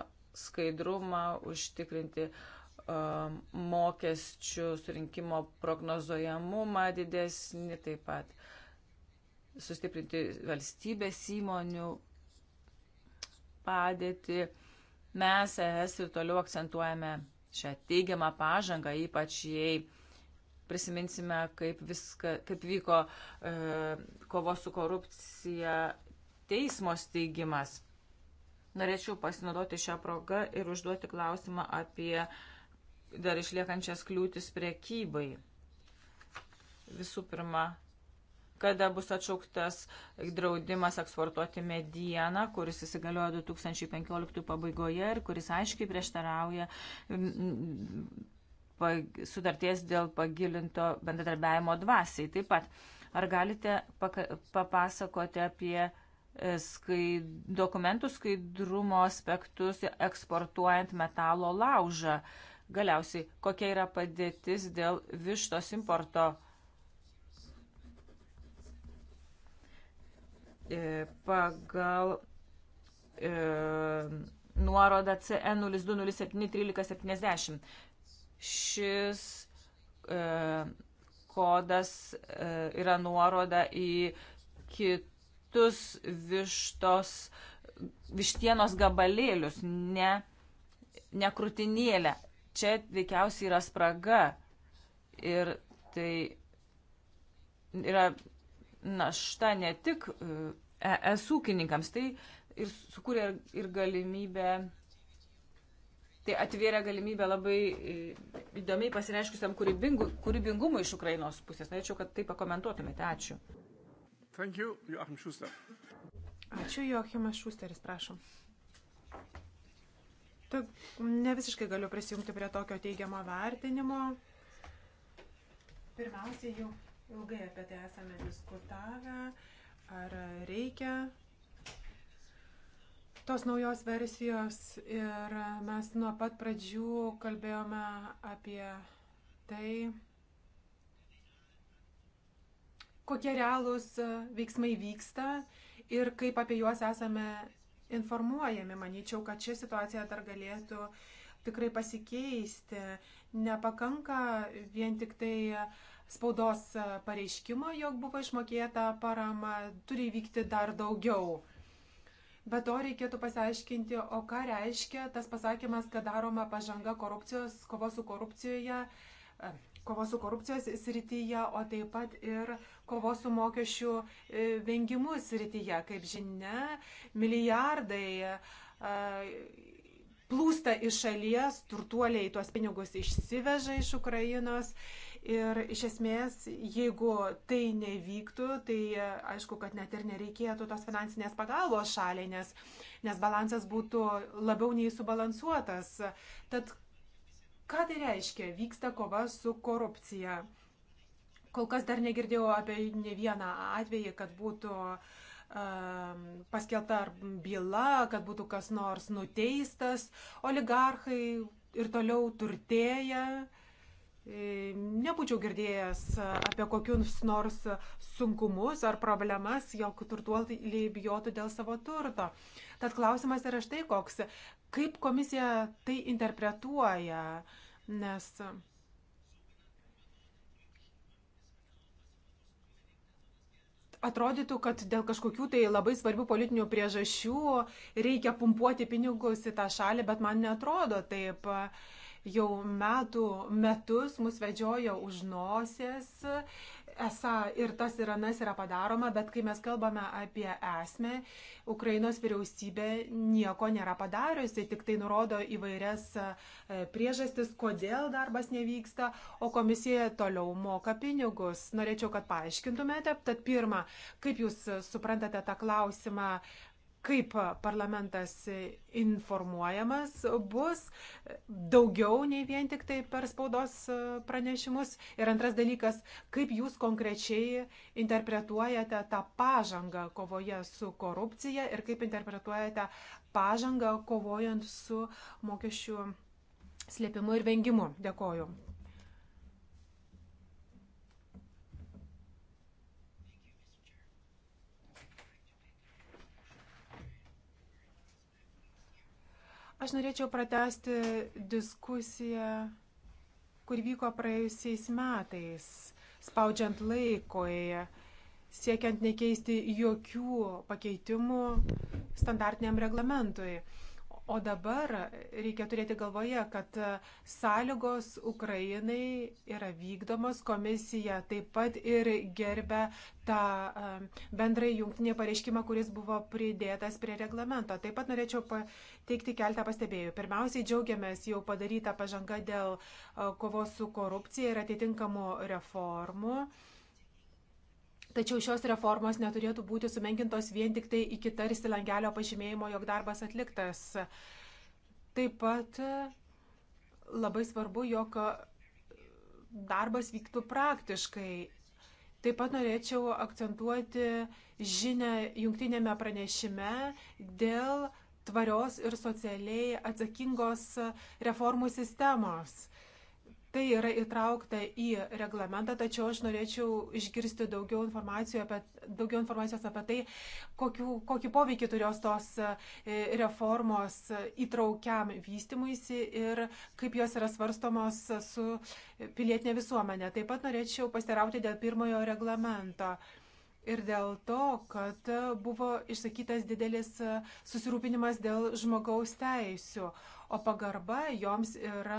skaidrumą, užtikrinti um, mokesčių surinkimo prognozojamumą didesnį, taip pat sustiprinti valstybės įmonių padėti Mes ES ir toliau akcentuojame šią teigiamą pažangą, ypač jei prisiminsime, kaip, viską, kaip vyko e, kovo su korupcija teismo steigimas. Norėčiau pasinaudoti šią progą ir užduoti klausimą apie dar išliekančias kliūtis priekybai. Visų pirma, kada bus atšauktas draudimas eksportuoti medieną, kuris įsigaliojo 2015 pabaigoje ir kuris aiškiai prieštarauja sutarties dėl pagilinto bendradarbiavimo dvasiai. Taip pat, ar galite papasakoti apie e, skai, dokumentų skaidrumo aspektus eksportuojant metalo laužą? Galiausiai, kokia yra padėtis dėl vištos importo E, pagal e, nuorodą CE02071370. Šis e, kodas e, yra nuoroda į kitus vištos, vištienos gabalėlius, ne, ne krūtinėlę. Čia veikiausiai yra spraga ir tai yra našta ne tik ES e ūkininkams, tai ir sukūrė ir galimybę, tai atvėrė galimybę labai e, įdomiai pasireiškusiam kūrybingumui iš Ukrainos pusės. Norėčiau, kad tai pakomentuotumėte. Ačiū. Thank you, Joachim Schuster. Ačiū, Joachimas Šusteris, prašom. Tu ne visiškai galiu prisijungti prie tokio teigiamo vertinimo. Pirmiausia, jau Ilgai apie tai esame diskutavę, ar reikia tos naujos versijos ir mes nuo pat pradžių kalbėjome apie tai, kokie realūs veiksmai vyksta ir kaip apie juos esame informuojami. Manyčiau, kad ši situacija dar galėtų tikrai pasikeisti. Nepakanka vien tik tai spaudos e, pareiškimo, jog buvo išmokėta parama, turi įvykti dar daugiau. Bet to reikėtų pasiaiškinti, o ką reiškia tas pasakymas, kad daroma pažanga korupcijos, kovos su korupcijoje, e, kovos su korupcijos srityje, o taip pat ir kovos su mokesčių e, vengimu srityje. Kaip žinia, milijardai plūsta iš šalies, turtuoliai tuos pinigus išsiveža iš Ukrainos Ir iš esmės, jeigu tai nevyktų, tai e, aišku, kad net ir nereikėtų tos finansinės pagalbos šaliai, nes, nes balansas būtų labiau nei subalansuotas. Tad ką tai reiškia? Vyksta kova su korupcija. Kol kas dar negirdėjau apie ne vieną atvejį, kad būtų uh, paskelta ar byla, kad būtų kas nors nuteistas, oligarchai ir toliau turtėja, E, nebūčiau girdėjęs apie kokius nors sunkumus ar problemas, jog turtuoliai bijotų dėl savo turto. Tad klausimas yra štai koks. Kaip komisija tai interpretuoja? Nes. Atrodytų, kad dėl kažkokių tai labai svarbių politinių priežasčių reikia pumpuoti pinigus į tą šalį, bet man netrodo taip. Uh, jau metų metus mus vedžioja už nosies, esą ir tas ir anas yra padaroma, bet kai mes kalbame apie esmę, Ukrainos vyriausybė nieko nėra padariusi, tik tai nurodo įvairias e, priežastis, kodėl darbas nevyksta, o komisija toliau moka pinigus. Norėčiau, kad paaiškintumėte, tad pirmą, kaip jūs suprantate tą klausimą kaip parlamentas informuojamas bus daugiau nei vien tik tai per spaudos pranešimus. Ir antras dalykas, kaip jūs konkrečiai interpretuojate tą pažangą kovoje su korupcija ir kaip interpretuojate pažangą kovojant su mokesčių slėpimu ir vengimu. Dėkoju. Aš norėčiau pratesti diskusiją, kur vyko praėjusiais metais, spaudžiant laikoje, siekiant nekeisti jokių pakeitimų standartiniam reglamentui. O dabar reikia turėti galvoje, kad sąlygos Ukrainai yra vykdomos, komisija taip pat ir gerbė tą bendrai jungtinį pareiškimą, kuris buvo pridėtas prie reglamento. Taip pat norėčiau pateikti keltą pastebėjų. Pirmiausiai džiaugiamės jau padarytą pažangą dėl e, kovos su korupcija ir atitinkamų reformų. Tačiau šios reformos neturėtų būti sumenkintos vien tik tai iki tarsi langelio pažymėjimo, jog darbas atliktas. Taip pat e, labai svarbu, jog e, darbas vyktų praktiškai Taip pat norėčiau akcentuoti žinę jungtinėme pranešime dėl tvarios ir socialiai atsakingos reformų sistemos. Tai yra įtraukta į reglamentą, tačiau aš norėčiau išgirsti daugiau, apie, daugiau informacijos apie tai, kokiu, kokį poveikį turės tos e, reformos įtraukiam vystimuisi ir kaip jos yra svarstomos su pilietinė visuomenė. Taip pat norėčiau pasirauti dėl pirmojo reglamento. Ir dėl to, kad buvo išsakytas didelis susirūpinimas dėl žmogaus teisių. O pagarba joms yra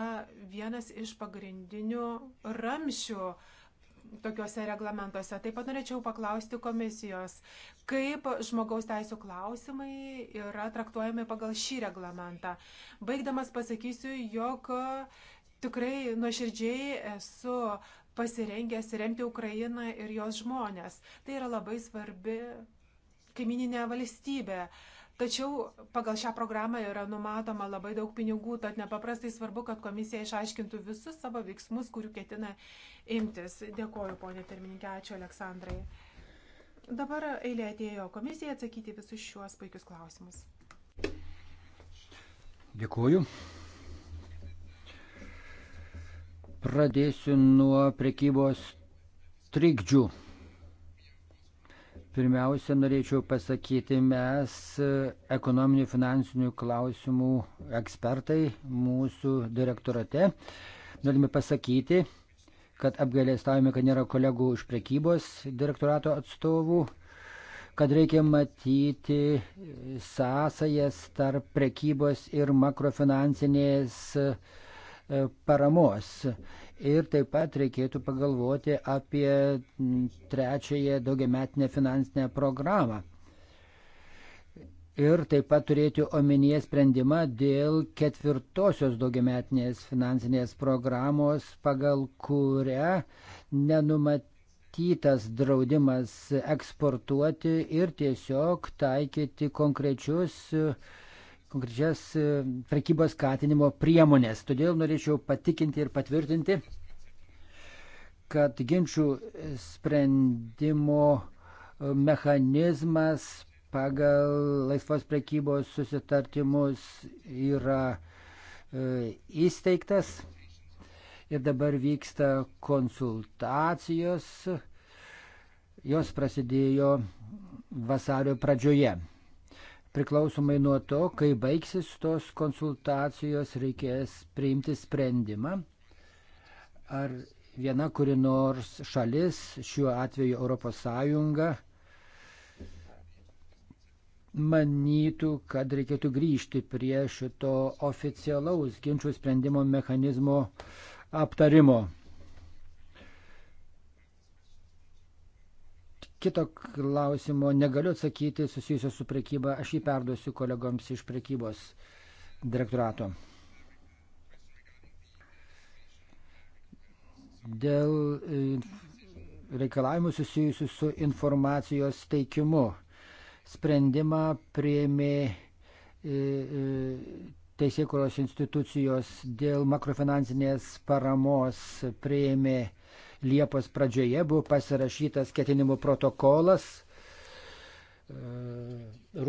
vienas iš pagrindinių ramšių tokiuose reglamentuose. Taip pat norėčiau paklausti komisijos, kaip žmogaus teisų klausimai yra traktuojami pagal šį reglamentą. Baigdamas pasakysiu, jog tikrai nuoširdžiai esu pasirengęs remti Ukrainą ir jos žmonės. Tai yra labai svarbi kaimininė valstybė. Uh, Tačiau pagal šią programą yra numatoma labai daug pinigų, tad nepaprastai svarbu, kad komisija išaiškintų visus savo veiksmus, kurių ketina imtis. Dėkoju, ponė pirmininkė, ačiū Aleksandrai. Dabar eilė atėjo komisija atsakyti visus šiuos puikius klausimus. Dėkuoju. Pradėsiu nuo prekybos trikdžių Pirmiausia, norėčiau pasakyti, mes e, ekonominių finansinių klausimų ekspertai mūsų direktorate norime pasakyti, kad apgailestavome, kad nėra kolegų iš prekybos direktorato atstovų, kad reikia matyti sąsajas tarp prekybos ir makrofinansinės e, paramos. Ir taip pat reikėtų pagalvoti apie trečiąją daugiametinę finansinę programą. Ir taip pat turėti omenyje sprendimą dėl ketvirtosios daugiametinės finansinės programos, pagal kurią nenumatyti numatytas draudimas eksportuoti ir tiesiog taikyti konkrečius konkrečias e, prekybos skatinimo priemonės. Todėl norėčiau patikinti ir patvirtinti, kad ginčių sprendimo e, mechanizmas pagal laisvos prekybos susitartimus yra e, įsteigtas ir dabar vyksta konsultacijos. Jos prasidėjo vasario pradžioje priklausomai nuo to, kai baigsis tos konsultacijos, reikės priimti sprendimą, ar viena kuri nors šalis, šiuo atveju Europos Sąjunga, manytų, kad reikėtų grįžti prie šito oficialaus ginčių sprendimo mechanizmo aptarimo. kito klausimo negaliu atsakyti susijusio su prekyba. Aš jį perduosiu kolegoms iš prekybos direktorato. Dėl e, reikalavimų susijusių su informacijos teikimu sprendimą prieimė e, e, teisėkuros institucijos dėl makrofinansinės paramos prieimė Liepos pradžioje buvo pasirašytas ketinimų protokolas e,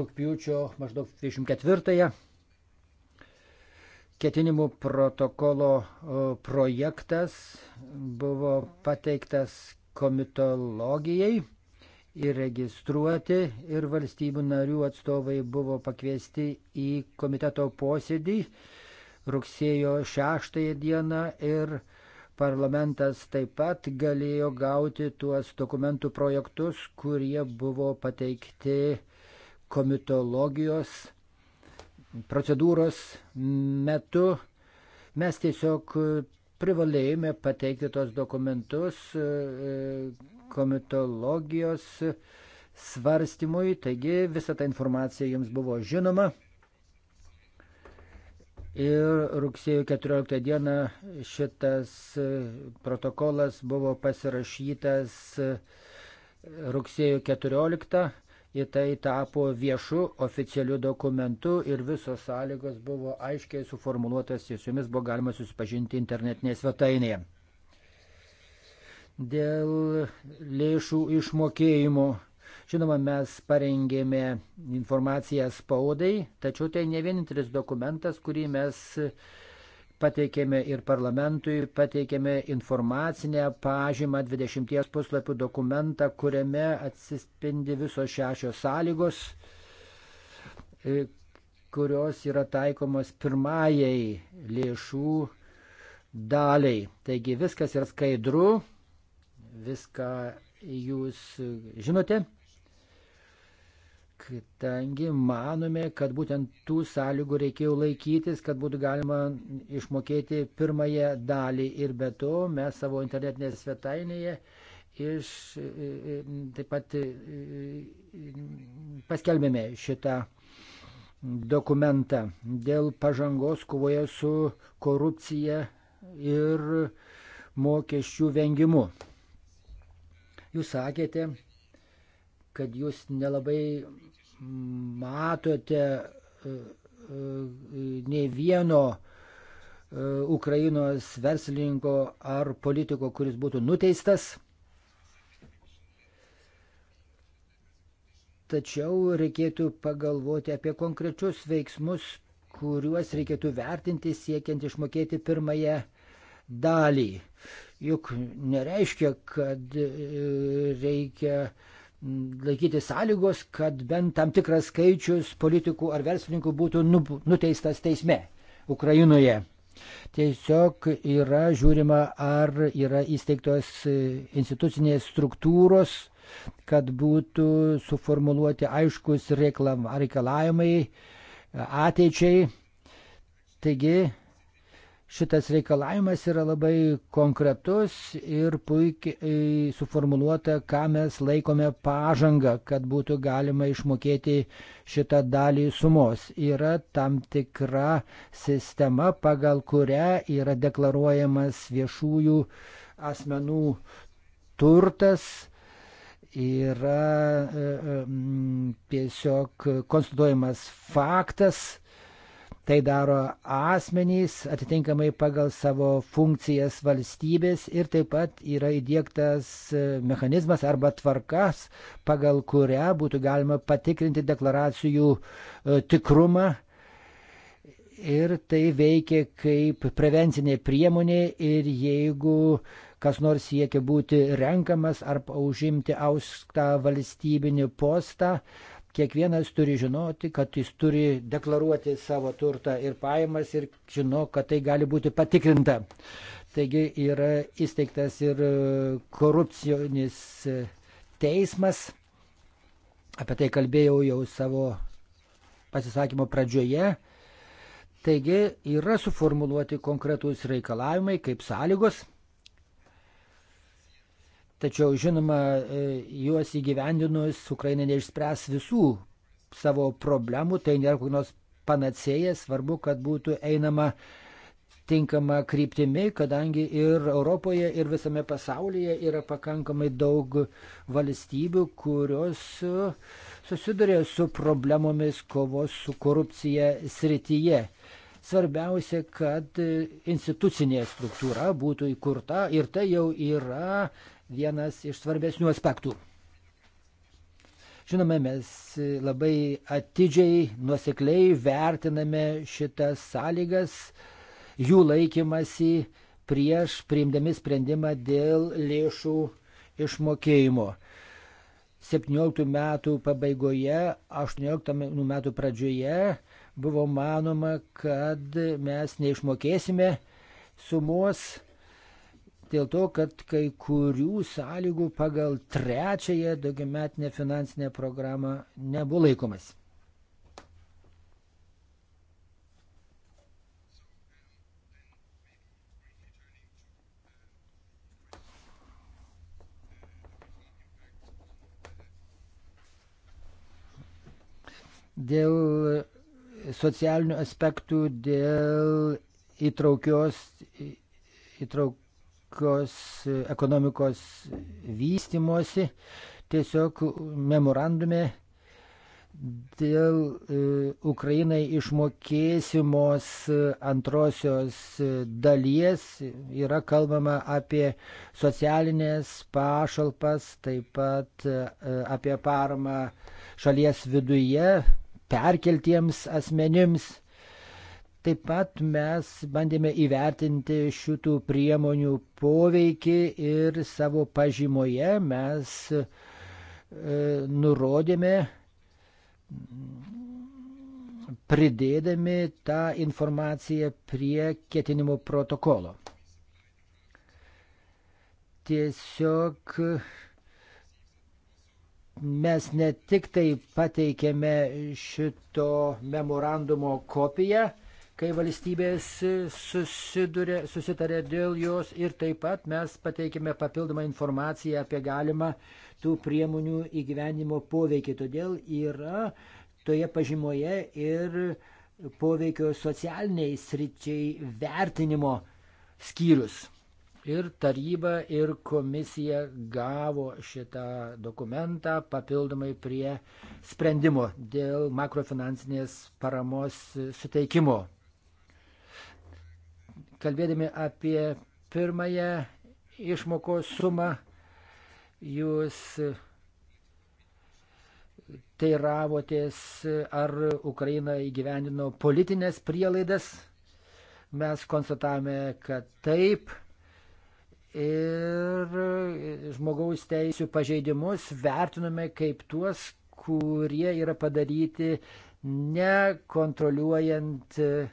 rūpiučio maždaug 24-ąją. Ketinimų protokolo e, projektas buvo pateiktas komitologijai įregistruoti ir valstybių narių atstovai buvo pakviesti į komiteto posėdį rugsėjo 6 dieną ir parlamentas taip pat galėjo gauti tuos dokumentų projektus, kurie buvo pateikti komitologijos procedūros metu. Mes tiesiog privalėjome pateikti tos dokumentus e, komitologijos svarstymui, taigi visa ta informacija jums buvo žinoma. Ir rugsėjo 14 dieną šitas e, protokolas buvo pasirašytas e, rugsėjo 14. Į tai tapo viešu oficialiu dokumentu ir visos sąlygos buvo aiškiai suformuoluotas, su jomis buvo galima susipažinti internetinėje svetainėje. Dėl lėšų išmokėjimo Žinoma, mes parengėme informaciją spaudai, tačiau tai ne vienintelis dokumentas, kurį mes pateikėme ir parlamentui, pateikėme informacinę pažymą 20 puslapių dokumentą, kuriame atsispindi visos šešios sąlygos, e, kurios yra taikomos pirmajai lėšų daliai. Taigi viskas yra skaidru, viską jūs žinote kadangi manome, kad būtent tų sąlygų reikėjo laikytis, kad būtų galima išmokėti pirmąją dalį ir be to mes savo internetinėje svetainėje iš, taip pat paskelbėme šitą dokumentą dėl pažangos kovoje su korupcija ir mokesčių vengimu. Jūs sakėte, kad jūs nelabai matote e, e, ne vieno e, Ukrainos verslininko ar politiko, kuris būtų nuteistas. Tačiau reikėtų pagalvoti apie konkrečius veiksmus, kuriuos reikėtų vertinti siekiant išmokėti pirmąją dalį. Juk nereiškia, kad reikia uh, laikyti sąlygos, kad bent tam tikras skaičius politikų ar verslininkų būtų nu, nuteistas teisme Ukrainoje. Tiesiog yra žiūrima, ar yra įsteigtos institucinės struktūros, kad būtų suformuluoti aiškus reikalavimai ateičiai. Taigi Šitas reikalavimas yra labai konkretus ir puikiai e, suformuoluota, ką mes laikome pažanga, kad būtų galima išmokėti šitą dalį sumos. Yra tam tikra sistema, pagal kurią yra deklaruojamas viešųjų asmenų turtas, yra e, e, tiesiog konstatuojamas faktas Tai daro asmenys atitinkamai pagal savo funkcijas valstybės ir taip pat yra įdėktas e, mechanizmas arba tvarkas, pagal kurią būtų galima patikrinti deklaracijų e, tikrumą ir tai veikia kaip prevencinė priemonė ir jeigu kas nors siekia būti renkamas ar užimti aukštą valstybinį postą, Kiekvienas turi žinoti, kad jis turi deklaruoti savo turtą ir pajamas ir žino, kad tai gali būti patikrinta. Taigi yra įsteigtas ir e, korupcijonis e, teismas. Apie tai kalbėjau jau savo pasisakymo pradžioje. Taigi yra suformuluoti konkretūs reikalavimai kaip sąlygos Tačiau, žinoma, e, juos įgyvendinus Ukraina neišspręs visų savo problemų, tai nėra kokios panacėjas, svarbu, kad būtų einama tinkama kryptimi, kadangi ir Europoje, ir visame pasaulyje yra pakankamai daug valstybių, kurios e, susiduria su problemomis kovos su korupcija srityje. Svarbiausia, kad institucinė struktūra būtų įkurta ir tai jau yra vienas iš svarbesnių aspektų. Žinoma, mes labai atidžiai, nuosekliai vertiname šitas sąlygas, jų laikymasi prieš priimdami sprendimą dėl lėšų išmokėjimo. 17 metų pabaigoje, 18 metų pradžioje buvo manoma, kad mes neišmokėsime sumos dėl to, kad kai kurių sąlygų pagal trečiąją daugiametinę finansinę programą nebuvo laikomas. Dėl socialinių aspektų, dėl įtraukios, įtrauk, ekonomikos, ekonomikos vystimosi. Tiesiog memorandume dėl e, Ukrainai išmokėsimos e, antrosios e, dalies yra kalbama apie socialinės pašalpas, taip pat apie paramą šalies viduje perkeltiems asmenims. Taip pat mes bandėme įvertinti šitų priemonių poveikį ir savo pažymoje mes e, nurodėme, pridėdami tą informaciją prie ketinimo protokolo. Tiesiog mes ne tik tai pateikėme šito memorandumo kopiją, kai valstybės susiduria, susitarė dėl jos ir taip pat mes pateikėme papildomą informaciją apie galimą tų priemonių įgyvenimo poveikį. Todėl yra toje pažymoje ir poveikio socialiniai sričiai vertinimo skyrius. Ir taryba, ir komisija gavo šitą dokumentą papildomai prie sprendimo dėl makrofinansinės paramos suteikimo kalbėdami apie pirmąją išmokos sumą, jūs teiravotės, ar Ukraina įgyvendino politinės prielaidas. Mes konstatavome, kad taip. Ir žmogaus teisų pažeidimus vertiname kaip tuos, kurie yra padaryti nekontroliuojant uh,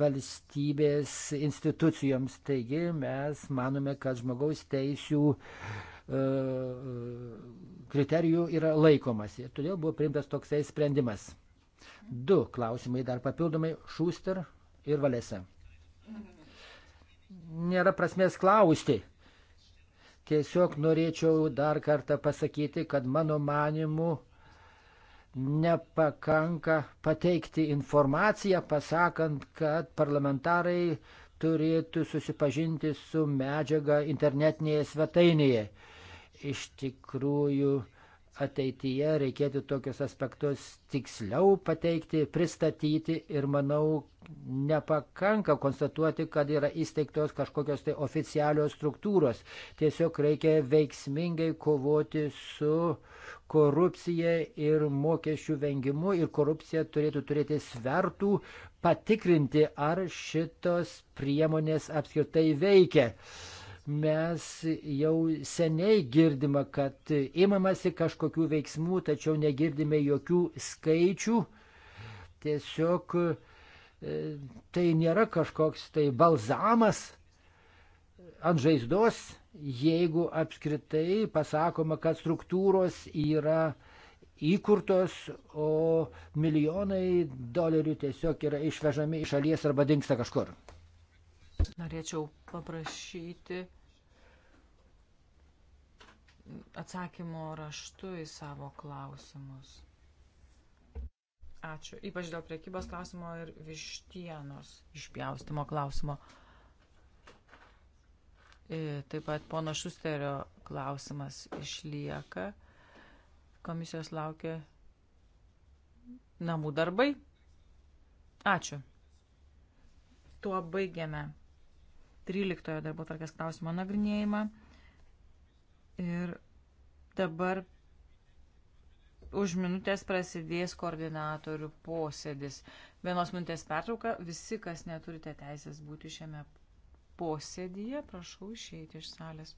valstybės institucijoms. Taigi mes manome, kad žmogaus teisų e, kriterijų yra laikomas. Ir todėl buvo priimtas toksai sprendimas. Du klausimai dar papildomai - Šuster ir Valėse. Nėra prasmės klausti. Tiesiog norėčiau dar kartą pasakyti, kad mano manimu nepakanka pateikti informaciją, pasakant, kad parlamentarai turėtų susipažinti su medžiaga internetinėje svetainėje. Iš tikrųjų, ateityje reikėtų tokius aspektus tiksliau pateikti, pristatyti ir manau nepakanka konstatuoti, kad yra įsteigtos kažkokios tai oficialios struktūros. Tiesiog reikia veiksmingai kovoti su korupcija ir mokesčių vengimu ir korupcija turėtų turėti svertų patikrinti, ar šitos priemonės apskritai veikia. Uh, mes jau seniai girdime, kad imamasi kažkokių veiksmų, tačiau negirdime jokių skaičių. Tiesiog e, tai nėra kažkoks tai balzamas ant žaizdos, jeigu apskritai pasakoma, kad struktūros yra įkurtos, o milijonai dolerių tiesiog yra išvežami iš šalies arba dinksta kažkur. Norėčiau paprašyti atsakymo raštu į savo klausimus. Ačiū. Ypač dėl priekybos klausimo ir vištienos išpjaustimo klausimo. E, taip pat pono Šusterio klausimas išlieka. Komisijos laukia namų darbai. Ačiū. Tuo baigiame 13 darbo tarkės klausimo nagrinėjimą. Ir dabar už minutės prasidės koordinatorių posėdis. Vienos minutės pertrauka. Visi, kas neturite teisės būti šiame posėdyje, prašau išeiti iš salės.